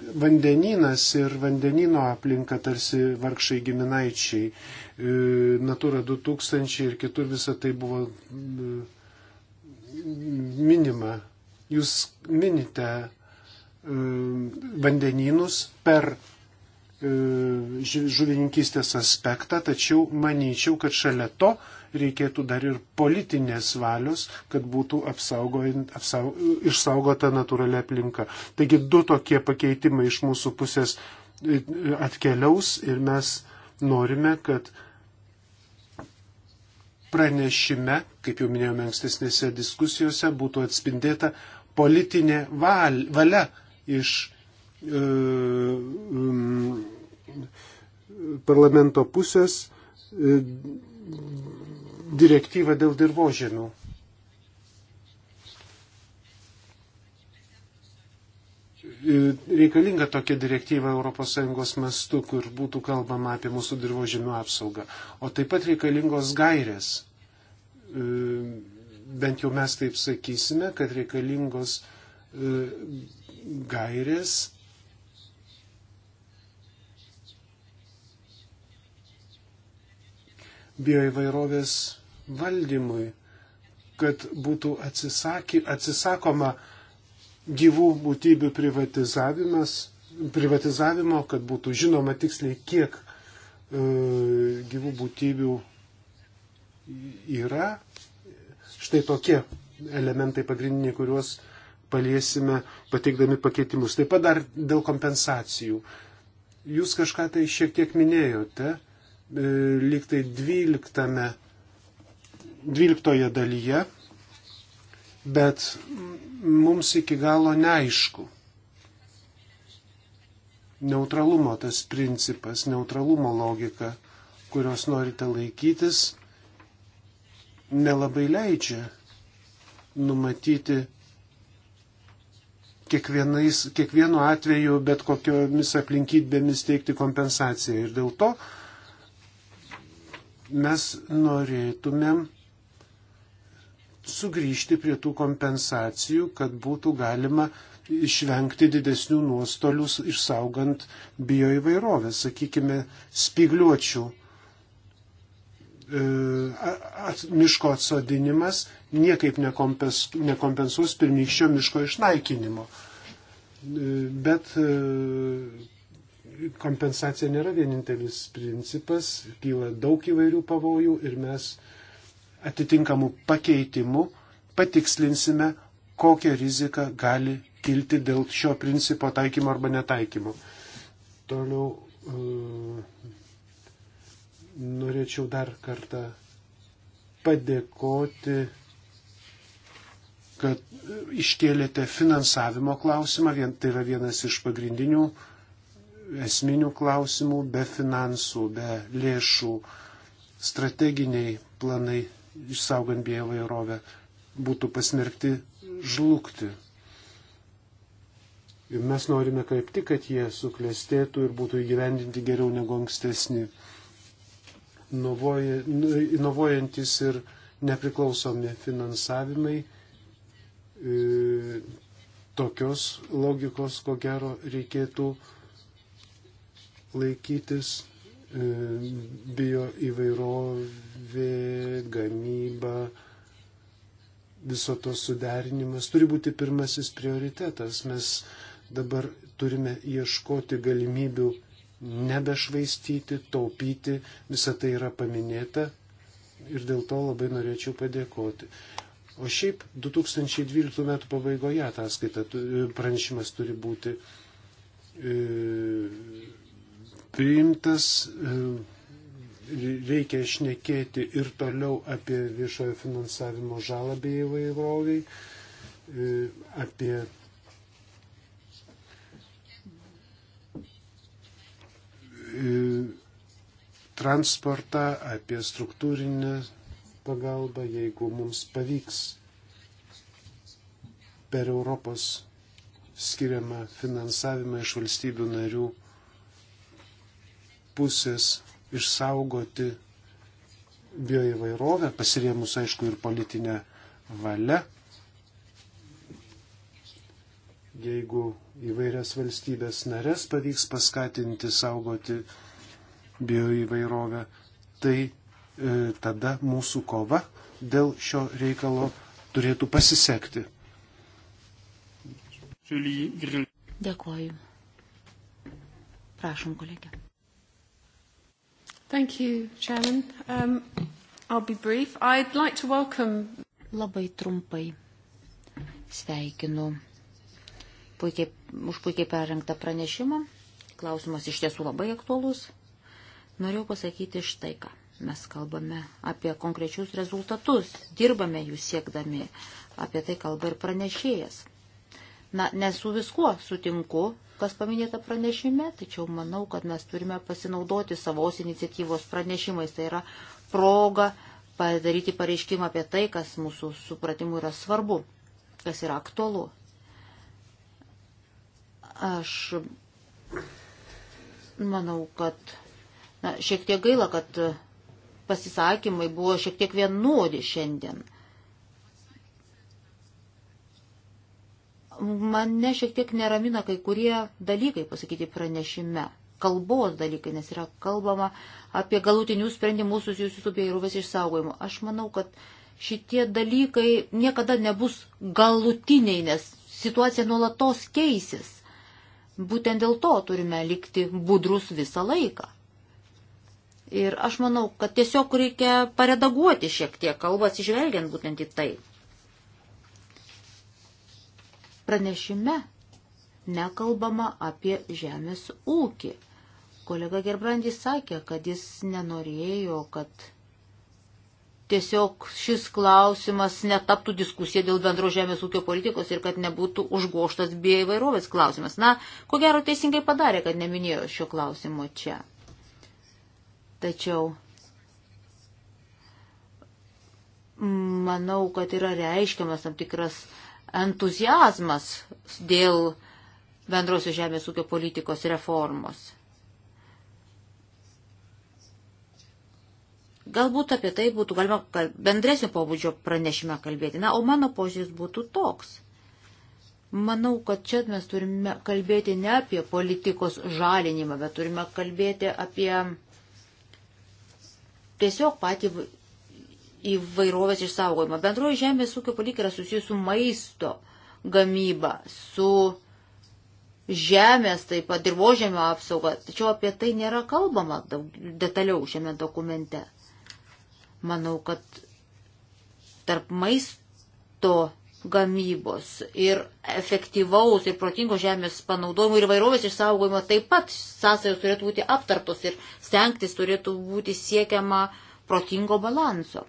vandeninas ir vandenino aplinka tarsi vargšai giminaičiai. E, Natura 2000 ir kitur visą tai buvo e, minima. Jūs minite e, vandeninus per žuvininkystės aspektą, tačiau manyčiau, kad šalia to reikėtų dar ir politinės valios, kad būtų apsaugo, apsau, išsaugota natūrali aplinka. Taigi du tokie pakeitimai iš mūsų pusės e, atkeliaus ir mes norime, kad pranešime, kaip jau minėjome ankstesnėse diskusijose, būtų atspindėta politinė val, valia iš e, um, parlamento pusės e, direktyvą dėl dirbožėmių. Reikalinga tokia direktyva ES mastu, kur būtų kalbama apie mūsų dirbožėmių apsaugą. O taip pat reikalingos gairės. E, bent jau mes taip sakysime, kad reikalingos e, gairės bioįvairovės valdymui, kad būtų atsisaky, atsisakoma gyvų būtybių privatizavimo, kad būtų žinoma tiksliai, kiek e, gyvų būtybių yra. Štai tokie elementai pagrindiniai, kuriuos paliesime pateikdami pakeitimus. Taip pat dar dėl kompensacijų. Jūs kažką tai šiek tiek minėjote E, liktai 12, 12 dalyje, bet mums iki galo neaišku. Neutralumo tas principas, neutralumo logika, kurios norite laikytis, nelabai leidžia numatyti kiekvienu atveju, bet kokiomis aplinkybėmis teikti kompensaciją. Ir dėl to mes norėtumėm sugrįžti prie tų kompensacijų, kad būtų galima išvengti didesnių nuostolių, išsaugant bioįvairovę, sakykime, spigliuočių e, miško atsodinimas niekaip nekompensuos pirmykščio miško išnaikinimo. E, bet e, kompensacija nėra vienintelis principas, kyla daug įvairių pavojų ir mes atitinkamų pakeitimų patikslinsime, kokią riziką gali kilti dėl šio principo taikymo arba netaikymo. Toliau e, norėčiau dar kartą padėkoti, kad iškėlėte finansavimo klausimą, vien, tai yra vienas iš pagrindinių esminių klausimų, be finansų, be lėšų, strateginiai planai išsaugant bioįvairovę būtų pasmerkti žlugti. Ir mes norime kaip tik, kad jie suklestėtų ir būtų įgyvendinti geriau negu ankstesni, nu, inovuojantis ir nepriklausomi finansavimai. E, tokios logikos, ko gero, reikėtų uh, laikytis e, bio įvairovė, gamyba, viso to suderinimas turi būti pirmasis prioritetas. Mes dabar turime ieškoti galimybių nebešvaistyti, taupyti, visa tai yra paminėta ir dėl to labai norėčiau padėkoti. O šiaip 2012 metų pabaigoje ataskaita pranešimas turi būti e, priimtas. E, reikia išnekėti ir toliau apie viešojo finansavimo žalą bei įvairoviai, e, apie e, transportą, apie struktūrinę pagalbą, jeigu mums pavyks per Europos skiriamą finansavimą iš valstybių narių pusės išsaugoti bioįvairovę, pasiriemus aišku ir politinę valią, jeigu įvairias valstybės narės pavyks paskatinti saugoti bioįvairovę, tai e, tada mūsų kova dėl šio reikalo turėtų pasisekti. Dėkoju. Prašom, kolegė. Thank you, Chairman. Um, I'll be brief. I'd like to welcome. Labai trumpai sveikinu puikiai, už puikiai perrinktą pranešimą. Klausimas iš tiesų labai aktuolus. Norėjau pasakyti štai ką. Mes kalbame apie konkrečius rezultatus, dirbame jų siekdami, apie tai kalba ir pranešėjas. Na, nesu viskuo sutinku, kas paminėta pranešime, tačiau manau, kad mes turime pasinaudoti savos iniciatyvos pranešimais. Tai yra proga padaryti pareiškimą apie tai, kas mūsų supratimu yra svarbu, kas yra aktualu. Aš manau, kad na, šiek tiek gaila, kad pasisakymai buvo šiek tiek vienodi šiandien. Mane šiek tiek neramina kai kurie dalykai pasakyti pranešime, kalbos dalykai, nes yra kalbama apie galutinius sprendimus susijusius su bėruvės išsaugojimu. Aš manau, kad šitie dalykai niekada nebus galutiniai, nes situacija nuolatos keisis. Būtent dėl to turime likti budrus visą laiką. Ir aš manau, kad tiesiog reikia paredaguoti šiek tiek kalbą, atsižvelgiant būtent į tai. Pranešime nekalbama apie žemės ūkį. Kolega Gerbrandys sakė, kad jis nenorėjo, kad tiesiog šis klausimas netaptų diskusija dėl bendro žemės ūkio politikos ir kad nebūtų užgoštas bei įvairovės klausimas. Na, ko gero teisingai padarė, kad neminėjo šio klausimo čia. Tačiau manau, kad yra reiškiamas tam tikras entuzijazmas dėl bendrosios žemės ūkio politikos reformos. Galbūt apie tai būtų galima bendresnio pobūdžio pranešime kalbėti. Na, o mano požiūris būtų toks. Manau, kad čia mes turime kalbėti ne apie politikos žalinimą, bet turime kalbėti apie tiesiog patį įvairovės išsaugojimą. Bendroji žemės ūkio politika yra susijusi su maisto gamyba, su žemės, taip pat dirbožėmio apsauga, tačiau apie tai nėra kalbama detaliau šiame dokumente. Manau, kad tarp maisto gamybos ir efektyvaus ir protingo žemės panaudojimo ir vairovės išsaugojimo taip pat sąsajos turėtų būti aptartos ir stengtis turėtų būti siekiama protingo balanso.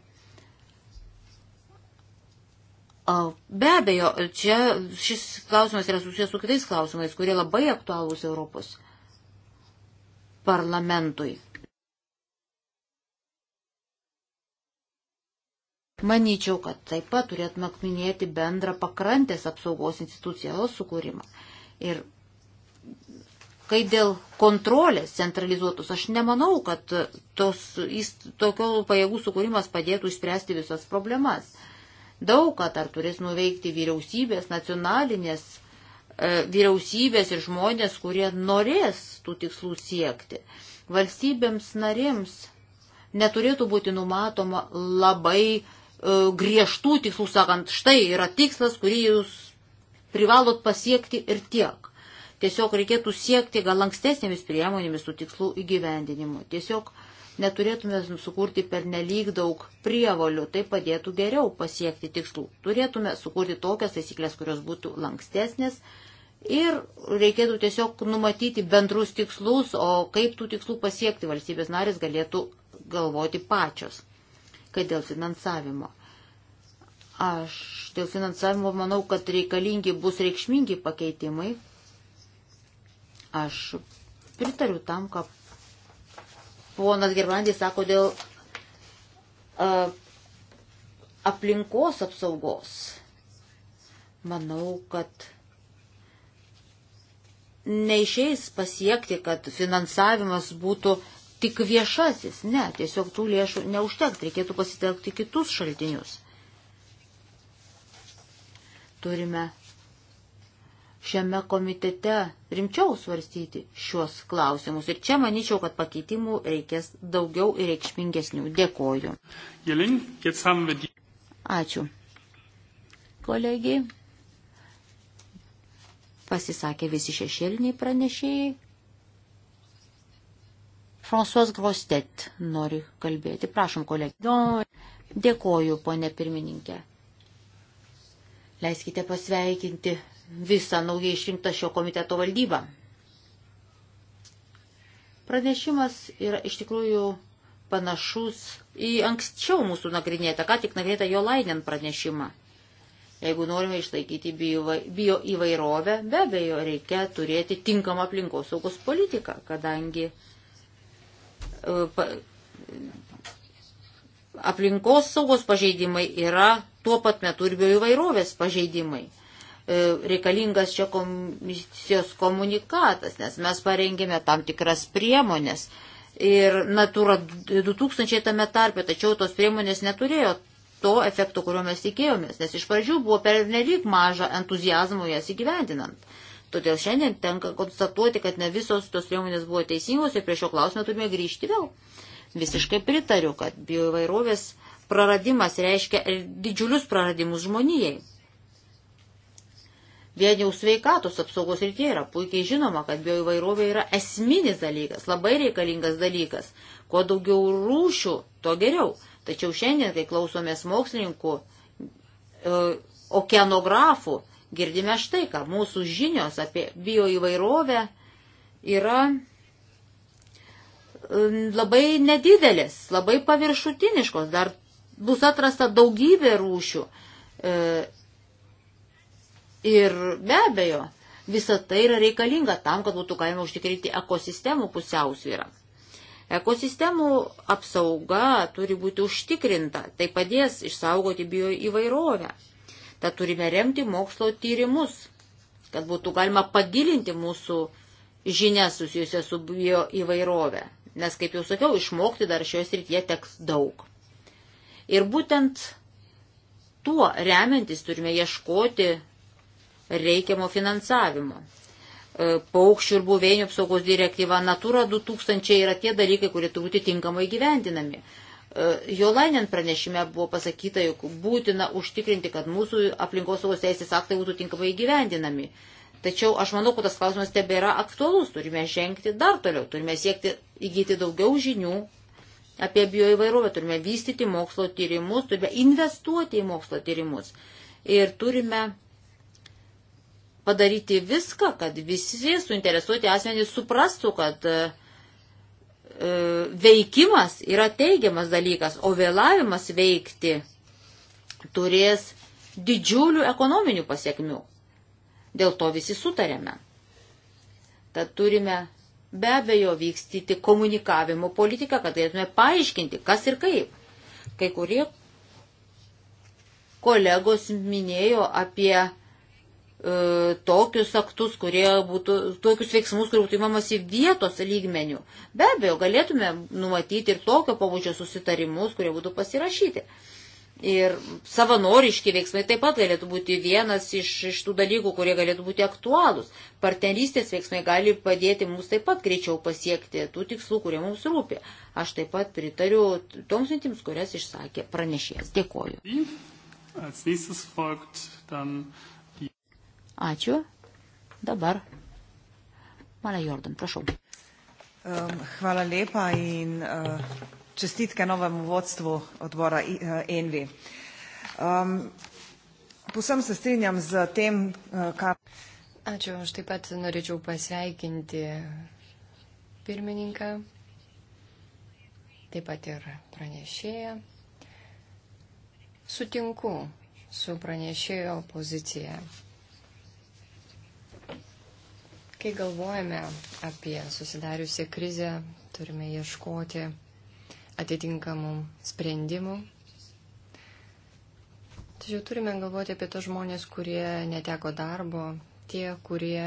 Be abejo, čia šis klausimas yra susijęs su kitais klausimais, kurie labai aktualūs Europos parlamentui. Manyčiau, kad taip pat turėtume minėti bendrą pakrantės apsaugos institucijos sukūrimą. Ir kai dėl kontrolės centralizuotus, aš nemanau, kad tos, jis, tokio pajėgų sukūrimas padėtų išspręsti visas problemas. Daug ką dar turės nuveikti vyriausybės, nacionalinės e, vyriausybės ir žmonės, kurie norės tų tikslų siekti. Valstybėms narėms neturėtų būti numatoma labai e, griežtų tikslų, sakant, štai yra tikslas, kurį jūs privalot pasiekti ir tiek. Tiesiog reikėtų siekti gal ankstesnėmis priemonėmis tų tikslų įgyvendinimu. Tiesiog uh, Neturėtume sukurti pernelyg daug prievolių, tai padėtų geriau pasiekti tikslų. Turėtume sukurti tokias taisyklės, kurios būtų lankstesnės ir reikėtų tiesiog numatyti bendrus tikslus, o kaip tų tikslų pasiekti valstybės narės galėtų galvoti pačios, kad dėl finansavimo. Aš dėl finansavimo manau, kad reikalingi bus reikšmingi pakeitimai. Aš pritariu tam, ką ponas Gerlandis sako dėl a, aplinkos apsaugos. Manau, kad neišeis pasiekti, kad finansavimas būtų tik viešasis. Ne, tiesiog tų lėšų neužtekt, reikėtų pasitelkti kitus šaltinius. Turime šiame komitete rimčiau svarstyti šiuos klausimus. Ir čia manyčiau, kad pakeitimų reikės daugiau ir reikšmingesnių. Dėkoju. Ačiū. Kolegiai, pasisakė visi šešėliniai pranešėjai. François Grostet nori kalbėti. Prašom, kolegė. Dėkoju, ponė pirmininkė. Leiskite pasveikinti visą naujai išrinktą šio komiteto valdybą. Pranešimas yra iš tikrųjų panašus į anksčiau mūsų nagrinėtą, ką tik nagrinėtą jo lainin pranešimą. Jeigu norime išlaikyti bio įvairovę, be abejo, reikia turėti tinkamą aplinkos saugos politiką, kadangi e, aplinkos saugos pažeidimai yra tuo pat metu ir bio įvairovės pažeidimai. E, reikalingas čia komisijos komunikatas, nes mes parengėme tam tikras priemonės ir Natura 2000 tame tarpe, tačiau tos priemonės neturėjo to efekto, kurio mes tikėjomės, nes iš pradžių buvo pernelyg maža entuzijazmo jas įgyvendinant. Todėl šiandien tenka konstatuoti, kad ne visos tos priemonės buvo teisingos ir prie šio klausimo turime grįžti vėl. Visiškai pritariu, kad bioįvairovės praradimas reiškia didžiulius praradimus žmonijai. Vien jau sveikatos apsaugos rytie yra puikiai žinoma, kad bioįvairovė yra esminis dalykas, labai reikalingas dalykas. Kuo daugiau rūšių, tuo geriau. Tačiau šiandien, kai klausomės mokslininkų, e, okeanografų, girdime štai, ką mūsų žinios apie bioįvairovę yra e, labai nedidelės, labai paviršutiniškos, dar bus atrasta daugybė rūšių. E, Ir be abejo, visa tai yra reikalinga tam, kad būtų galima užtikrinti ekosistemų pusiausvyrą. Ekosistemų apsauga turi būti užtikrinta, tai padės išsaugoti bio įvairovę. Tad turime remti mokslo tyrimus, kad būtų galima pagilinti mūsų žinias susijusią su bio įvairove. Nes, kaip jau sakiau, išmokti dar šioje srityje teks daug. Ir būtent tuo remiantis turime ieškoti reikiamo finansavimo. E, paukščių ir buveinių apsaugos direktyva Natura 2000 yra tie dalykai, kurie turi būti tinkamai gyventinami. E, Jolainen pranešime buvo pasakyta, jog būtina užtikrinti, kad mūsų aplinkosaugos teisės aktai būtų tinkamai gyvendinami. Tačiau aš manau, kad tas klausimas tebėra aktualus, turime žengti dar toliau, turime siekti įgyti daugiau žinių apie bioįvairovę, turime vystyti mokslo tyrimus, turime investuoti į mokslo tyrimus ir turime padaryti viską, kad visi suinteresuoti asmenys suprastų, kad e, e, veikimas yra teigiamas dalykas, o vėlavimas veikti turės didžiulių ekonominių pasiekmių. Dėl to visi sutarėme. Tad turime be abejo vykstyti komunikavimo politiką, kad galėtume paaiškinti, kas ir kaip. Kai kurie kolegos minėjo apie E, tokius aktus, kurie būtų, tokius veiksmus, kurie būtų įmamasi vietos lygmenių. Be abejo, galėtume numatyti ir tokio pabudžio susitarimus, kurie būtų pasirašyti. Ir savanoriški veiksmai taip pat galėtų būti vienas iš, iš tų dalykų, kurie galėtų būti aktualūs. Partnerystės veiksmai gali padėti mums taip pat greičiau pasiekti tų tikslų, kurie mums rūpi. Aš taip pat pritariu toms mintims, kurias išsakė pranešėjas. Dėkoju. Als nächstes folgt dann Ačiū. Dabar. Mane Jordan, prašau. Um, hvala lepa in uh, čestitke novemu vodstvu odbora uh, Envi. Um, Pusem se strinjam z tem, uh, e, ką. Ačiū, aš taip pat norėčiau pasveikinti pirmininką, taip pat ir pranešėją. Sutinku su pranešėjo pozicija. Kai galvojame apie susidariusią krizę, turime ieškoti atitinkamų sprendimų. Tačiau turime galvoti apie tos žmonės, kurie neteko darbo, tie, kurie,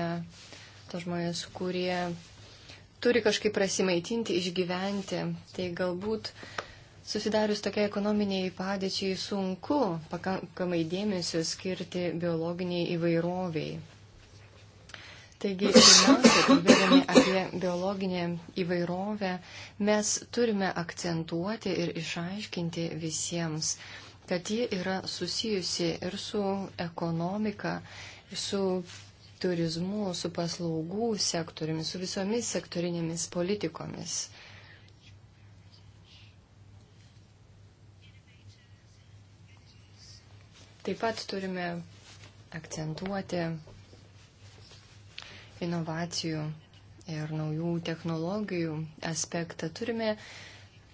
tos žmonės, kurie turi kažkaip prasimaitinti, išgyventi. Tai galbūt susidarius tokiai ekonominiai padėčiai sunku pakankamai dėmesio skirti biologiniai įvairoviai. Taigi, pirmiausia, kalbėdami apie biologinę įvairovę, mes turime akcentuoti ir išaiškinti visiems, kad ji yra susijusi ir su ekonomika, su turizmu, su paslaugų sektoriumi, su visomis sektorinėmis politikomis. Taip pat turime akcentuoti inovacijų ir naujų technologijų aspektą turime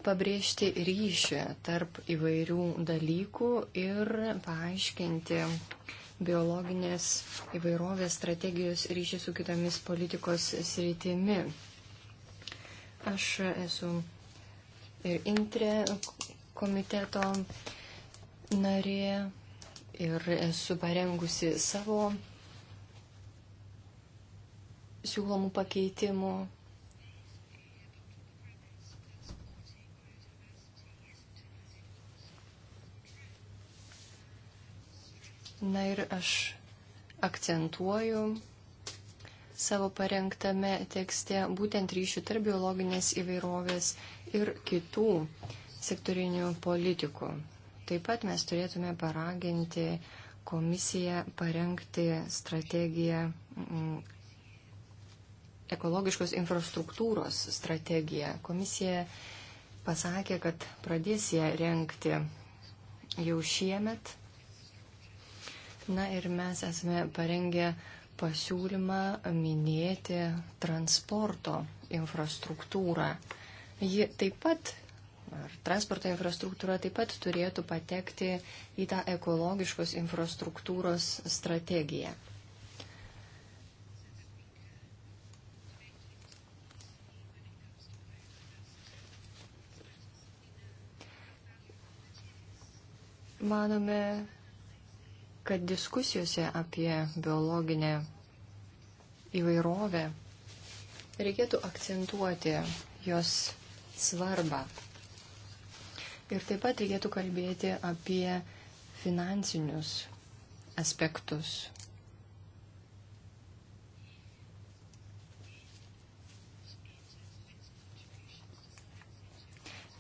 pabrėžti ryšį tarp įvairių dalykų ir paaiškinti biologinės įvairovės strategijos ryšį su kitomis politikos sritimi. Aš esu ir intre komiteto narė ir esu parengusi savo siūlomų pakeitimų. Na ir aš akcentuoju savo parengtame tekste būtent ryšių tarp biologinės įvairovės ir kitų sektorinių politikų. Taip pat mes turėtume paraginti komisiją parengti strategiją mm, ekologiškos infrastruktūros strategiją. Komisija pasakė, kad pradės ją renkti jau šiemet. Na ir mes esame parengę pasiūlymą minėti transporto infrastruktūrą. Ji taip pat, ar transporto infrastruktūra taip pat turėtų patekti į tą ekologiškos infrastruktūros strategiją. Manome, kad diskusijose apie biologinę įvairovę reikėtų akcentuoti jos svarbą. Ir taip pat reikėtų kalbėti apie finansinius aspektus.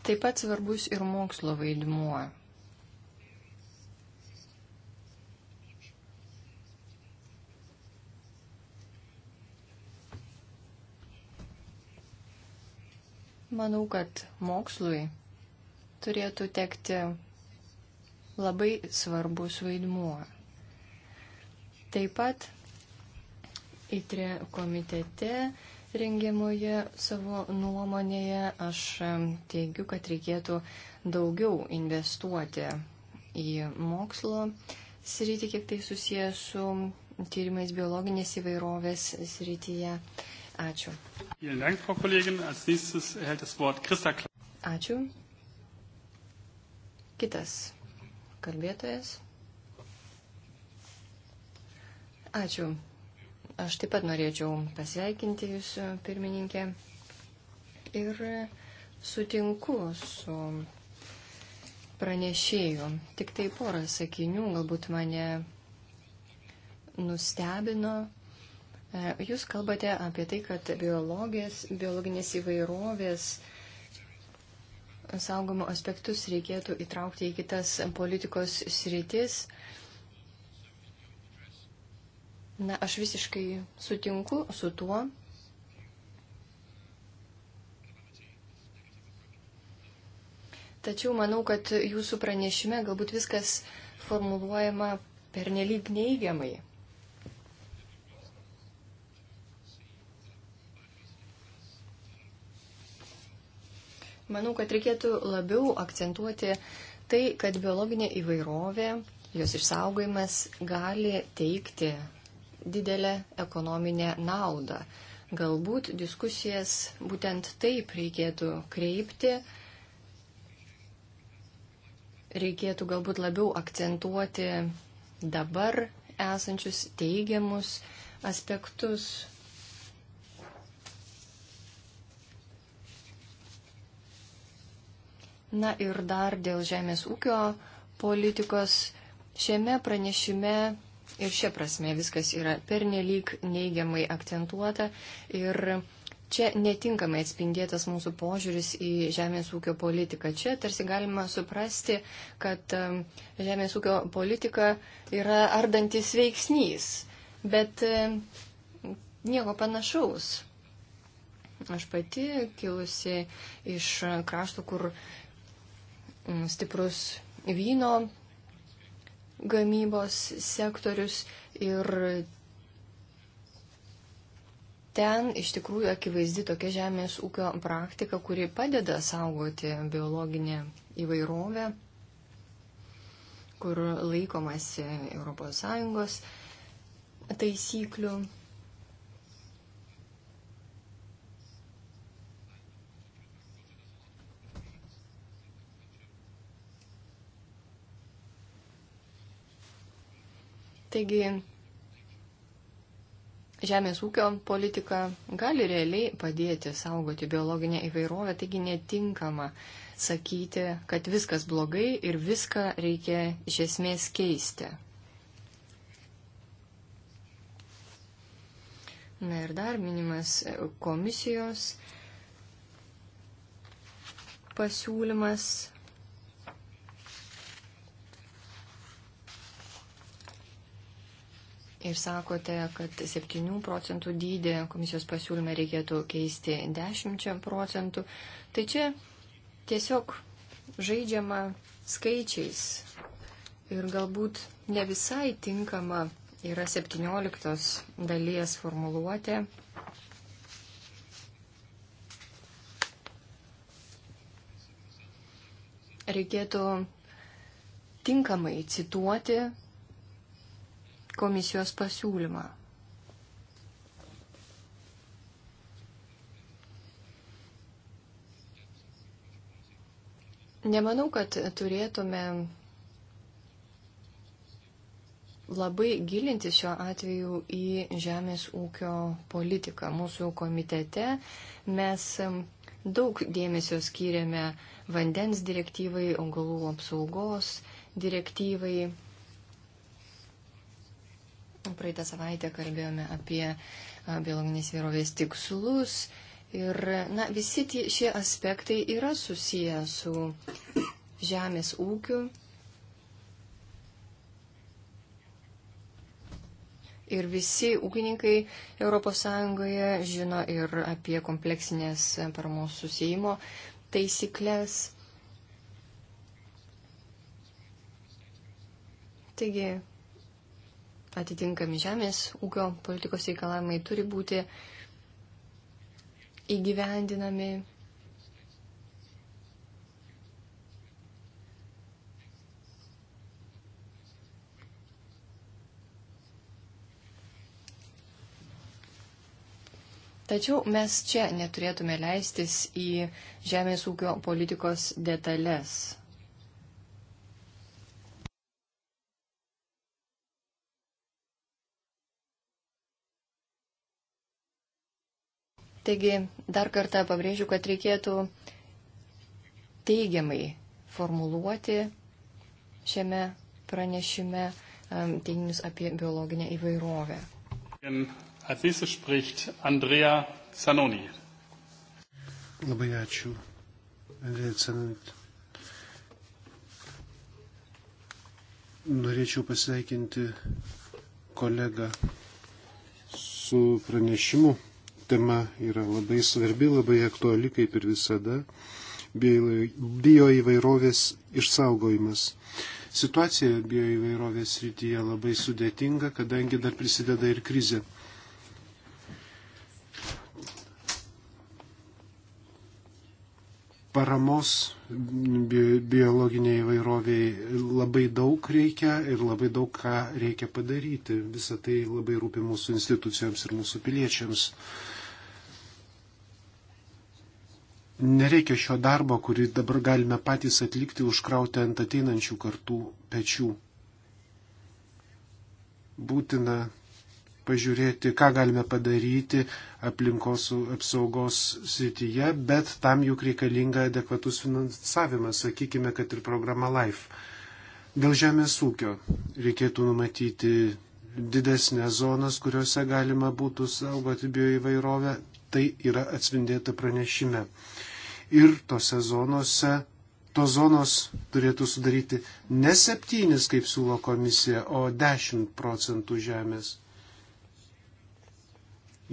Taip pat svarbus ir mokslo vaidmuo Manau, kad mokslui turėtų tekti labai svarbus vaidmuo. Taip pat įtrė e komitete rengiamoje savo nuomonėje aš teigiu, kad reikėtų daugiau investuoti į mokslo sritį, kiek tai susijęs su tyrimais biologinės įvairovės srityje. Ačiū. Ačiū. Kitas kalbėtojas. Ačiū. Aš taip pat norėčiau pasveikinti Jūs, pirmininkė. Ir sutinku su pranešėju. Tik tai porą sakinių galbūt mane nustebino E, jūs kalbate apie tai, kad biologinės įvairovės saugomo aspektus reikėtų įtraukti į kitas politikos sritis. Na, aš visiškai sutinku su tuo. Tačiau manau, kad jūsų pranešime galbūt viskas formuluojama pernelyg neigiamai. Manau, kad reikėtų labiau akcentuoti tai, kad biologinė įvairovė, jos išsaugojimas gali teikti didelę ekonominę naudą. Galbūt diskusijas būtent taip reikėtų kreipti, reikėtų galbūt labiau akcentuoti dabar esančius teigiamus aspektus Na ir dar dėl žemės ūkio politikos. Šiame pranešime ir šia prasme viskas yra pernelyg neigiamai akcentuota ir čia netinkamai atspindėtas mūsų požiūris į žemės ūkio politiką. Čia tarsi galima suprasti, kad žemės ūkio politika yra ardantis veiksnys, bet nieko panašaus. Aš pati kilusi iš krašto, kur Mm, stiprus vyno gamybos sektorius ir ten iš tikrųjų akivaizdi tokia žemės ūkio praktika, kuri padeda saugoti biologinę įvairovę, kur laikomasi ES taisyklių. Taigi, žemės ūkio politika gali realiai padėti saugoti biologinę įvairovę, taigi netinkama sakyti, kad viskas blogai ir viską reikia iš esmės keisti. Na ir dar minimas komisijos pasiūlymas ir sakote, kad 7 procentų dydį komisijos pasiūlymą reikėtų keisti 10 procentų. Tai čia tiesiog žaidžiama skaičiais ir galbūt ne visai tinkama yra 17 dalies formuluotė. Reikėtų tinkamai cituoti komisijos pasiūlymą. Nemanau, kad turėtume labai gilinti šiuo atveju į žemės ūkio politiką. Mūsų komitete mes daug dėmesio skiriame vandens direktyvai, augalų apsaugos direktyvai, Praeitą savaitę kalbėjome apie biologinės įvairovės tikslus ir na, visi tie, šie aspektai yra susiję su žemės ūkiu. Ir visi ūkininkai ES žino ir apie kompleksinės paramos susijimo taisyklės. Taigi, atitinkami žemės ūkio politikos reikalavimai turi būti įgyvendinami. Tačiau mes čia neturėtume leistis į žemės ūkio politikos detalės. Taigi, dar kartą pabrėžiu, kad reikėtų teigiamai formuluoti šiame pranešime um, teiginius apie biologinę įvairovę. Als nächstes spricht Andrea Zanoni. Labai ačiū. Andrea Zanoni. Norėčiau pasveikinti kolegą su pranešimu tema yra labai svarbi, labai aktuali, kaip ir visada, bio įvairovės išsaugojimas. Situacija bio įvairovės rytyje labai sudėtinga, kadangi dar prisideda ir krizė. paramos biologiniai įvairoviai labai daug reikia ir labai daug ką reikia padaryti. Visą tai labai rūpi mūsų institucijoms ir mūsų piliečiams. Nereikia šio darbo, kurį dabar galime patys atlikti, užkrauti ant ateinančių kartų pečių. Būtina pažiūrėti, ką galime padaryti aplinkos apsaugos srityje, bet tam juk reikalinga adekvatus finansavimas, sakykime, kad ir programa LIFE. Dėl žemės ūkio reikėtų numatyti didesnės zonas, kuriuose galima būtų saugoti bioįvairovę tai yra atspindėta pranešime. Ir tose zonose, tos zonos turėtų sudaryti ne septynis, kaip siūlo komisija, o dešimt procentų žemės.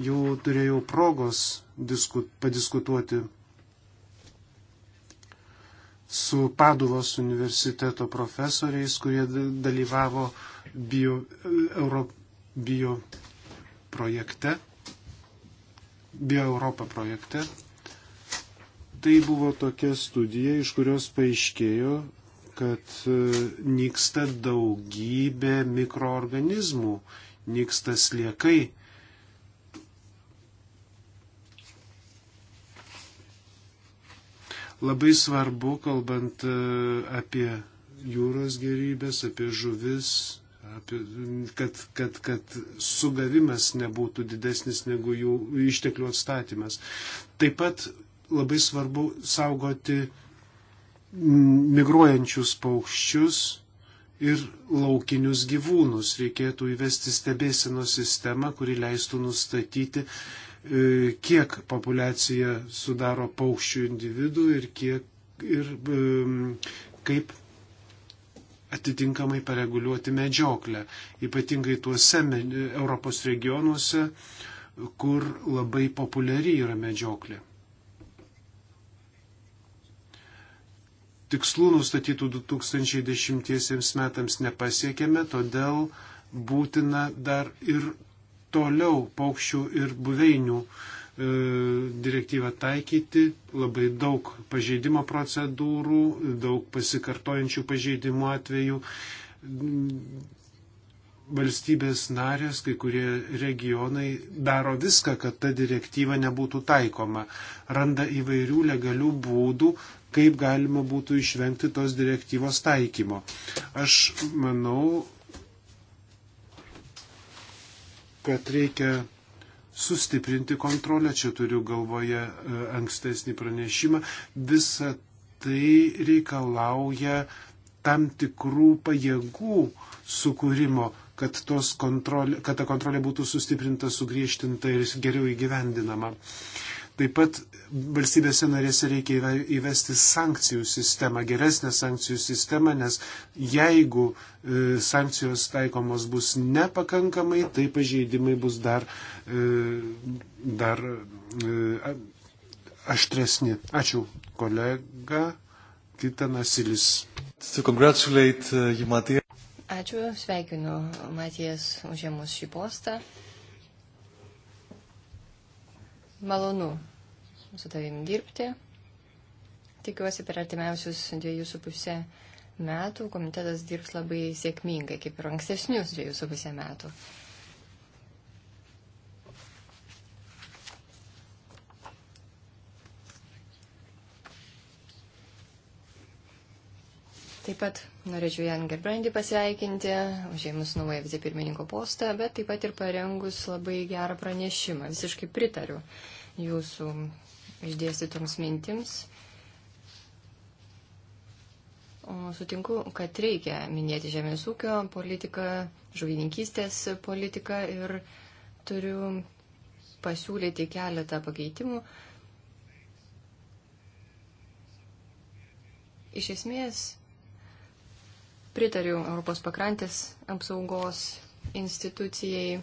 Jau turėjau progos diskut, padiskutuoti su Paduvos universiteto profesoriais, kurie dalyvavo bio, Euro bio projekte. Bio Europą projekte. Tai buvo tokia studija, iš kurios paaiškėjo, kad e, nyksta daugybė mikroorganizmų, nyksta sliekai. Labai svarbu, kalbant e, apie jūros gerybės, apie žuvis, apie, kad, kad, kad sugavimas nebūtų didesnis negu jų išteklių atstatymas. Taip pat labai svarbu saugoti migruojančius paukščius ir laukinius gyvūnus. Reikėtų įvesti stebėsino sistemą, kuri leistų nustatyti, e, kiek populiacija sudaro paukščių individų ir, kiek, ir e, kaip atitinkamai pareguliuoti medžioklę, ypatingai tuose Europos regionuose, kur labai populiari yra medžioklė. tikslų nustatytų 2010 metams nepasiekėme, todėl būtina dar ir toliau paukščių ir buveinių E, direktyvą taikyti, labai daug pažeidimo procedūrų, daug pasikartojančių pažeidimų atvejų. Valstybės narės, kai kurie regionai daro viską, kad ta direktyva nebūtų taikoma. Randa įvairių legalių būdų, kaip galima būtų išvengti tos direktyvos taikymo. Aš manau, kad reikia sustiprinti kontrolę, čia turiu galvoje e, ankstesnį pranešimą, visa tai reikalauja tam tikrų pajėgų sukūrimo, kad, kontrolė, kad ta kontrolė būtų sustiprinta, sugriežtinta ir geriau įgyvendinama. Uh, Taip pat valstybėse narėse reikia įvesti sankcijų sistemą, geresnę sankcijų sistemą, nes jeigu e, sankcijos taikomos bus nepakankamai, tai pažeidimai bus dar, e, dar e, aštresni. Ačiū, kolega. Kita nasilis. Uh, Ačiū, sveikinu Matijas užėmus šį postą malonu su tavim dirbti. Tikiuosi per artimiausius dviejus su pusė metų komitetas dirbs labai sėkmingai, kaip ir ankstesnius dviejus su pusė metų. Taip pat norėčiau Jan Gerbrandį pasveikinti, užėmus naują vicepirmininko postą, bet taip pat ir parengus labai gerą pranešimą. Visiškai pritariu jūsų išdėstytoms mintims. O sutinku, kad reikia minėti žemės ūkio politiką, žuvininkystės politiką ir turiu pasiūlyti keletą pakeitimų. Iš esmės, pritariu Europos pakrantės apsaugos institucijai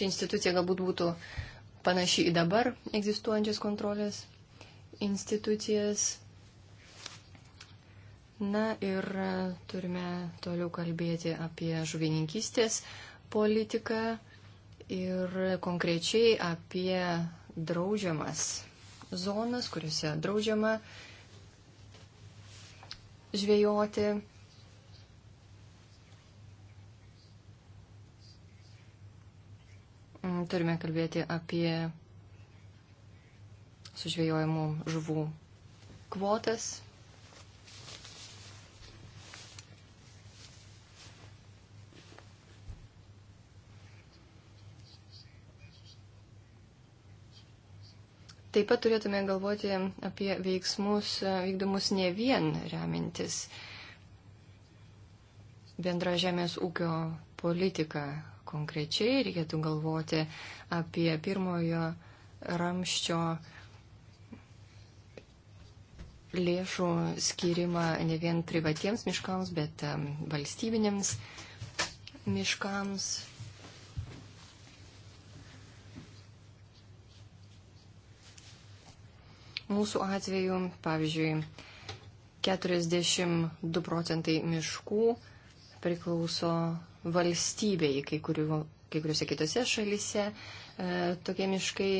Ši institucija galbūt būtų panaši į dabar egzistuojančias kontrolės institucijas. Na ir turime toliau kalbėti apie žuvininkystės politiką ir konkrečiai apie draudžiamas zonas, kuriuose draudžiama žvejoti. Mm, turime kalbėti apie sužvėjojimų žuvų kvotas. Taip pat turėtume galvoti apie veiksmus e, vykdomus ne vien remintis bendra žemės ūkio politika, konkrečiai, reikėtų galvoti apie pirmojo ramščio lėšų skirimą ne vien privatiems miškams, bet valstybinėms miškams. Mūsų atveju, pavyzdžiui, 42 procentai miškų priklauso valstybei, kai, kurių, kai kuriuose kitose šalise e, tokie miškai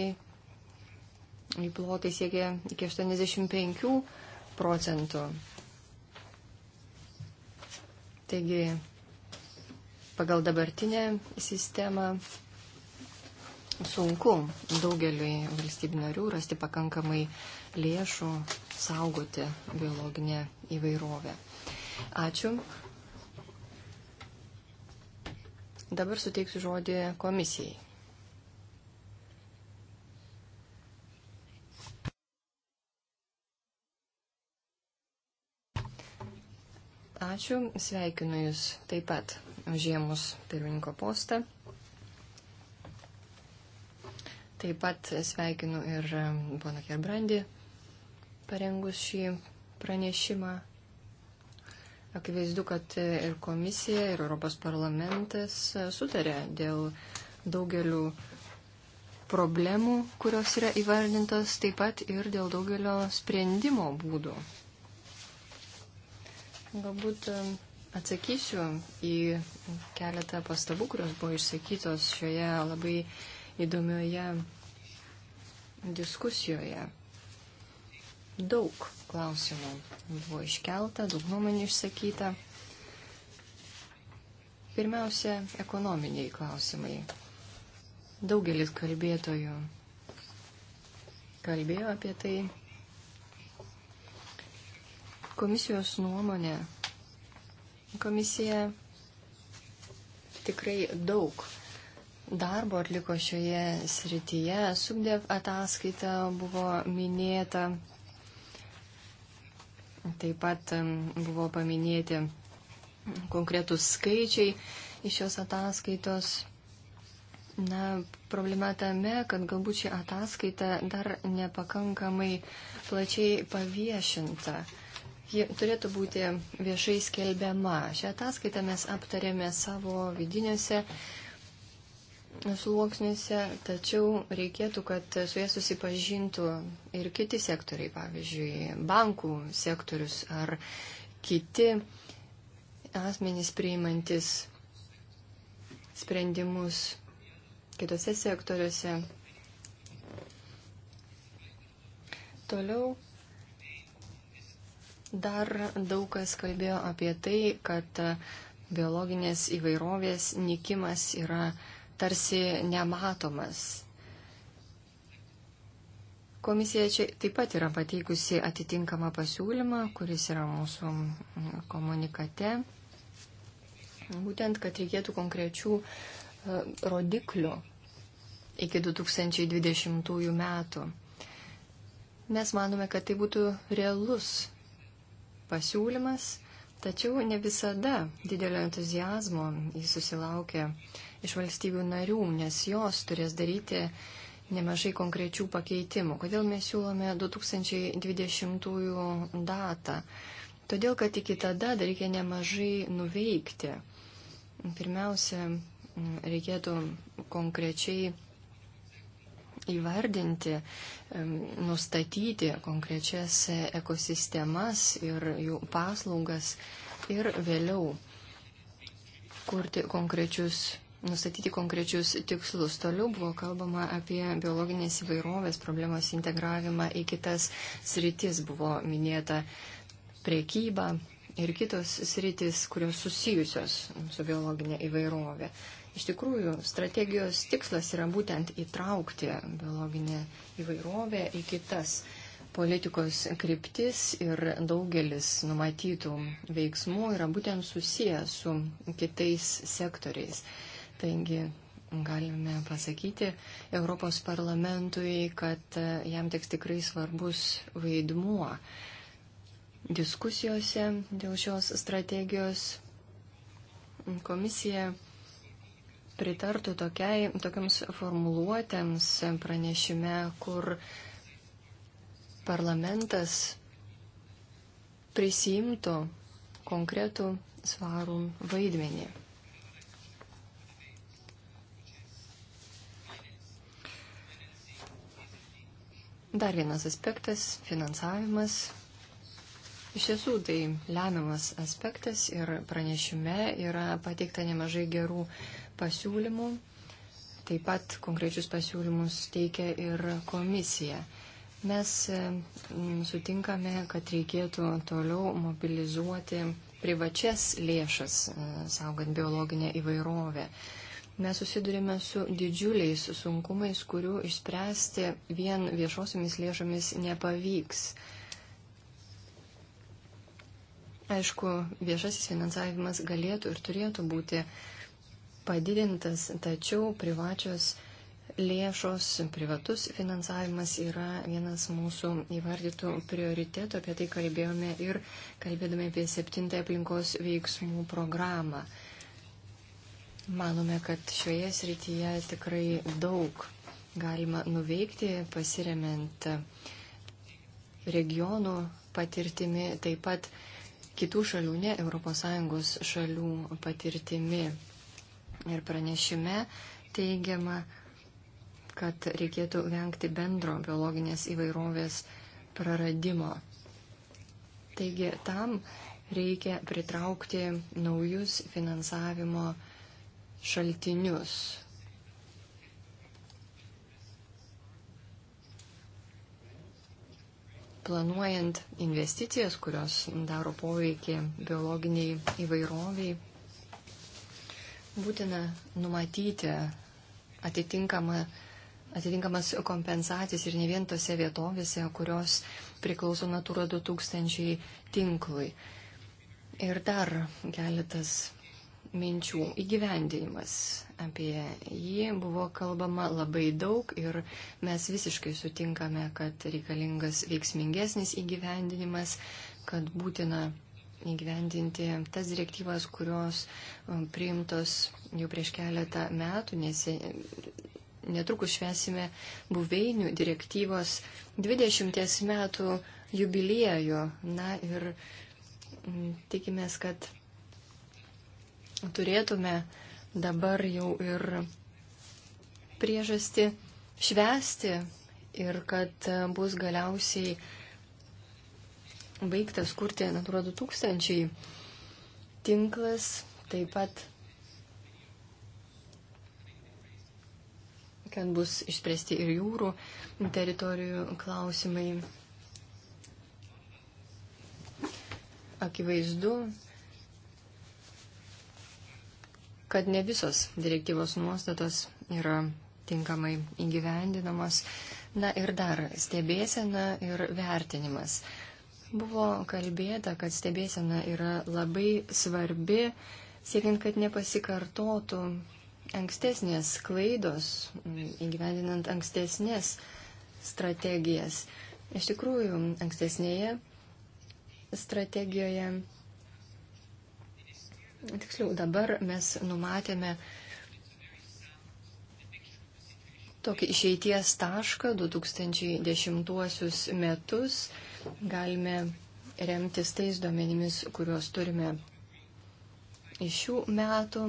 plotai siekia iki 85 procentų. Taigi, pagal dabartinę sistemą sunku daugeliui valstybių narių rasti pakankamai lėšų saugoti biologinę įvairovę. Ačiū. Dabar suteiksiu žodį komisijai. Ačiū, sveikinu Jūs taip pat užėmus pirmininko postą. Taip pat sveikinu ir poną Kerbrandį parengus šį pranešimą. Akivaizdu, kad ir komisija, ir Europos parlamentas e, sutarė dėl daugelių problemų, kurios yra įvardintos, taip pat ir dėl daugelio sprendimo būdų. Galbūt e, atsakysiu į keletą pastabų, kurios buvo išsakytos šioje labai įdomioje diskusijoje. Daug klausimų buvo iškelta, daug nuomonį išsakyta. Pirmiausia, ekonominiai klausimai. Daugelis kalbėtojų kalbėjo apie tai. Komisijos nuomonė. Komisija tikrai daug darbo atliko šioje srityje. Subdev ataskaita buvo minėta, Taip pat buvo paminėti konkretus skaičiai iš šios ataskaitos. Na, problema tame, kad galbūt ši ataskaita dar nepakankamai plačiai paviešinta. Ji turėtų būti viešai skelbiama. Šią ataskaitą mes aptarėme savo vidiniuose sluoksniuose, tačiau reikėtų, kad su jie susipažintų ir kiti sektoriai, pavyzdžiui, bankų sektorius ar kiti asmenys priimantis sprendimus kitose sektoriuose. Toliau dar daug kas kalbėjo apie tai, kad biologinės įvairovės nikimas yra tarsi nematomas. Komisija čia taip pat yra pateikusi atitinkamą pasiūlymą, kuris yra mūsų mm, komunikate. Būtent, kad reikėtų konkrečių e, rodiklių iki 2020 metų. Mes manome, kad tai būtų realus pasiūlymas, tačiau ne visada didelio entuzijazmo jis susilaukia iš valstybių narių, nes jos turės daryti nemažai konkrečių pakeitimų. Kodėl mes siūlome 2020 datą? Todėl, kad iki tada dar reikia nemažai nuveikti. Pirmiausia, reikėtų konkrečiai įvardinti, nustatyti konkrečias ekosistemas ir jų paslaugas ir vėliau kurti konkrečius nustatyti konkrečius tikslus. Toliau buvo kalbama apie biologinės įvairovės problemos integravimą į kitas sritis. Buvo minėta priekyba ir kitos sritis, kurios susijusios su biologinė įvairovė. Iš tikrųjų, strategijos tikslas yra būtent įtraukti biologinę įvairovę į kitas politikos kryptis ir daugelis numatytų veiksmų yra būtent susijęs su kitais sektoriais. Taigi galime pasakyti Europos parlamentui, kad e, jam teks tikrai svarbus vaidmuo diskusijose dėl šios strategijos. Komisija pritartų tokiai, tokiams formuluotėms pranešime, kur parlamentas prisimtų konkretų svarų vaidmenį. Dar vienas aspektas - finansavimas. Iš tiesų, tai lemiamas aspektas ir pranešime yra pateikta nemažai gerų pasiūlymų. Taip pat konkrečius pasiūlymus teikia ir komisija. Mes e, sutinkame, kad reikėtų toliau mobilizuoti privačias lėšas, e, saugant biologinę įvairovę. Mes susidurime su didžiuliais sunkumais, kurių išspręsti vien viešosiomis lėšomis nepavyks. Aišku, viešasis finansavimas galėtų ir turėtų būti padidintas, tačiau privačios lėšos, privatus finansavimas yra vienas mūsų įvardytų prioritetų, apie tai kalbėjome ir kalbėdami apie septintąją aplinkos veiksmų programą. Manome, kad šioje srityje tikrai daug galima nuveikti, pasiremiant regionų patirtimi, taip pat kitų šalių, ne ES šalių patirtimi. Ir pranešime teigiama, kad reikėtų vengti bendro biologinės įvairovės praradimo. Taigi tam reikia pritraukti naujus finansavimo šaltinius. Planuojant investicijas, kurios daro poveikį biologiniai įvairoviai, būtina numatyti atitinkamą atitinkamas kompensacijas ir ne vien tose vietovėse, kurios priklauso Natura 2000 tinklui. Ir dar keletas minčių įgyvendinimas. Apie jį buvo kalbama labai daug ir mes visiškai sutinkame, kad reikalingas veiksmingesnis įgyvendinimas, kad būtina įgyvendinti tas direktyvas, kurios um, priimtos jau prieš keletą metų, nes netrukus švesime buveinių direktyvos 20 metų jubiliejų. Na ir tikimės, kad turėtume dabar jau ir priežasti švesti ir kad bus galiausiai baigtas kurti Natura 2000 tinklas, taip pat kad bus išspręsti ir jūrų teritorijų klausimai. Akivaizdu, kad ne visos direktyvos nuostatos yra tinkamai įgyvendinamos. Na ir dar stebėsena ir vertinimas. Buvo kalbėta, kad stebėsena yra labai svarbi, siekiant, kad nepasikartotų ankstesnės klaidos, įgyvendinant ankstesnės strategijas. Iš tikrųjų, ankstesnėje strategijoje Tiksliau, dabar mes numatėme tokį išeities tašką 2010 metus. Galime remtis tais duomenimis, kuriuos turime iš šių metų.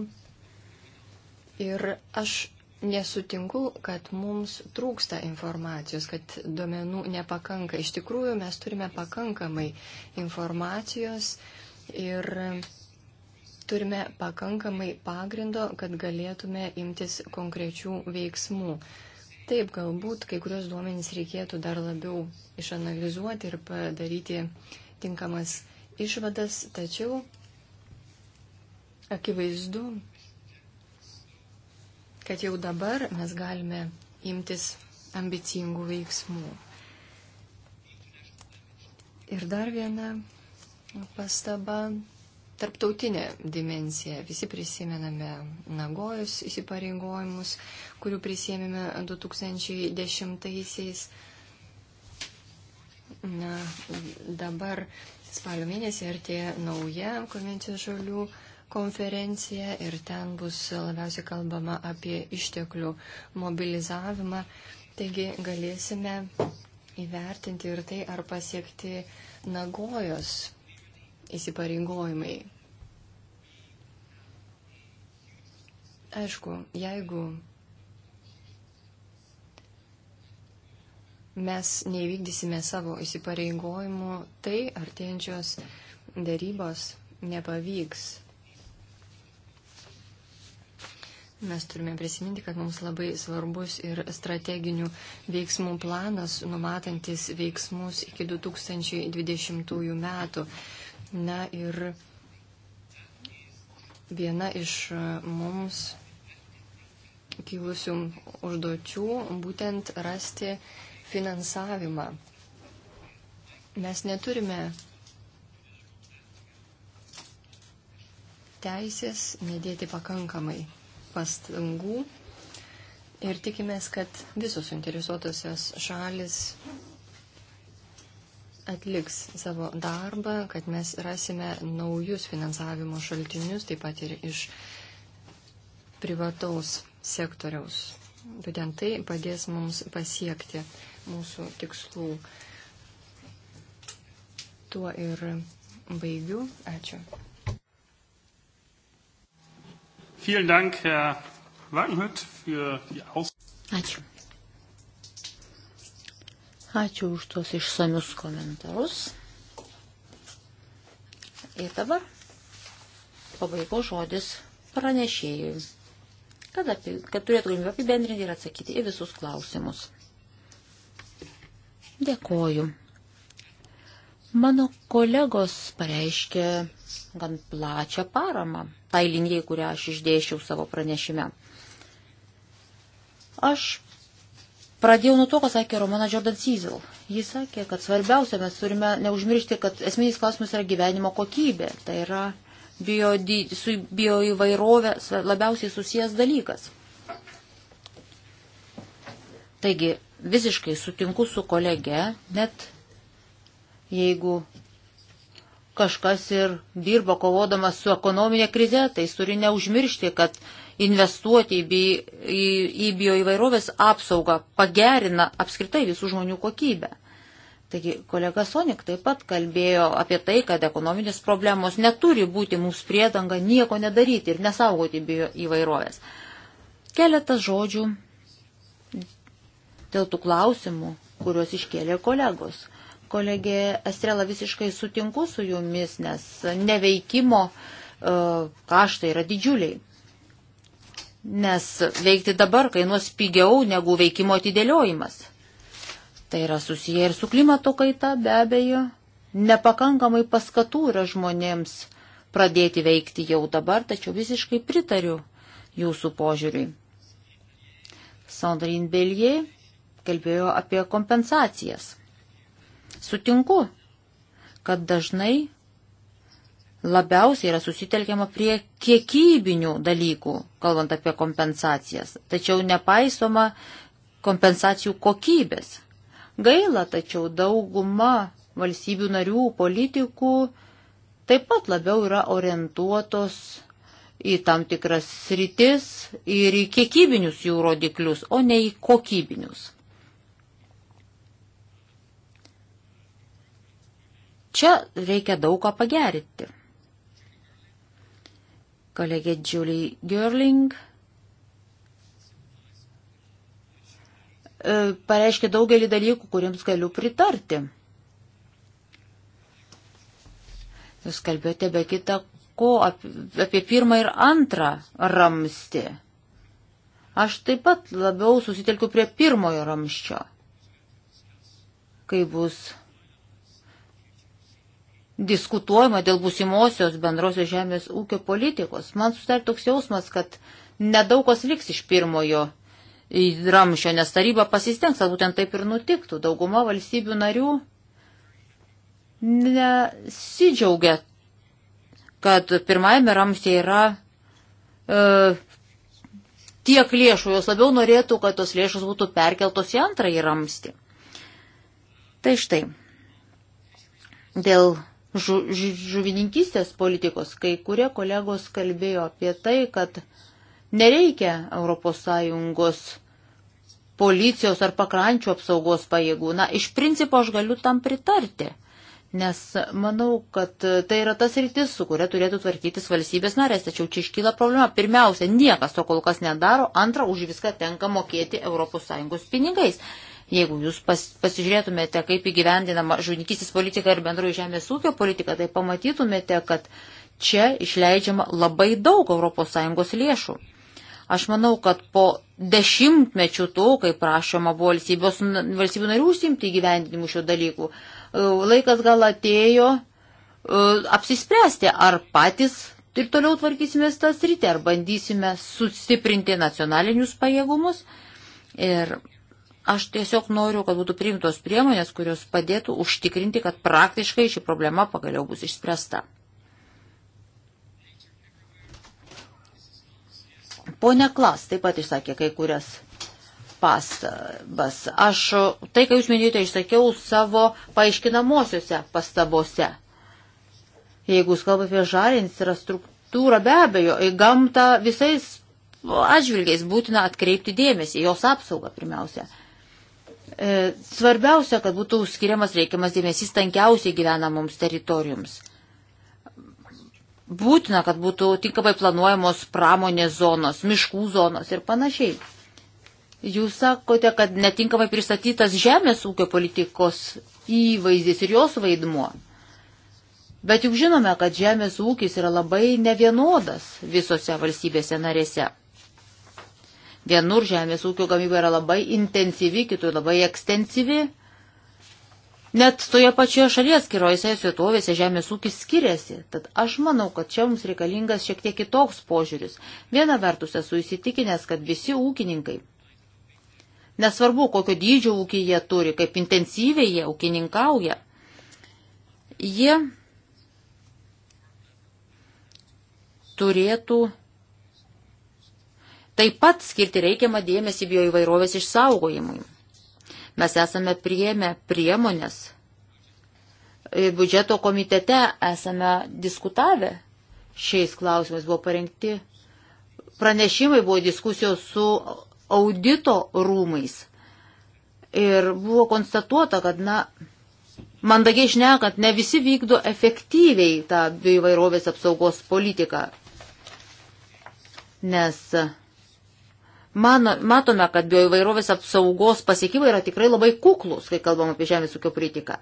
Ir aš nesutinku, kad mums trūksta informacijos, kad duomenų nepakanka. Iš tikrųjų, mes turime pakankamai informacijos ir turime pakankamai pagrindo, kad galėtume imtis konkrečių veiksmų. Taip, galbūt kai kurios duomenys reikėtų dar labiau išanalizuoti ir padaryti tinkamas išvadas, tačiau akivaizdu, kad jau dabar mes galime imtis ambicingų veiksmų. Ir dar viena pastaba tarptautinė dimensija. Visi prisimename Nagojus įsipareigojimus, kurių prisėmėme 2010-aisiais. Na, dabar spalio mėnesį artėja nauja konvencijos žalių konferencija ir ten bus labiausiai kalbama apie išteklių mobilizavimą. Taigi galėsime įvertinti ir tai, ar pasiekti Nagojos įsipareigojimai. Aišku, jeigu mes nevykdysime savo įsipareigojimų, tai artėjančios dėrybos nepavyks. Mes turime prisiminti, kad mums labai svarbus ir strateginių veiksmų planas, numatantis veiksmus iki 2020 metų. Na ir viena iš mums kilusių užduočių būtent rasti finansavimą. Mes neturime teisės nedėti pakankamai pastangų ir tikimės, kad visos suinteresuotosios šalis atliks savo darbą, kad mes rasime naujus finansavimo šaltinius, taip pat ir iš privataus sektoriaus. Būtent tai padės mums pasiekti mūsų tikslų. Tuo ir baigiu. Ačiū. Vielen Dank, Herr Wagenhütt, für die Aus. Ačiū. Ačiū už tuos išsamius komentarus. Ir dabar pabaigo žodis pranešėjui kad, apie, kad turėtų galimybę apibendrinti ir atsakyti į visus klausimus. Dėkoju. Mano kolegos pareiškė gan plačią paramą tai linijai, kurią aš išdėšiau savo pranešime. Aš pradėjau nuo to, ką sakė Romana Jordan Cizil. Jis sakė, kad svarbiausia mes turime neužmiršti, kad esminis klausimas yra gyvenimo kokybė. Tai yra uh, bio, su bioįvairovė labiausiai susijęs dalykas. Taigi, visiškai sutinku su kolege, net jeigu kažkas ir dirba kovodamas su ekonominė krize, tai jis turi neužmiršti, kad investuoti į, bi, į, į bioįvairovės apsaugą pagerina apskritai visų žmonių kokybę. Taigi kolega Sonik taip pat kalbėjo apie tai, kad ekonominės problemos neturi būti mums priedanga nieko nedaryti ir nesaugoti bio įvairovės. Keletas žodžių dėl tų klausimų, kuriuos iškėlė kolegos. Kolegė Estrela visiškai sutinku su jumis, nes neveikimo e, kaštai yra didžiuliai. Nes veikti dabar kainuos pigiau negu veikimo atidėliojimas. Tai yra susiję ir su klimato kaita, be abejo. Nepakankamai paskatų yra žmonėms pradėti veikti jau dabar, tačiau visiškai pritariu jūsų požiūriui. Sandrine Belie kalbėjo apie kompensacijas. Sutinku, kad dažnai labiausiai yra susitelkiama prie kiekybinių dalykų, kalbant apie kompensacijas, tačiau nepaisoma kompensacijų kokybės. Gaila, tačiau dauguma valstybių narių politikų taip pat labiau yra orientuotos į tam tikras sritis ir į kiekybinius jų rodiklius, o ne į kokybinius. Čia reikia daug ką pagerinti. Kolegė Julie Gerling E, pareiškia daugelį dalykų, kuriems galiu pritarti. Jūs kalbėjote be kita ko apie pirmą ir antrą ramstį. Aš taip pat labiau susitelkiu prie pirmojo ramščio, kai bus diskutuojama dėl būsimosios bendrosios žemės ūkio politikos. Man susidarė toks jausmas, kad nedaug kas liks iš pirmojo į ramšio, nes taryba pasistengs, kad būtent taip ir nutiktų. Dauguma valstybių narių nesidžiaugia, kad pirmajame ramstėje yra e, tiek lėšų, jos labiau norėtų, kad tos lėšos būtų perkeltos į antrąjį ramstį. Tai štai, dėl žu, žu, žuvininkystės politikos, kai kurie kolegos kalbėjo apie tai, kad nereikia ES policijos ar pakrančių apsaugos pajėgų. Na, iš principo aš galiu tam pritarti, nes manau, kad tai yra tas rytis, su kuria turėtų tvarkytis valstybės narės, tačiau čia iškyla problema. Pirmiausia, niekas to kol kas nedaro, antra, už viską tenka mokėti ES pinigais. Jeigu jūs pas, pasižiūrėtumėte, kaip įgyvendinama žuvininkystės politika ir bendroji žemės ūkio politika, tai pamatytumėte, kad čia išleidžiama labai daug ES lėšų. Aš manau, kad po dešimtmečių to, kai prašoma buvo valstybių narių užsimti gyvendinimu šio dalykų, e, laikas gal atėjo e, apsispręsti, ar patys ir toliau tvarkysimės tą sritį, ar bandysime sustiprinti nacionalinius pajėgumus. Ir aš tiesiog noriu, kad būtų priimtos priemonės, kurios padėtų užtikrinti, kad praktiškai ši problema pagaliau bus išspręsta. Pone Klas taip pat išsakė kai kurias pastabas. Aš tai, ką jūs minėjote, išsakiau savo paaiškinamosiose pastabose. Jeigu jūs kalbate apie žalį infrastruktūrą, be abejo, į gamtą visais atžvilgiais būtina atkreipti dėmesį, jos apsaugą pirmiausia. E, svarbiausia, kad būtų skiriamas reikiamas dėmesys tankiausiai gyvenamoms teritorijoms būtina, kad būtų tinkamai planuojamos pramonės zonos, miškų zonos ir panašiai. Jūs sakote, kad netinkamai pristatytas žemės ūkio politikos įvaizdis ir jos vaidmuo. Bet juk žinome, kad žemės ūkis yra labai nevienodas visose valstybėse narėse. Vienur žemės ūkio gamyba yra labai intensyvi, kitur labai ekstensyvi. Net toje pačioje šalyje atskirojuose vietovėse žemės ūkis skiriasi, tad aš manau, kad čia mums reikalingas šiek tiek kitoks požiūris. Viena vertus esu įsitikinęs, kad visi ūkininkai, nesvarbu kokio dydžio ūkį jie turi, kaip intensyviai jie ūkininkauja, jie turėtų taip pat skirti reikiamą dėmesį bioįvairovės išsaugojimui. Mes esame prieėmę priemonės. Ir biudžeto komitete esame diskutavę šiais klausimais. Buvo parengti pranešimai, buvo diskusijos su audito rūmais. Ir buvo konstatuota, kad, na, mandagiai šnekant, ne visi vykdo efektyviai tą bioįvairovės apsaugos politiką. Nes Man, matome, kad bioįvairovės apsaugos pasiekimai yra tikrai labai kuklus, kai kalbam apie žemės ūkio politiką.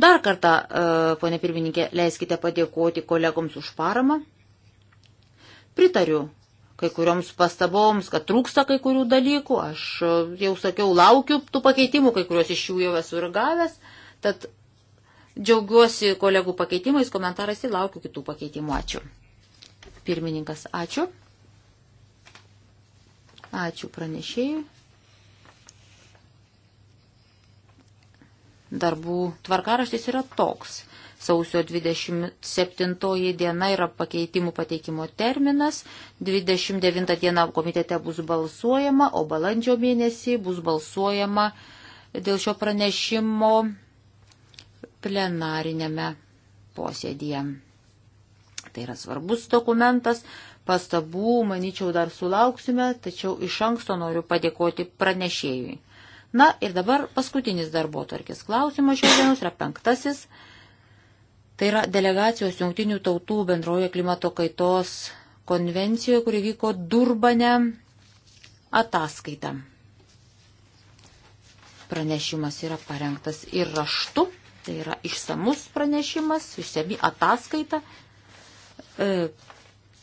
Dar kartą, e, ponė pirmininkė, leiskite padėkoti kolegoms už paramą. Pritariu kai kurioms pastaboms, kad trūksta kai kurių dalykų. Aš e, jau sakiau, laukiu tų pakeitimų, kai kuriuos iš jų jau esu ir gavęs. Tad džiaugiuosi kolegų pakeitimais, komentarais ir laukiu kitų pakeitimų. Ačiū. Pirmininkas, ačiū. Ačiū pranešėjui. Darbų tvarkaraštis yra toks. Sausio 27 diena yra pakeitimų pateikimo terminas, 29 diena komitete bus balsuojama, o balandžio mėnesį bus balsuojama dėl šio pranešimo plenarinėme posėdėje. Tai yra svarbus dokumentas, pastabų, manyčiau, dar sulauksime, tačiau iš anksto noriu padėkoti pranešėjui. Na ir dabar paskutinis darbo tarkis klausimas šios dienos yra penktasis. Tai yra delegacijos jungtinių tautų bendroje klimato kaitos konvencijoje, kuri vyko Durbane ataskaita. Pranešimas yra parengtas ir raštu, tai yra išsamus pranešimas, išsami ataskaita. E,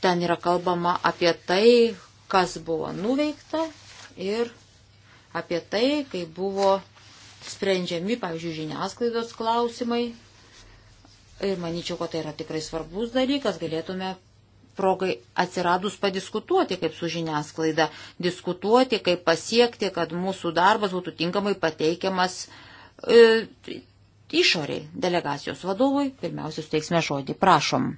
Ten yra kalbama apie tai, kas buvo nuveikta ir apie tai, kai buvo sprendžiami, pavyzdžiui, žiniasklaidos klausimai. Ir manyčiau, kad tai yra tikrai svarbus dalykas, galėtume progai atsiradus padiskutuoti, kaip su žiniasklaida, diskutuoti, kaip pasiekti, kad mūsų darbas būtų tinkamai pateikiamas e, išoriai delegacijos vadovui. Pirmiausia, suteiksime žodį. Prašom.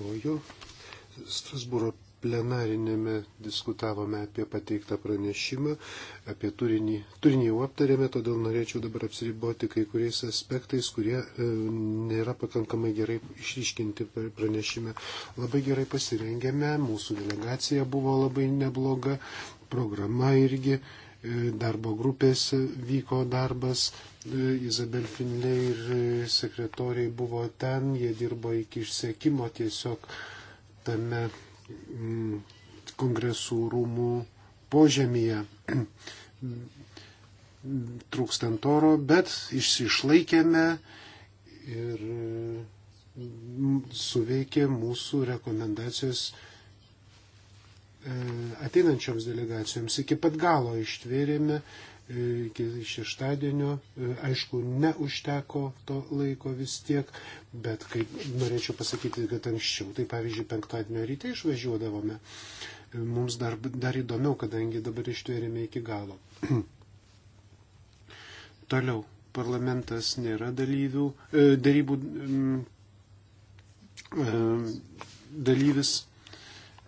Dėkoju. Strasbūro plenarinėme diskutavome apie pateiktą pranešimą, apie turinį. Turinį jau aptarėme, todėl norėčiau dabar apsiriboti kai kuriais aspektais, kurie e, nėra pakankamai gerai išryškinti pranešime. Labai gerai pasirengėme, mūsų delegacija buvo labai nebloga, programa irgi E, darbo grupės vyko darbas, e, Izabel Finlė ir e, sekretoriai buvo ten, jie dirbo iki išsiekimo tiesiog tame mm, kongresų rūmų požemyje trūkstant oro, bet išsišlaikėme ir mm, suveikė mūsų rekomendacijos E, ateinančioms delegacijoms iki pat galo ištvėrėme, e, iki šeštadienio, e, aišku, neužteko to laiko vis tiek, bet kaip norėčiau pasakyti, kad anksčiau, tai pavyzdžiui, penktadienio ryte išvažiuodavome, mums dar, dar įdomiau, kadangi dabar ištvėrėme iki galo. Toliau, parlamentas nėra dalyvių, darybų dalyvis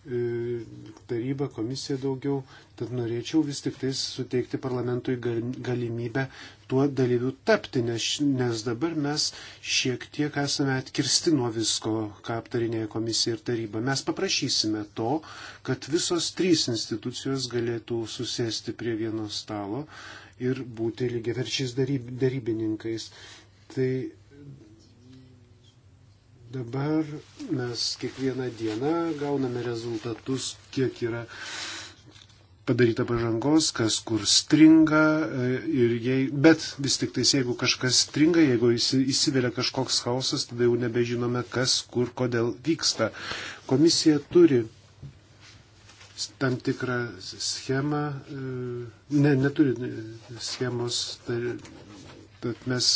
E, taryba, komisija daugiau, tad norėčiau vis tik tais suteikti parlamentui galimybę tuo dalyviu tapti, nes, nes dabar mes šiek tiek esame atkirsti nuo visko, ką aptarinėja komisija ir taryba. Mes paprašysime to, kad visos trys institucijos galėtų susėsti prie vieno stalo ir būti lygiaverčiais darybininkais. Tai Dabar mes kiekvieną dieną gauname rezultatus, kiek yra padaryta pažangos, kas kur stringa, e, jei, bet vis tik tais, jeigu kažkas stringa, jeigu įsivelia kažkoks chaosas, tada jau nebežinome, kas kur, kodėl vyksta. Komisija turi tam tikrą schemą, e, ne, neturi schemos, tai, tad mes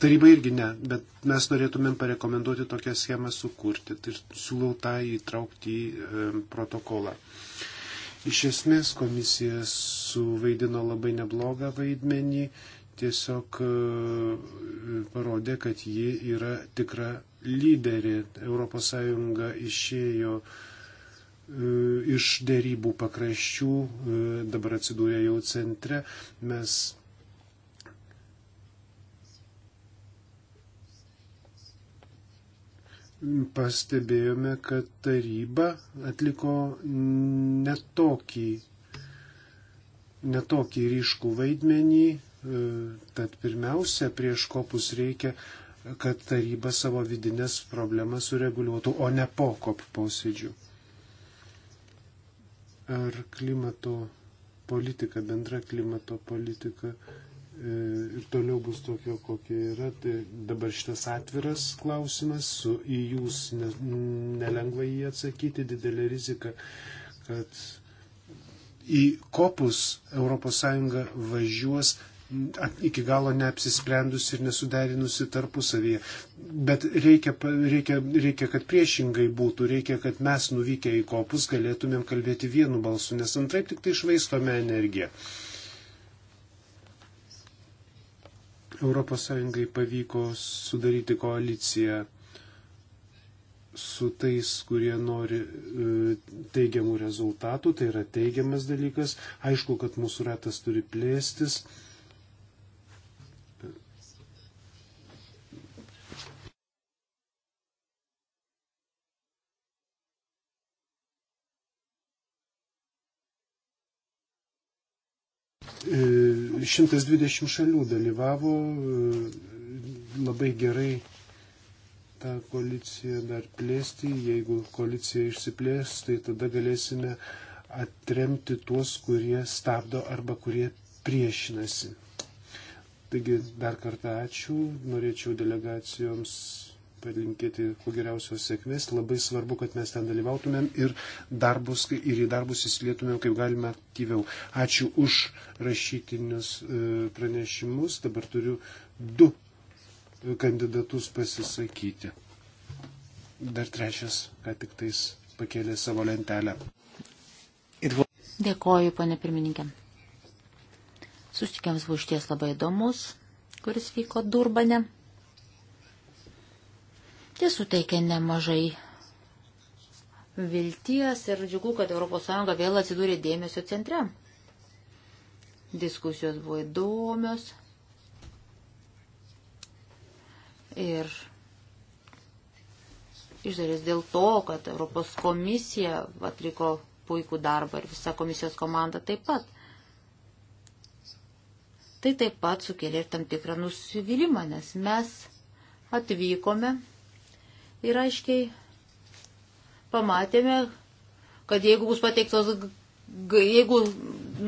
Taryba irgi ne, bet mes norėtumėm parekomenduoti tokią schemą sukurti. Tai siūlau tą įtraukti į protokolą. Iš esmės komisija suvaidino labai neblogą vaidmenį, tiesiog e, parodė, kad ji yra tikra lyderė. ES išėjo e, iš dėrybų pakraščių, e, dabar atsidūrė jau centre. Mes pastebėjome, kad taryba atliko netokį, netokį ryškų vaidmenį, e, tad pirmiausia, prieš kopus reikia, kad taryba savo vidinės problemas sureguliuotų, o ne po kop posėdžių. Ar klimato politika, bendra klimato politika E, ir toliau bus tokia, kokia yra. Tai dabar šitas atviras klausimas, su, į jūs ne, nelengva jį atsakyti, didelė rizika, kad į kopus ES važiuos iki galo neapsisprendusi ir nesuderinusi tarpusavyje. Bet reikia, reikia, reikia, kad priešingai būtų, reikia, kad mes nuvykę į kopus galėtumėm kalbėti vienu balsu, nes antraip tik tai išvaistome energiją. Uh, ES pavyko sudaryti koaliciją su tais, kurie nori e, teigiamų rezultatų, tai yra teigiamas dalykas. Aišku, kad mūsų ratas turi plėstis, 120 e, šalių dalyvavo, e, labai gerai tą koaliciją dar plėsti. Jeigu koalicija išsiplės, tai tada galėsime atremti tuos, kurie stabdo arba kurie priešinasi. Taigi dar kartą ačiū, norėčiau delegacijoms palinkėti kuo geriausios sėkmės. Labai svarbu, kad mes ten dalyvautumėm ir, darbus, ir į darbus įsilietumėm kaip galima aktyviau. Ačiū už rašytinius e, pranešimus. Dabar turiu du kandidatus pasisakyti. Dar trečias, ką tik tais pakėlė savo lentelę. Dėkoju, ponė pirmininkė. Sustikiams buvo išties labai įdomus, kuris vyko Durbane. Tai suteikia nemažai vilties ir džiugu, kad ES vėl atsidūrė dėmesio centre. Diskusijos buvo įdomios. Ir iš dalies dėl to, kad Europos komisija atliko puikų darbą ir visa komisijos komanda taip pat. Tai taip pat sukėlė ir tam tikrą nusivylimą, nes mes atvykome ir aiškiai pamatėme, kad jeigu bus pateiktos, jeigu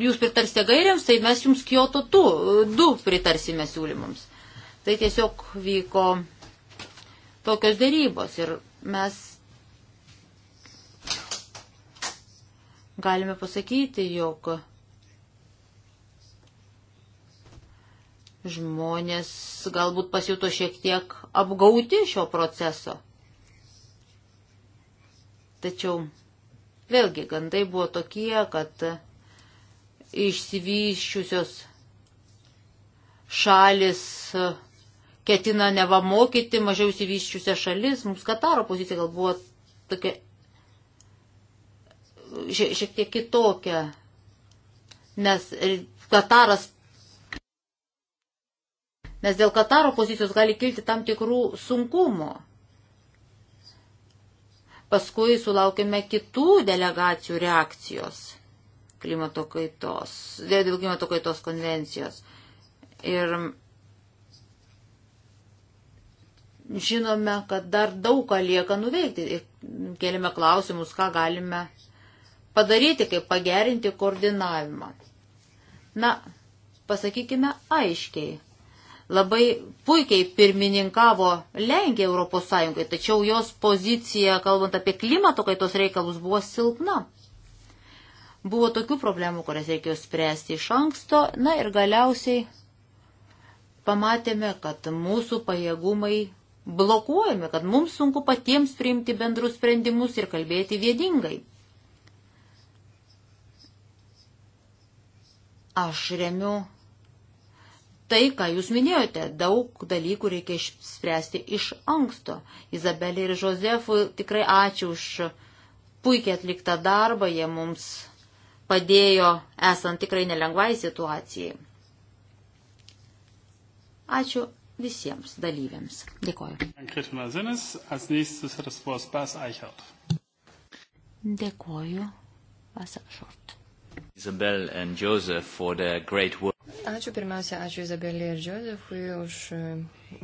jūs pritarsite gairiams, tai mes jums Kyoto 2, 2 pritarsime siūlymams. Tai tiesiog vyko tokios dėrybos ir mes galime pasakyti, jog žmonės galbūt pasijuto šiek tiek apgauti šio proceso. Tačiau vėlgi gandai buvo tokie, kad išsivyščiusios šalis ketina neva mokyti mažiau įsivyščiusią šalis. Mums Kataro pozicija gal buvo tokia šiek tiek kitokia, nes Kataras. Nes dėl Kataro pozicijos gali kilti tam tikrų sunkumų. Paskui sulaukėme kitų delegacijų reakcijos klimato kaitos, dėl klimato kaitos konvencijos. Ir žinome, kad dar daug ką lieka nuveikti. Kėlėme klausimus, ką galime padaryti, kaip pagerinti koordinavimą. Na, pasakykime aiškiai, labai puikiai pirmininkavo Lenkija Europos Sąjungai, tačiau jos pozicija, kalbant apie klimato kaitos reikalus, buvo silpna. Buvo tokių problemų, kurias reikėjo spręsti iš anksto, na ir galiausiai pamatėme, kad mūsų pajėgumai blokuojami, kad mums sunku patiems priimti bendrus sprendimus ir kalbėti vieningai. Aš remiu tai, ką jūs minėjote, daug dalykų reikia spręsti iš anksto. Izabelė ir Žozefui tikrai ačiū už puikiai atliktą darbą, jie mums padėjo esant tikrai nelengvai situacijai. Ačiū visiems dalyviams. Dėkoju. Dėkoju. Isabel and Joseph for their great work. Ačiū pirmiausia, ačiū Izabelė ir Josefui už e,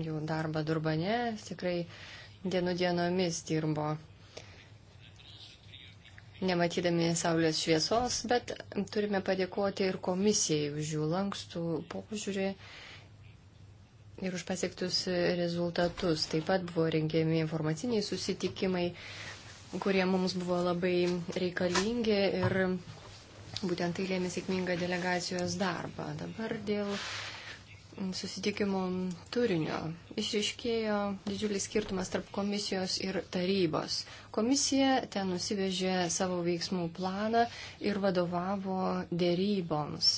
jų darbą Durbane. Tikrai dienų dienomis dirbo, nematydami saulės šviesos, bet turime padėkoti ir komisijai už jų lankstų požiūrį ir už pasiektus rezultatus. Taip pat buvo rengiami informaciniai susitikimai, kurie mums buvo labai reikalingi ir Būtent tai lėmė sėkmingą delegacijos darbą. Dabar dėl susitikimo turinio išriškėjo didžiulis skirtumas tarp komisijos ir tarybos. Komisija ten nusivežė savo veiksmų planą ir vadovavo dėryboms.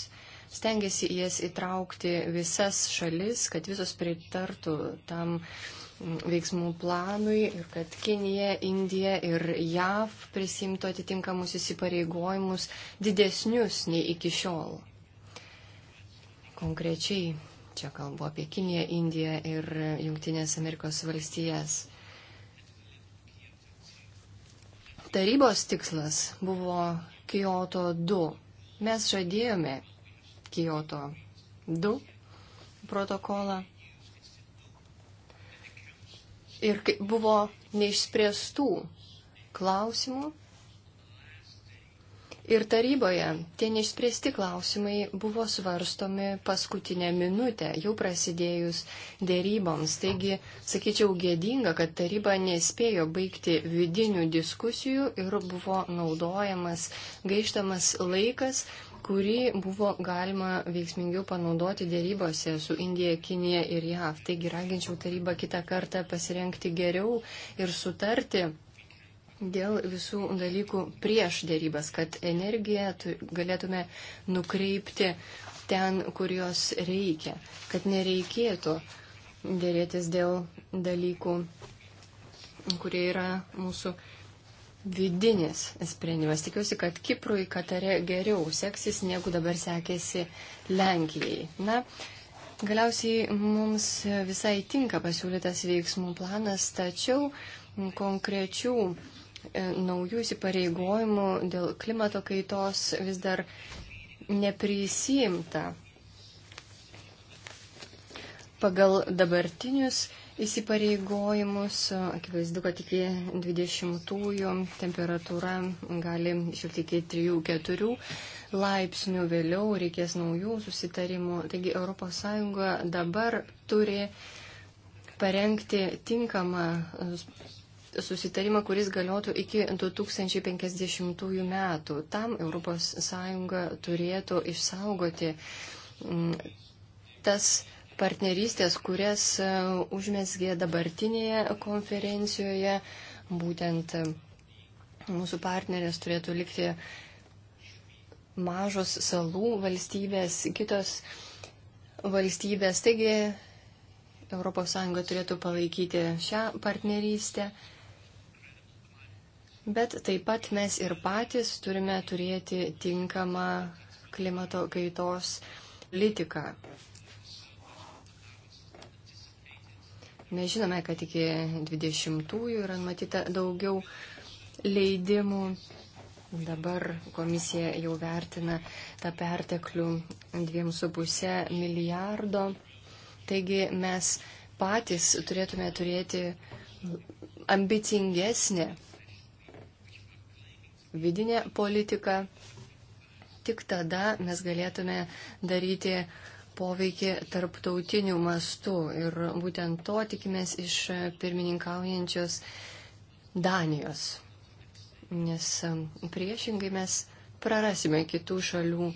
Stengiasi jas įtraukti visas šalis, kad visos pritartų tam uh, veiksmų planui ir kad Kinija, Indija ir JAV prisimtų atitinkamus įsipareigojimus didesnius nei iki šiol. Konkrečiai čia kalbu apie Kiniją, Indiją ir Junktinės Amerikos valstijas. Tarybos tikslas buvo Kyoto 2. Mes žadėjome Kyoto 2 protokolą ir buvo neišspręstų klausimų. Ir taryboje tie neišspręsti klausimai buvo svarstomi paskutinę minutę, jau prasidėjus dėryboms. Taigi, sakyčiau, gėdinga, kad taryba nespėjo baigti vidinių diskusijų ir buvo naudojamas gaištamas laikas kurį buvo galima veiksmingiau panaudoti dėrybose su Indija, Kinija ir JAV. Taigi raginčiau tarybą kitą kartą pasirenkti geriau ir sutarti dėl visų dalykų prieš dėrybas, kad energiją galėtume nukreipti ten, kur jos reikia, kad nereikėtų dėrėtis dėl dalykų, kurie yra mūsų vidinis sprendimas. Tikiuosi, kad Kiprui Katare geriau seksis, negu dabar sekėsi Lenkijai. Na, galiausiai mums visai tinka pasiūlytas veiksmų planas, tačiau konkrečių e, naujų įsipareigojimų dėl klimato kaitos vis dar neprisimta. Pagal dabartinius įsipareigojimus. Akivaizdu, kad iki 20-ųjų temperatūra gali šilti iki 3-4 laipsnių, vėliau reikės naujų susitarimų. Taigi ES dabar turi parengti tinkamą susitarimą, kuris galiotų iki 2050 metų. Tam ES turėtų išsaugoti mm, tas partnerystės, kurias e, užmesgė dabartinėje konferencijoje, būtent e, mūsų partnerės turėtų likti mažos salų valstybės, kitos valstybės. Taigi ES turėtų palaikyti šią partnerystę. Bet taip pat mes ir patys turime turėti tinkamą klimato kaitos politiką. Mes žinome, kad iki 20-ųjų yra numatyta daugiau leidimų. Dabar komisija jau vertina tą perteklių 2,5 milijardo. Taigi mes patys turėtume turėti ambicingesnę vidinę politiką. Tik tada mes galėtume daryti uh, poveikį tarptautiniu mastu. Ir būtent to tikimės iš pirmininkaujančios Danijos. Nes priešingai mes prarasime kitų šalių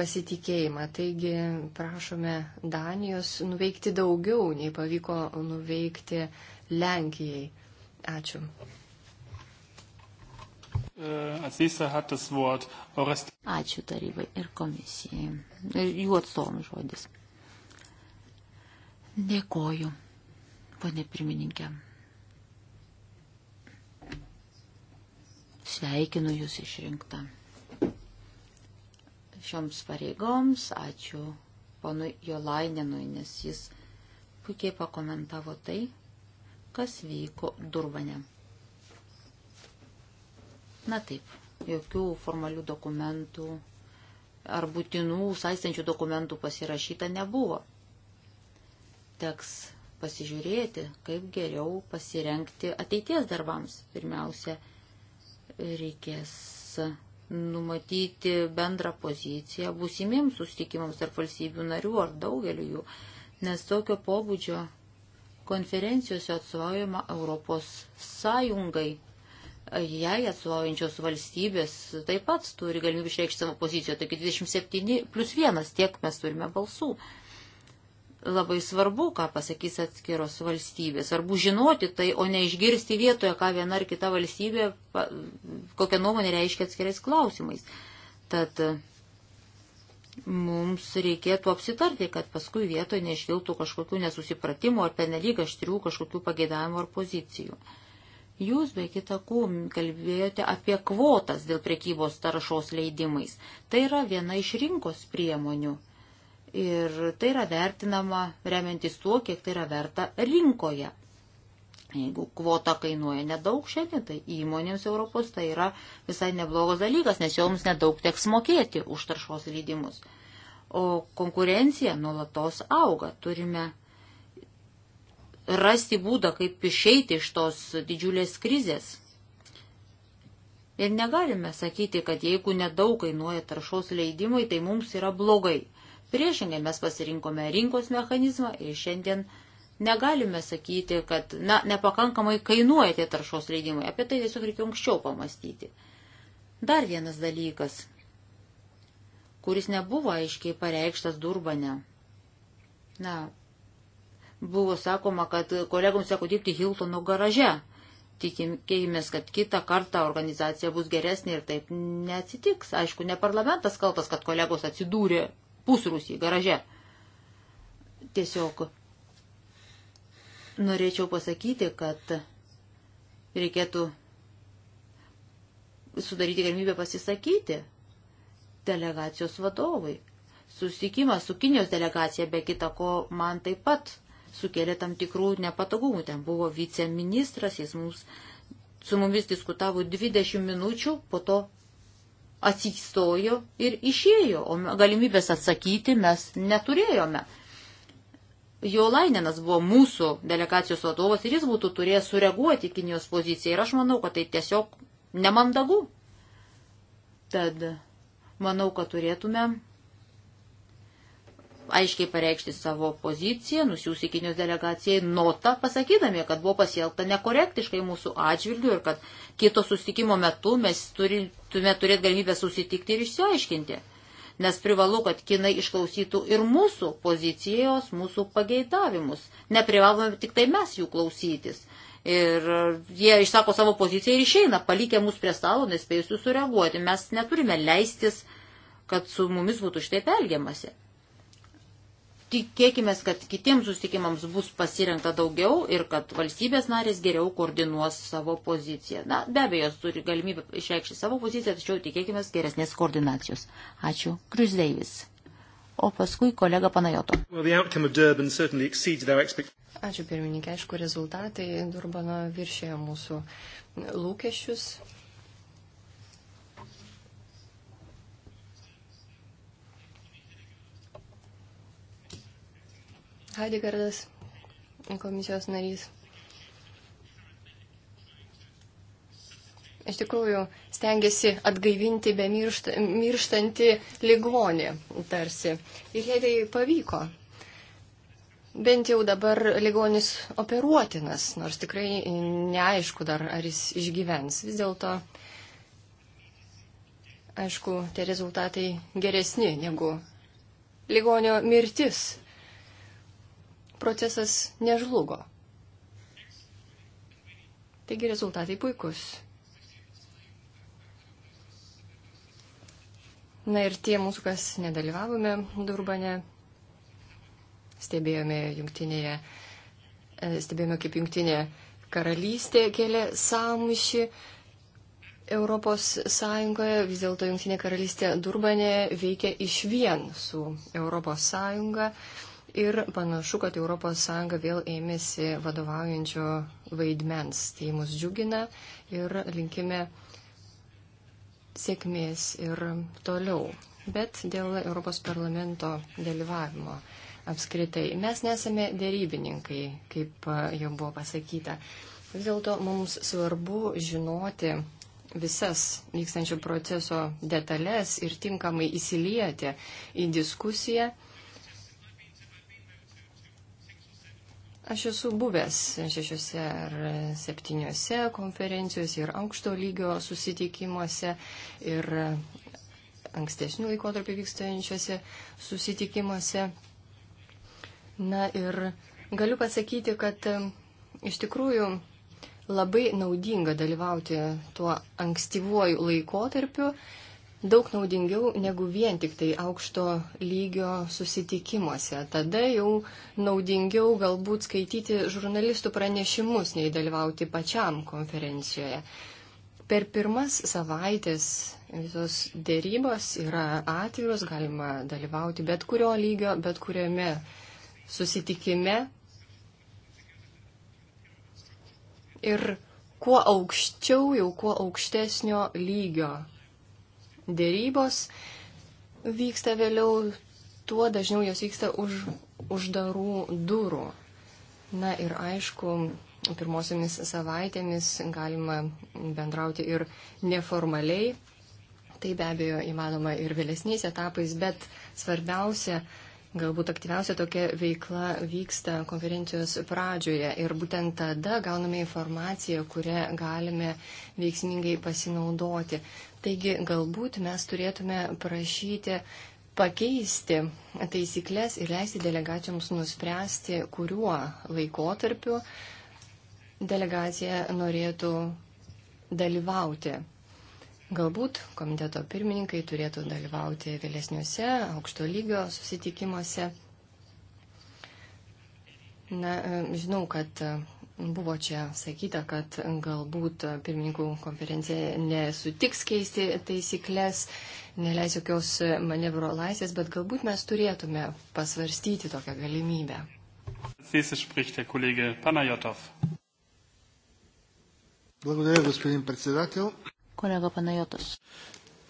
pasitikėjimą. Taigi prašome Danijos nuveikti daugiau, nei pavyko nuveikti Lenkijai. Ačiū. Äh, ačiū tarybai ir komisijai. Ir jų atstovams žodis. Dėkoju, ponė pirmininkė. Sveikinu Jūs išrinktą. Šioms pareigoms ačiū ponui Jolaininui, nes jis puikiai pakomentavo tai, kas vyko Durbane. Na taip, jokių formalių dokumentų ar būtinų saistančių dokumentų pasirašyta nebuvo. Teks pasižiūrėti, kaip geriau pasirenkti ateities darbams. Pirmiausia, reikės numatyti bendrą poziciją būsimiems sustikimams tarp valstybių narių ar daugeliu jų, nes tokio pobūdžio konferencijose atstovaujama Europos sąjungai jai atstovaujančios valstybės taip pat turi galimybę išreikšti savo poziciją. Taigi 27 plus 1 tiek mes turime balsų. Labai svarbu, ką pasakys atskiros valstybės. Svarbu žinoti tai, o ne išgirsti vietoje, ką viena ar kita valstybė, kokią nuomonę reiškia atskirais klausimais. Tad mums reikėtų apsitarti, kad paskui vietoje neiškiltų kažkokių nesusipratimų ar penelyg aštrių kažkokių pageidavimų ar pozicijų. Jūs be kita ko kalbėjote apie kvotas dėl prekybos taršos leidimais. Tai yra viena iš rinkos priemonių. Ir tai yra vertinama remiantis tuo, kiek tai yra verta rinkoje. Jeigu kvota kainuoja nedaug šiandien, tai įmonėms Europos tai yra visai neblogas dalykas, nes joms nedaug teks mokėti už taršos leidimus. O konkurencija nuolatos auga. Turime rasti būdą, kaip išeiti iš tos didžiulės krizės. Ir negalime sakyti, kad jeigu nedaug kainuoja taršos leidimai, tai mums yra blogai. Priešingai mes pasirinkome rinkos mechanizmą ir šiandien negalime sakyti, kad na, nepakankamai kainuoja tie taršos leidimai. Apie tai tiesiog reikia anksčiau pamastyti. Dar vienas dalykas, kuris nebuvo aiškiai pareikštas Durbane. Na, buvo sakoma, kad kolegoms teko dirbti Hiltono garaže. Tikimės, kad kitą kartą organizacija bus geresnė ir taip neatsitiks. Aišku, ne parlamentas kaltas, kad kolegos atsidūrė pusrusį garaže. Tiesiog norėčiau pasakyti, kad reikėtų sudaryti galimybę pasisakyti delegacijos vadovui. Susitikimas su Kinijos delegacija be kita ko man taip pat sukėlė tam tikrų nepatogumų. Ten buvo viceministras, jis mums, su mumis diskutavo 20 minučių, po to atsistojo ir išėjo, o galimybės atsakyti mes neturėjome. Jo Lainenas buvo mūsų delegacijos vadovas ir jis būtų turėjęs sureaguoti Kinijos poziciją ir aš manau, kad tai tiesiog nemandagu. Tad manau, kad turėtume aiškiai pareikšti savo poziciją, nusiųsti Kinijos delegacijai notą, pasakydami, kad buvo pasielgta nekorektiškai mūsų atžvilgių ir kad kito susitikimo metu mes turime turėti galimybę susitikti ir išsiaiškinti. Nes privalu, kad Kinai išklausytų ir mūsų pozicijos, mūsų pageidavimus. Neprivalome tik tai mes jų klausytis. Ir jie išsako savo poziciją ir išeina, palikę mus prie stalo, nespėjusių sureaguoti. Mes neturime leistis, kad su mumis būtų štai elgiamasi tikėkime, kad kitiems susitikimams bus pasirinkta daugiau ir kad valstybės narės geriau koordinuos savo poziciją. Na, be abejo, jos turi galimybę išreikšti savo poziciją, tačiau tikėkime geresnės koordinacijos. Ačiū. Krius Deivis. O paskui kolega Panajoto. Ačiū pirmininkė, aišku, rezultatai Durbano viršėjo mūsų lūkesčius Heidegardas, komisijos narys. Iš tikrųjų, stengiasi atgaivinti be miršta, mirštantį ligonį, tarsi. Ir jai tai pavyko. Bent jau dabar ligonis operuotinas, nors tikrai neaišku dar, ar jis išgyvens. Vis dėlto, aišku, tie rezultatai geresni negu ligonio mirtis procesas nežlugo. Taigi rezultatai puikus. Na ir tie mūsų, kas nedalyvavome Durbane, stebėjome jungtinėje, e, stebėjome kaip jungtinė karalystė kėlė samišį Europos Sąjungoje. Vis dėlto jungtinė karalystė Durbane veikia iš vien su Europos Sąjunga. Ir panašu, kad ES vėl ėmėsi vadovaujančio vaidmens. Tai mus džiugina ir linkime sėkmės ir toliau. Bet dėl Europos parlamento dalyvavimo apskritai. Mes nesame dėrybininkai, kaip jau buvo pasakyta. Vis dėlto mums svarbu žinoti visas vykstančio proceso detalės ir tinkamai įsilieti į diskusiją Aš esu buvęs šešiuose ar septyniuose konferencijose ir aukšto lygio susitikimuose ir ankstesnių laikotarpį vykstančiuose susitikimuose. Na ir galiu pasakyti, kad e, iš tikrųjų labai naudinga dalyvauti tuo ankstyvuoju laikotarpiu daug naudingiau negu vien tik tai aukšto lygio susitikimuose. Tada jau naudingiau galbūt skaityti žurnalistų pranešimus, nei dalyvauti pačiam konferencijoje. Per pirmas savaitės visos dėrybos yra atviros, galima dalyvauti bet kurio lygio, bet kuriame susitikime. Ir kuo aukščiau, jau kuo aukštesnio lygio dėrybos vyksta vėliau, tuo dažniau jos vyksta už uždarų durų. Na ir aišku, pirmosiomis savaitėmis galima bendrauti ir neformaliai. Tai be abejo įmanoma ir vėlesniais etapais, bet svarbiausia, galbūt aktyviausia tokia veikla vyksta konferencijos pradžioje ir būtent tada gauname informaciją, kurią galime veiksmingai pasinaudoti. Taigi galbūt mes turėtume prašyti pakeisti taisyklės ir leisti delegacijoms nuspręsti, kuriuo laikotarpiu delegacija norėtų dalyvauti. Galbūt komiteto pirmininkai turėtų dalyvauti vėlesniuose aukšto lygio susitikimuose. Na, e, žinau, kad Buvo čia sakyta, kad galbūt pirmininkų konferencija nesutiks keisti taisyklės, neleis jokios manevro laisvės, bet galbūt mes turėtume pasvarstyti tokią galimybę. Благодаря, господин председател. Колега Панайотов.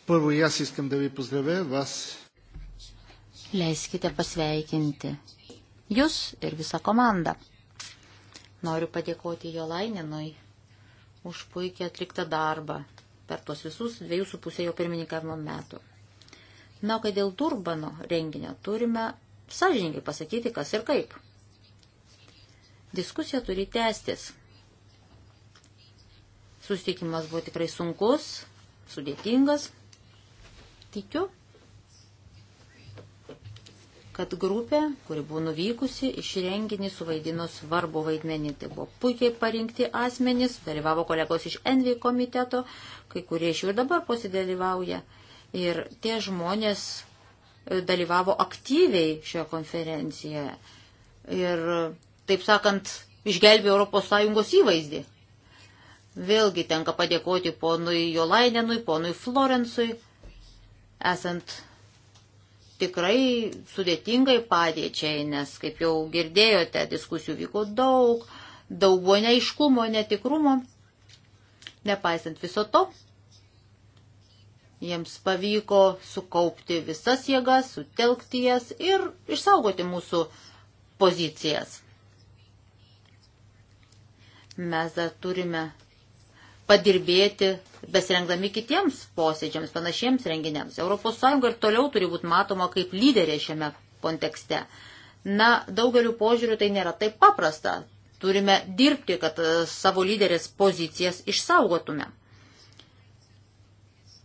Първо и аз искам да ви поздравя вас. Leiskite pasveikinti jūs ir visą komandą. Noriu padėkoti jo Laininui už puikiai atliktą darbą per tuos visus dviejų su pusė jo pirmininkavimo metų. Na, kad dėl Durbano renginio turime sąžininkai pasakyti, kas ir kaip. Diskusija turi tęstis. Susitikimas buvo tikrai sunkus, sudėtingas. Tikiu, kad grupė, kuri buvo nuvykusi iš renginį, suvaidino svarbu vaidmenį. Tai buvo puikiai parinkti asmenys, dalyvavo kolegos iš Envy komiteto, kai kurie iš jų ir dabar posidalyvauja. Ir tie žmonės e, dalyvavo aktyviai šioje konferencijoje. Ir, taip sakant, išgelbė ES įvaizdį. Vėlgi tenka padėkoti ponui Jolaidenui, ponui Florensui, esant tikrai sudėtingai padėčiai, nes, kaip jau girdėjote, diskusijų vyko daug, daug buvo neiškumo, netikrumo. Nepaisant viso to, jiems pavyko sukaupti visas jėgas, sutelkti jas ir išsaugoti mūsų pozicijas. Mes dar turime padirbėti besirengdami kitiems posėdžiams, panašiems renginiams. ES ir toliau turi būti matoma kaip lyderė šiame kontekste. Na, daugeliu požiūrių tai nėra taip paprasta. Turime dirbti, kad e, savo lyderės pozicijas išsaugotume.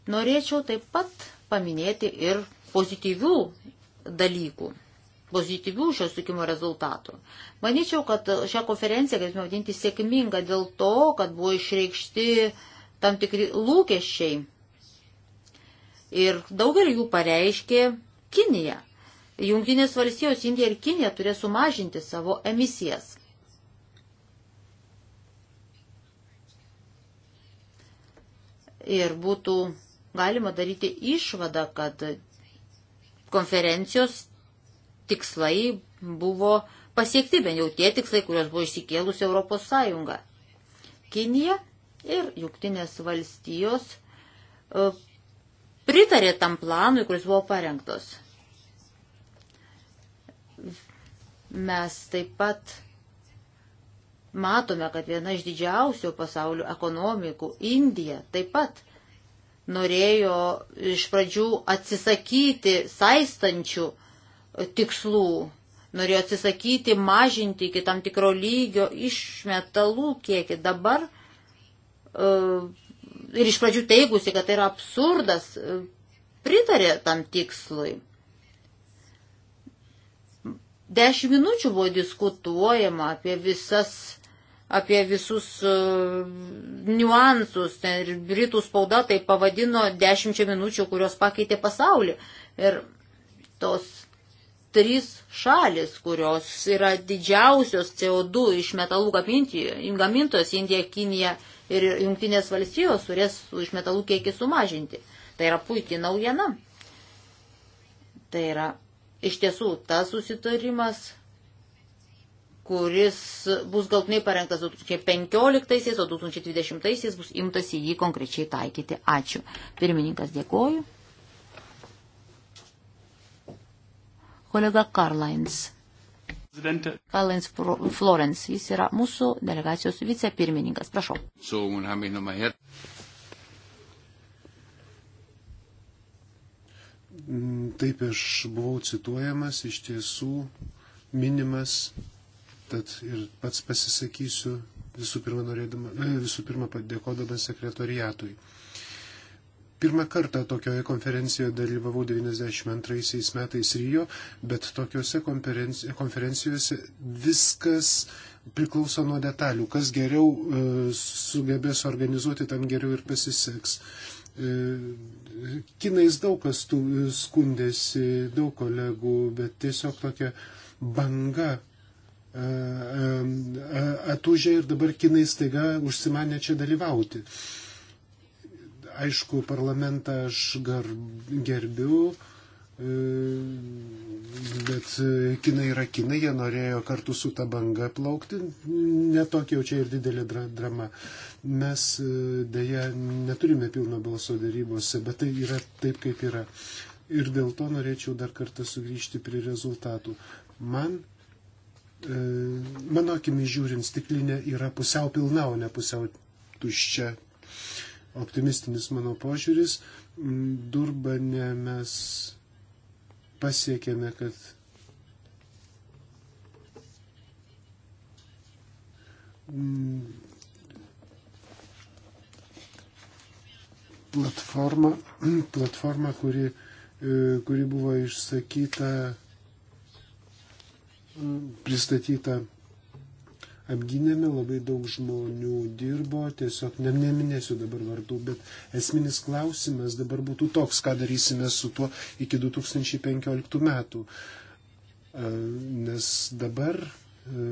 Norėčiau taip pat paminėti ir pozityvių dalykų pozityvių šio sukimo rezultatų. Manyčiau, kad šią konferenciją galime vadinti sėkminga dėl to, kad buvo išreikšti tam tikri lūkesčiai. Ir daugelį jų pareiškė Kinija. Jungtinės valstijos Indija ir Kinija turės sumažinti savo emisijas. Ir būtų galima daryti išvadą, kad konferencijos tikslai buvo pasiekti, bent jau tie tikslai, kuriuos buvo išsikėlusi Europos Sąjunga. Kinija ir Juktinės valstijos e, pritarė tam planui, kuris buvo parengtos. Mes taip pat matome, kad viena iš didžiausių pasaulio ekonomikų, Indija, taip pat norėjo iš pradžių atsisakyti saistančių uh, tikslų, norėjo atsisakyti, mažinti iki tam tikro lygio išmetalų kiekį. Dabar e, ir iš pradžių teigusi, kad tai yra absurdas, e, pritarė tam tikslui. Dešimt minučių buvo diskutuojama apie visas apie visus uh, niuansus. Ir Britų spauda tai pavadino dešimčia minučių, kurios pakeitė pasaulį. Ir tos trys šalis, kurios yra didžiausios CO2 iš metalų gamintojos - Indija, Kinija ir Junktinės valstijos turės iš metalų kiekį sumažinti. Tai yra puikiai naujiena. Tai yra iš tiesų tas susitarimas, kuris bus galtinai parengtas 2015, o 2020 bus imtas į jį konkrečiai taikyti. Ačiū. Pirmininkas dėkoju. kolega Karlains. Karlains Florence, jis yra mūsų delegacijos vicepirmininkas. Prašau. Mm, taip aš buvau cituojamas, iš tiesų minimas, tad ir pats pasisakysiu visų pirma, norėdama, visų pirma padėkodamas sekretoriatui. Pirmą kartą tokioje konferencijoje dalyvavau 92 metais Rijo, bet tokiuose konferencijose viskas priklauso nuo detalių. Kas geriau e, sugebės organizuoti, tam geriau ir pasiseks. E, kinais daug kas e, skundėsi, daug kolegų, bet tiesiog tokia banga atužė ir dabar kinai staiga užsimanė čia dalyvauti. Uh, Aišku, parlamentą aš gerbiu, e, bet kinai yra kinai, jie norėjo kartu su ta banga plaukti, netokia jau čia ir didelė drama. Mes e, dėja neturime pilno balso darybose, bet tai yra taip, kaip yra. Ir dėl to norėčiau dar kartą sugrįžti prie rezultatų. Man, e, mano akimi žiūrint, stiklinė yra pusiau pilna, o ne pusiau tuščia optimistinis mano požiūris. Mm, Durbane mes pasiekėme, kad mm, platforma, platforma kuri, e, kuri buvo išsakyta, mm, pristatyta apgynėme, labai daug žmonių dirbo, tiesiog neminėsiu dabar vardų, bet esminis klausimas dabar būtų toks, ką darysime su tuo iki 2015 metų. E, nes dabar e,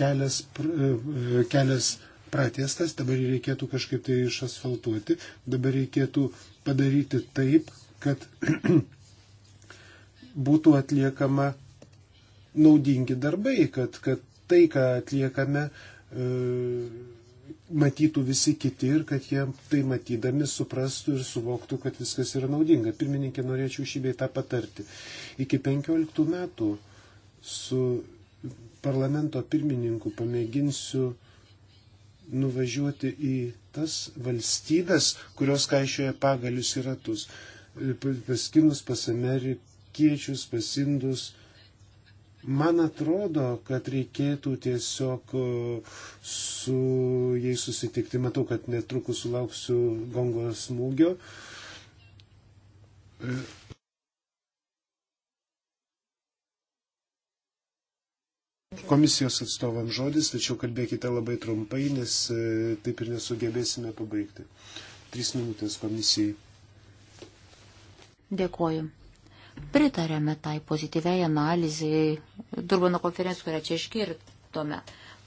kelias, e, kelias pratestas, dabar jį reikėtų kažkaip tai išasfaltuoti, dabar reikėtų padaryti taip, kad būtų atliekama naudingi darbai, kad, kad tai, ką atliekame, e, matytų visi kiti ir kad jie tai matydami suprastų ir suvoktų, kad viskas yra naudinga. Pirmininkė, norėčiau šį bei tą patarti. Iki 15 metų su parlamento pirmininku pamėginsiu nuvažiuoti į tas valstybės, kurios kaišioja pagalius į ratus. E, pas kinus, pas amerikiečius, pas indus, Man atrodo, kad reikėtų tiesiog e, su jais susitikti. Matau, kad netrukus sulauksiu gongo smūgio. E. Komisijos atstovam žodis, tačiau kalbėkite labai trumpai, nes e, taip ir nesugebėsime pabaigti. Trys minutės komisijai. Dėkuoju pritarėme tai pozityviai analizai Durbano konferencijų, kurią čia iškirtome.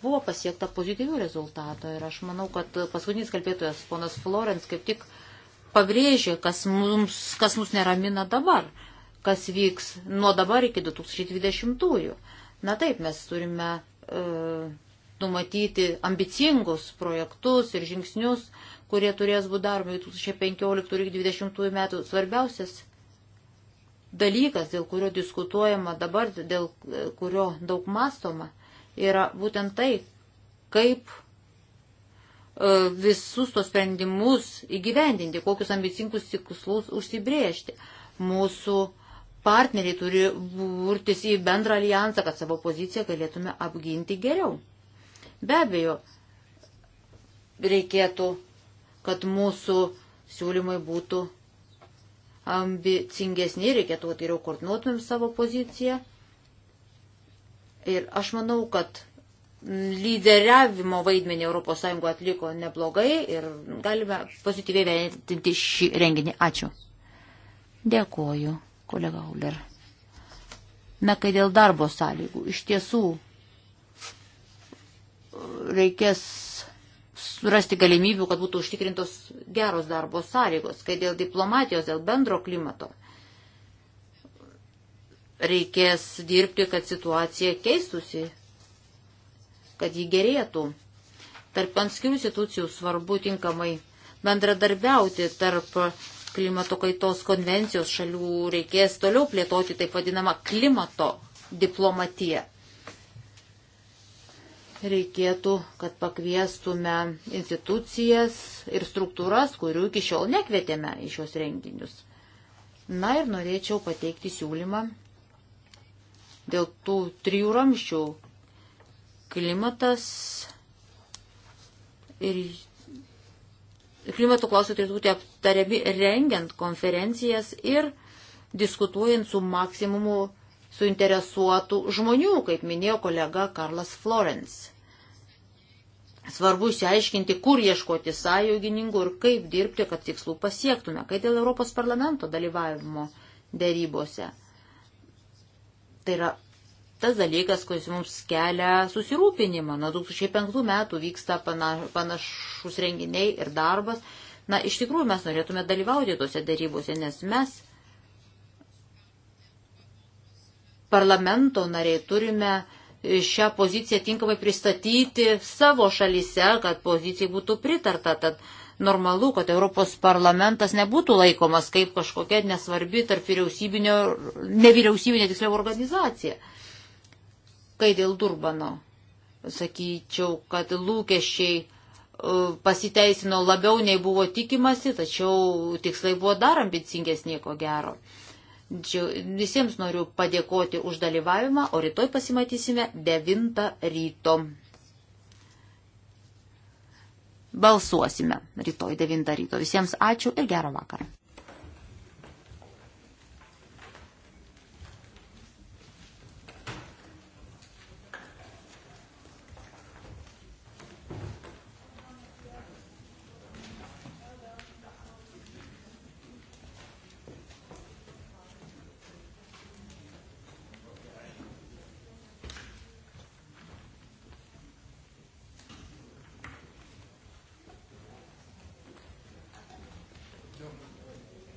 Buvo pasiekta pozityvių rezultatų ir aš manau, kad paskutinis kalbėtojas, ponas Florence, kaip tik pabrėžė, kas mums, kas mus neramina dabar, kas vyks nuo dabar iki 2020-ųjų. Na taip, mes turime e, numatyti ambicingus projektus ir žingsnius, kurie turės būti daromi 2015 ir 2020 metų svarbiausias dalykas, dėl kurio diskutuojama dabar, dėl kurio daug mastoma, yra būtent tai, kaip e, visus tos sprendimus įgyvendinti, kokius ambicingus tikslus užsibriežti. Mūsų partneriai turi būrtis į bendrą alijansą, kad savo poziciją galėtume apginti geriau. Be abejo, reikėtų, kad mūsų siūlymai būtų ambicingesni, reikėtų, kad geriau koordinuotumėm savo poziciją. Ir aš manau, kad lyderiavimo vaidmenį ES atliko neblogai ir galime pozityviai vertinti šį renginį. Ačiū. Dėkoju, kolega Uler. Na, kai dėl darbo sąlygų, iš tiesų reikės surasti galimybių, kad būtų užtikrintos geros darbo sąlygos, kai dėl diplomatijos, dėl bendro klimato reikės dirbti, kad situacija keistusi, kad ji gerėtų. Tarp atskirų institucijų svarbu tinkamai bendradarbiauti tarp klimato kaitos konvencijos šalių reikės toliau plėtoti taip vadinamą klimato diplomatiją reikėtų, kad pakviestume institucijas ir struktūras, kurių iki šiol nekvietėme į šios renginius. Na ir norėčiau pateikti siūlymą dėl tų trijų ramščių - klimatas ir klimato klausimai turėtų būti aptariami rengiant konferencijas ir diskutuojant su maksimumu suinteresuotų žmonių, kaip minėjo kolega Karlas Florence. Svarbu išsiaiškinti, kur ieškoti sąjungininkų ir kaip dirbti, kad tikslų pasiektume, kai dėl Europos parlamento dalyvavimo dėrybose. Tai yra tas dalykas, kuris mums kelia susirūpinimą. Nuo 2005 metų vyksta panašus renginiai ir darbas. Na, iš tikrųjų mes norėtume dalyvauti tose dėrybose, nes mes parlamento nariai turime šią poziciją tinkamai pristatyti savo šalyse, kad pozicijai būtų pritarta. Tad normalu, kad Europos parlamentas nebūtų laikomas kaip kažkokia nesvarbi tarp vyriausybinio, nevyriausybinė tiksliau organizacija. Kai dėl Durbano, sakyčiau, kad lūkesčiai e, pasiteisino labiau nei buvo tikimasi, tačiau tikslai buvo dar ambicingesni, nieko gero. Visiems noriu padėkoti už dalyvavimą, o rytoj pasimatysime 9 ryto. Balsuosime rytoj 9 ryto. Visiems ačiū ir gerą vakarą.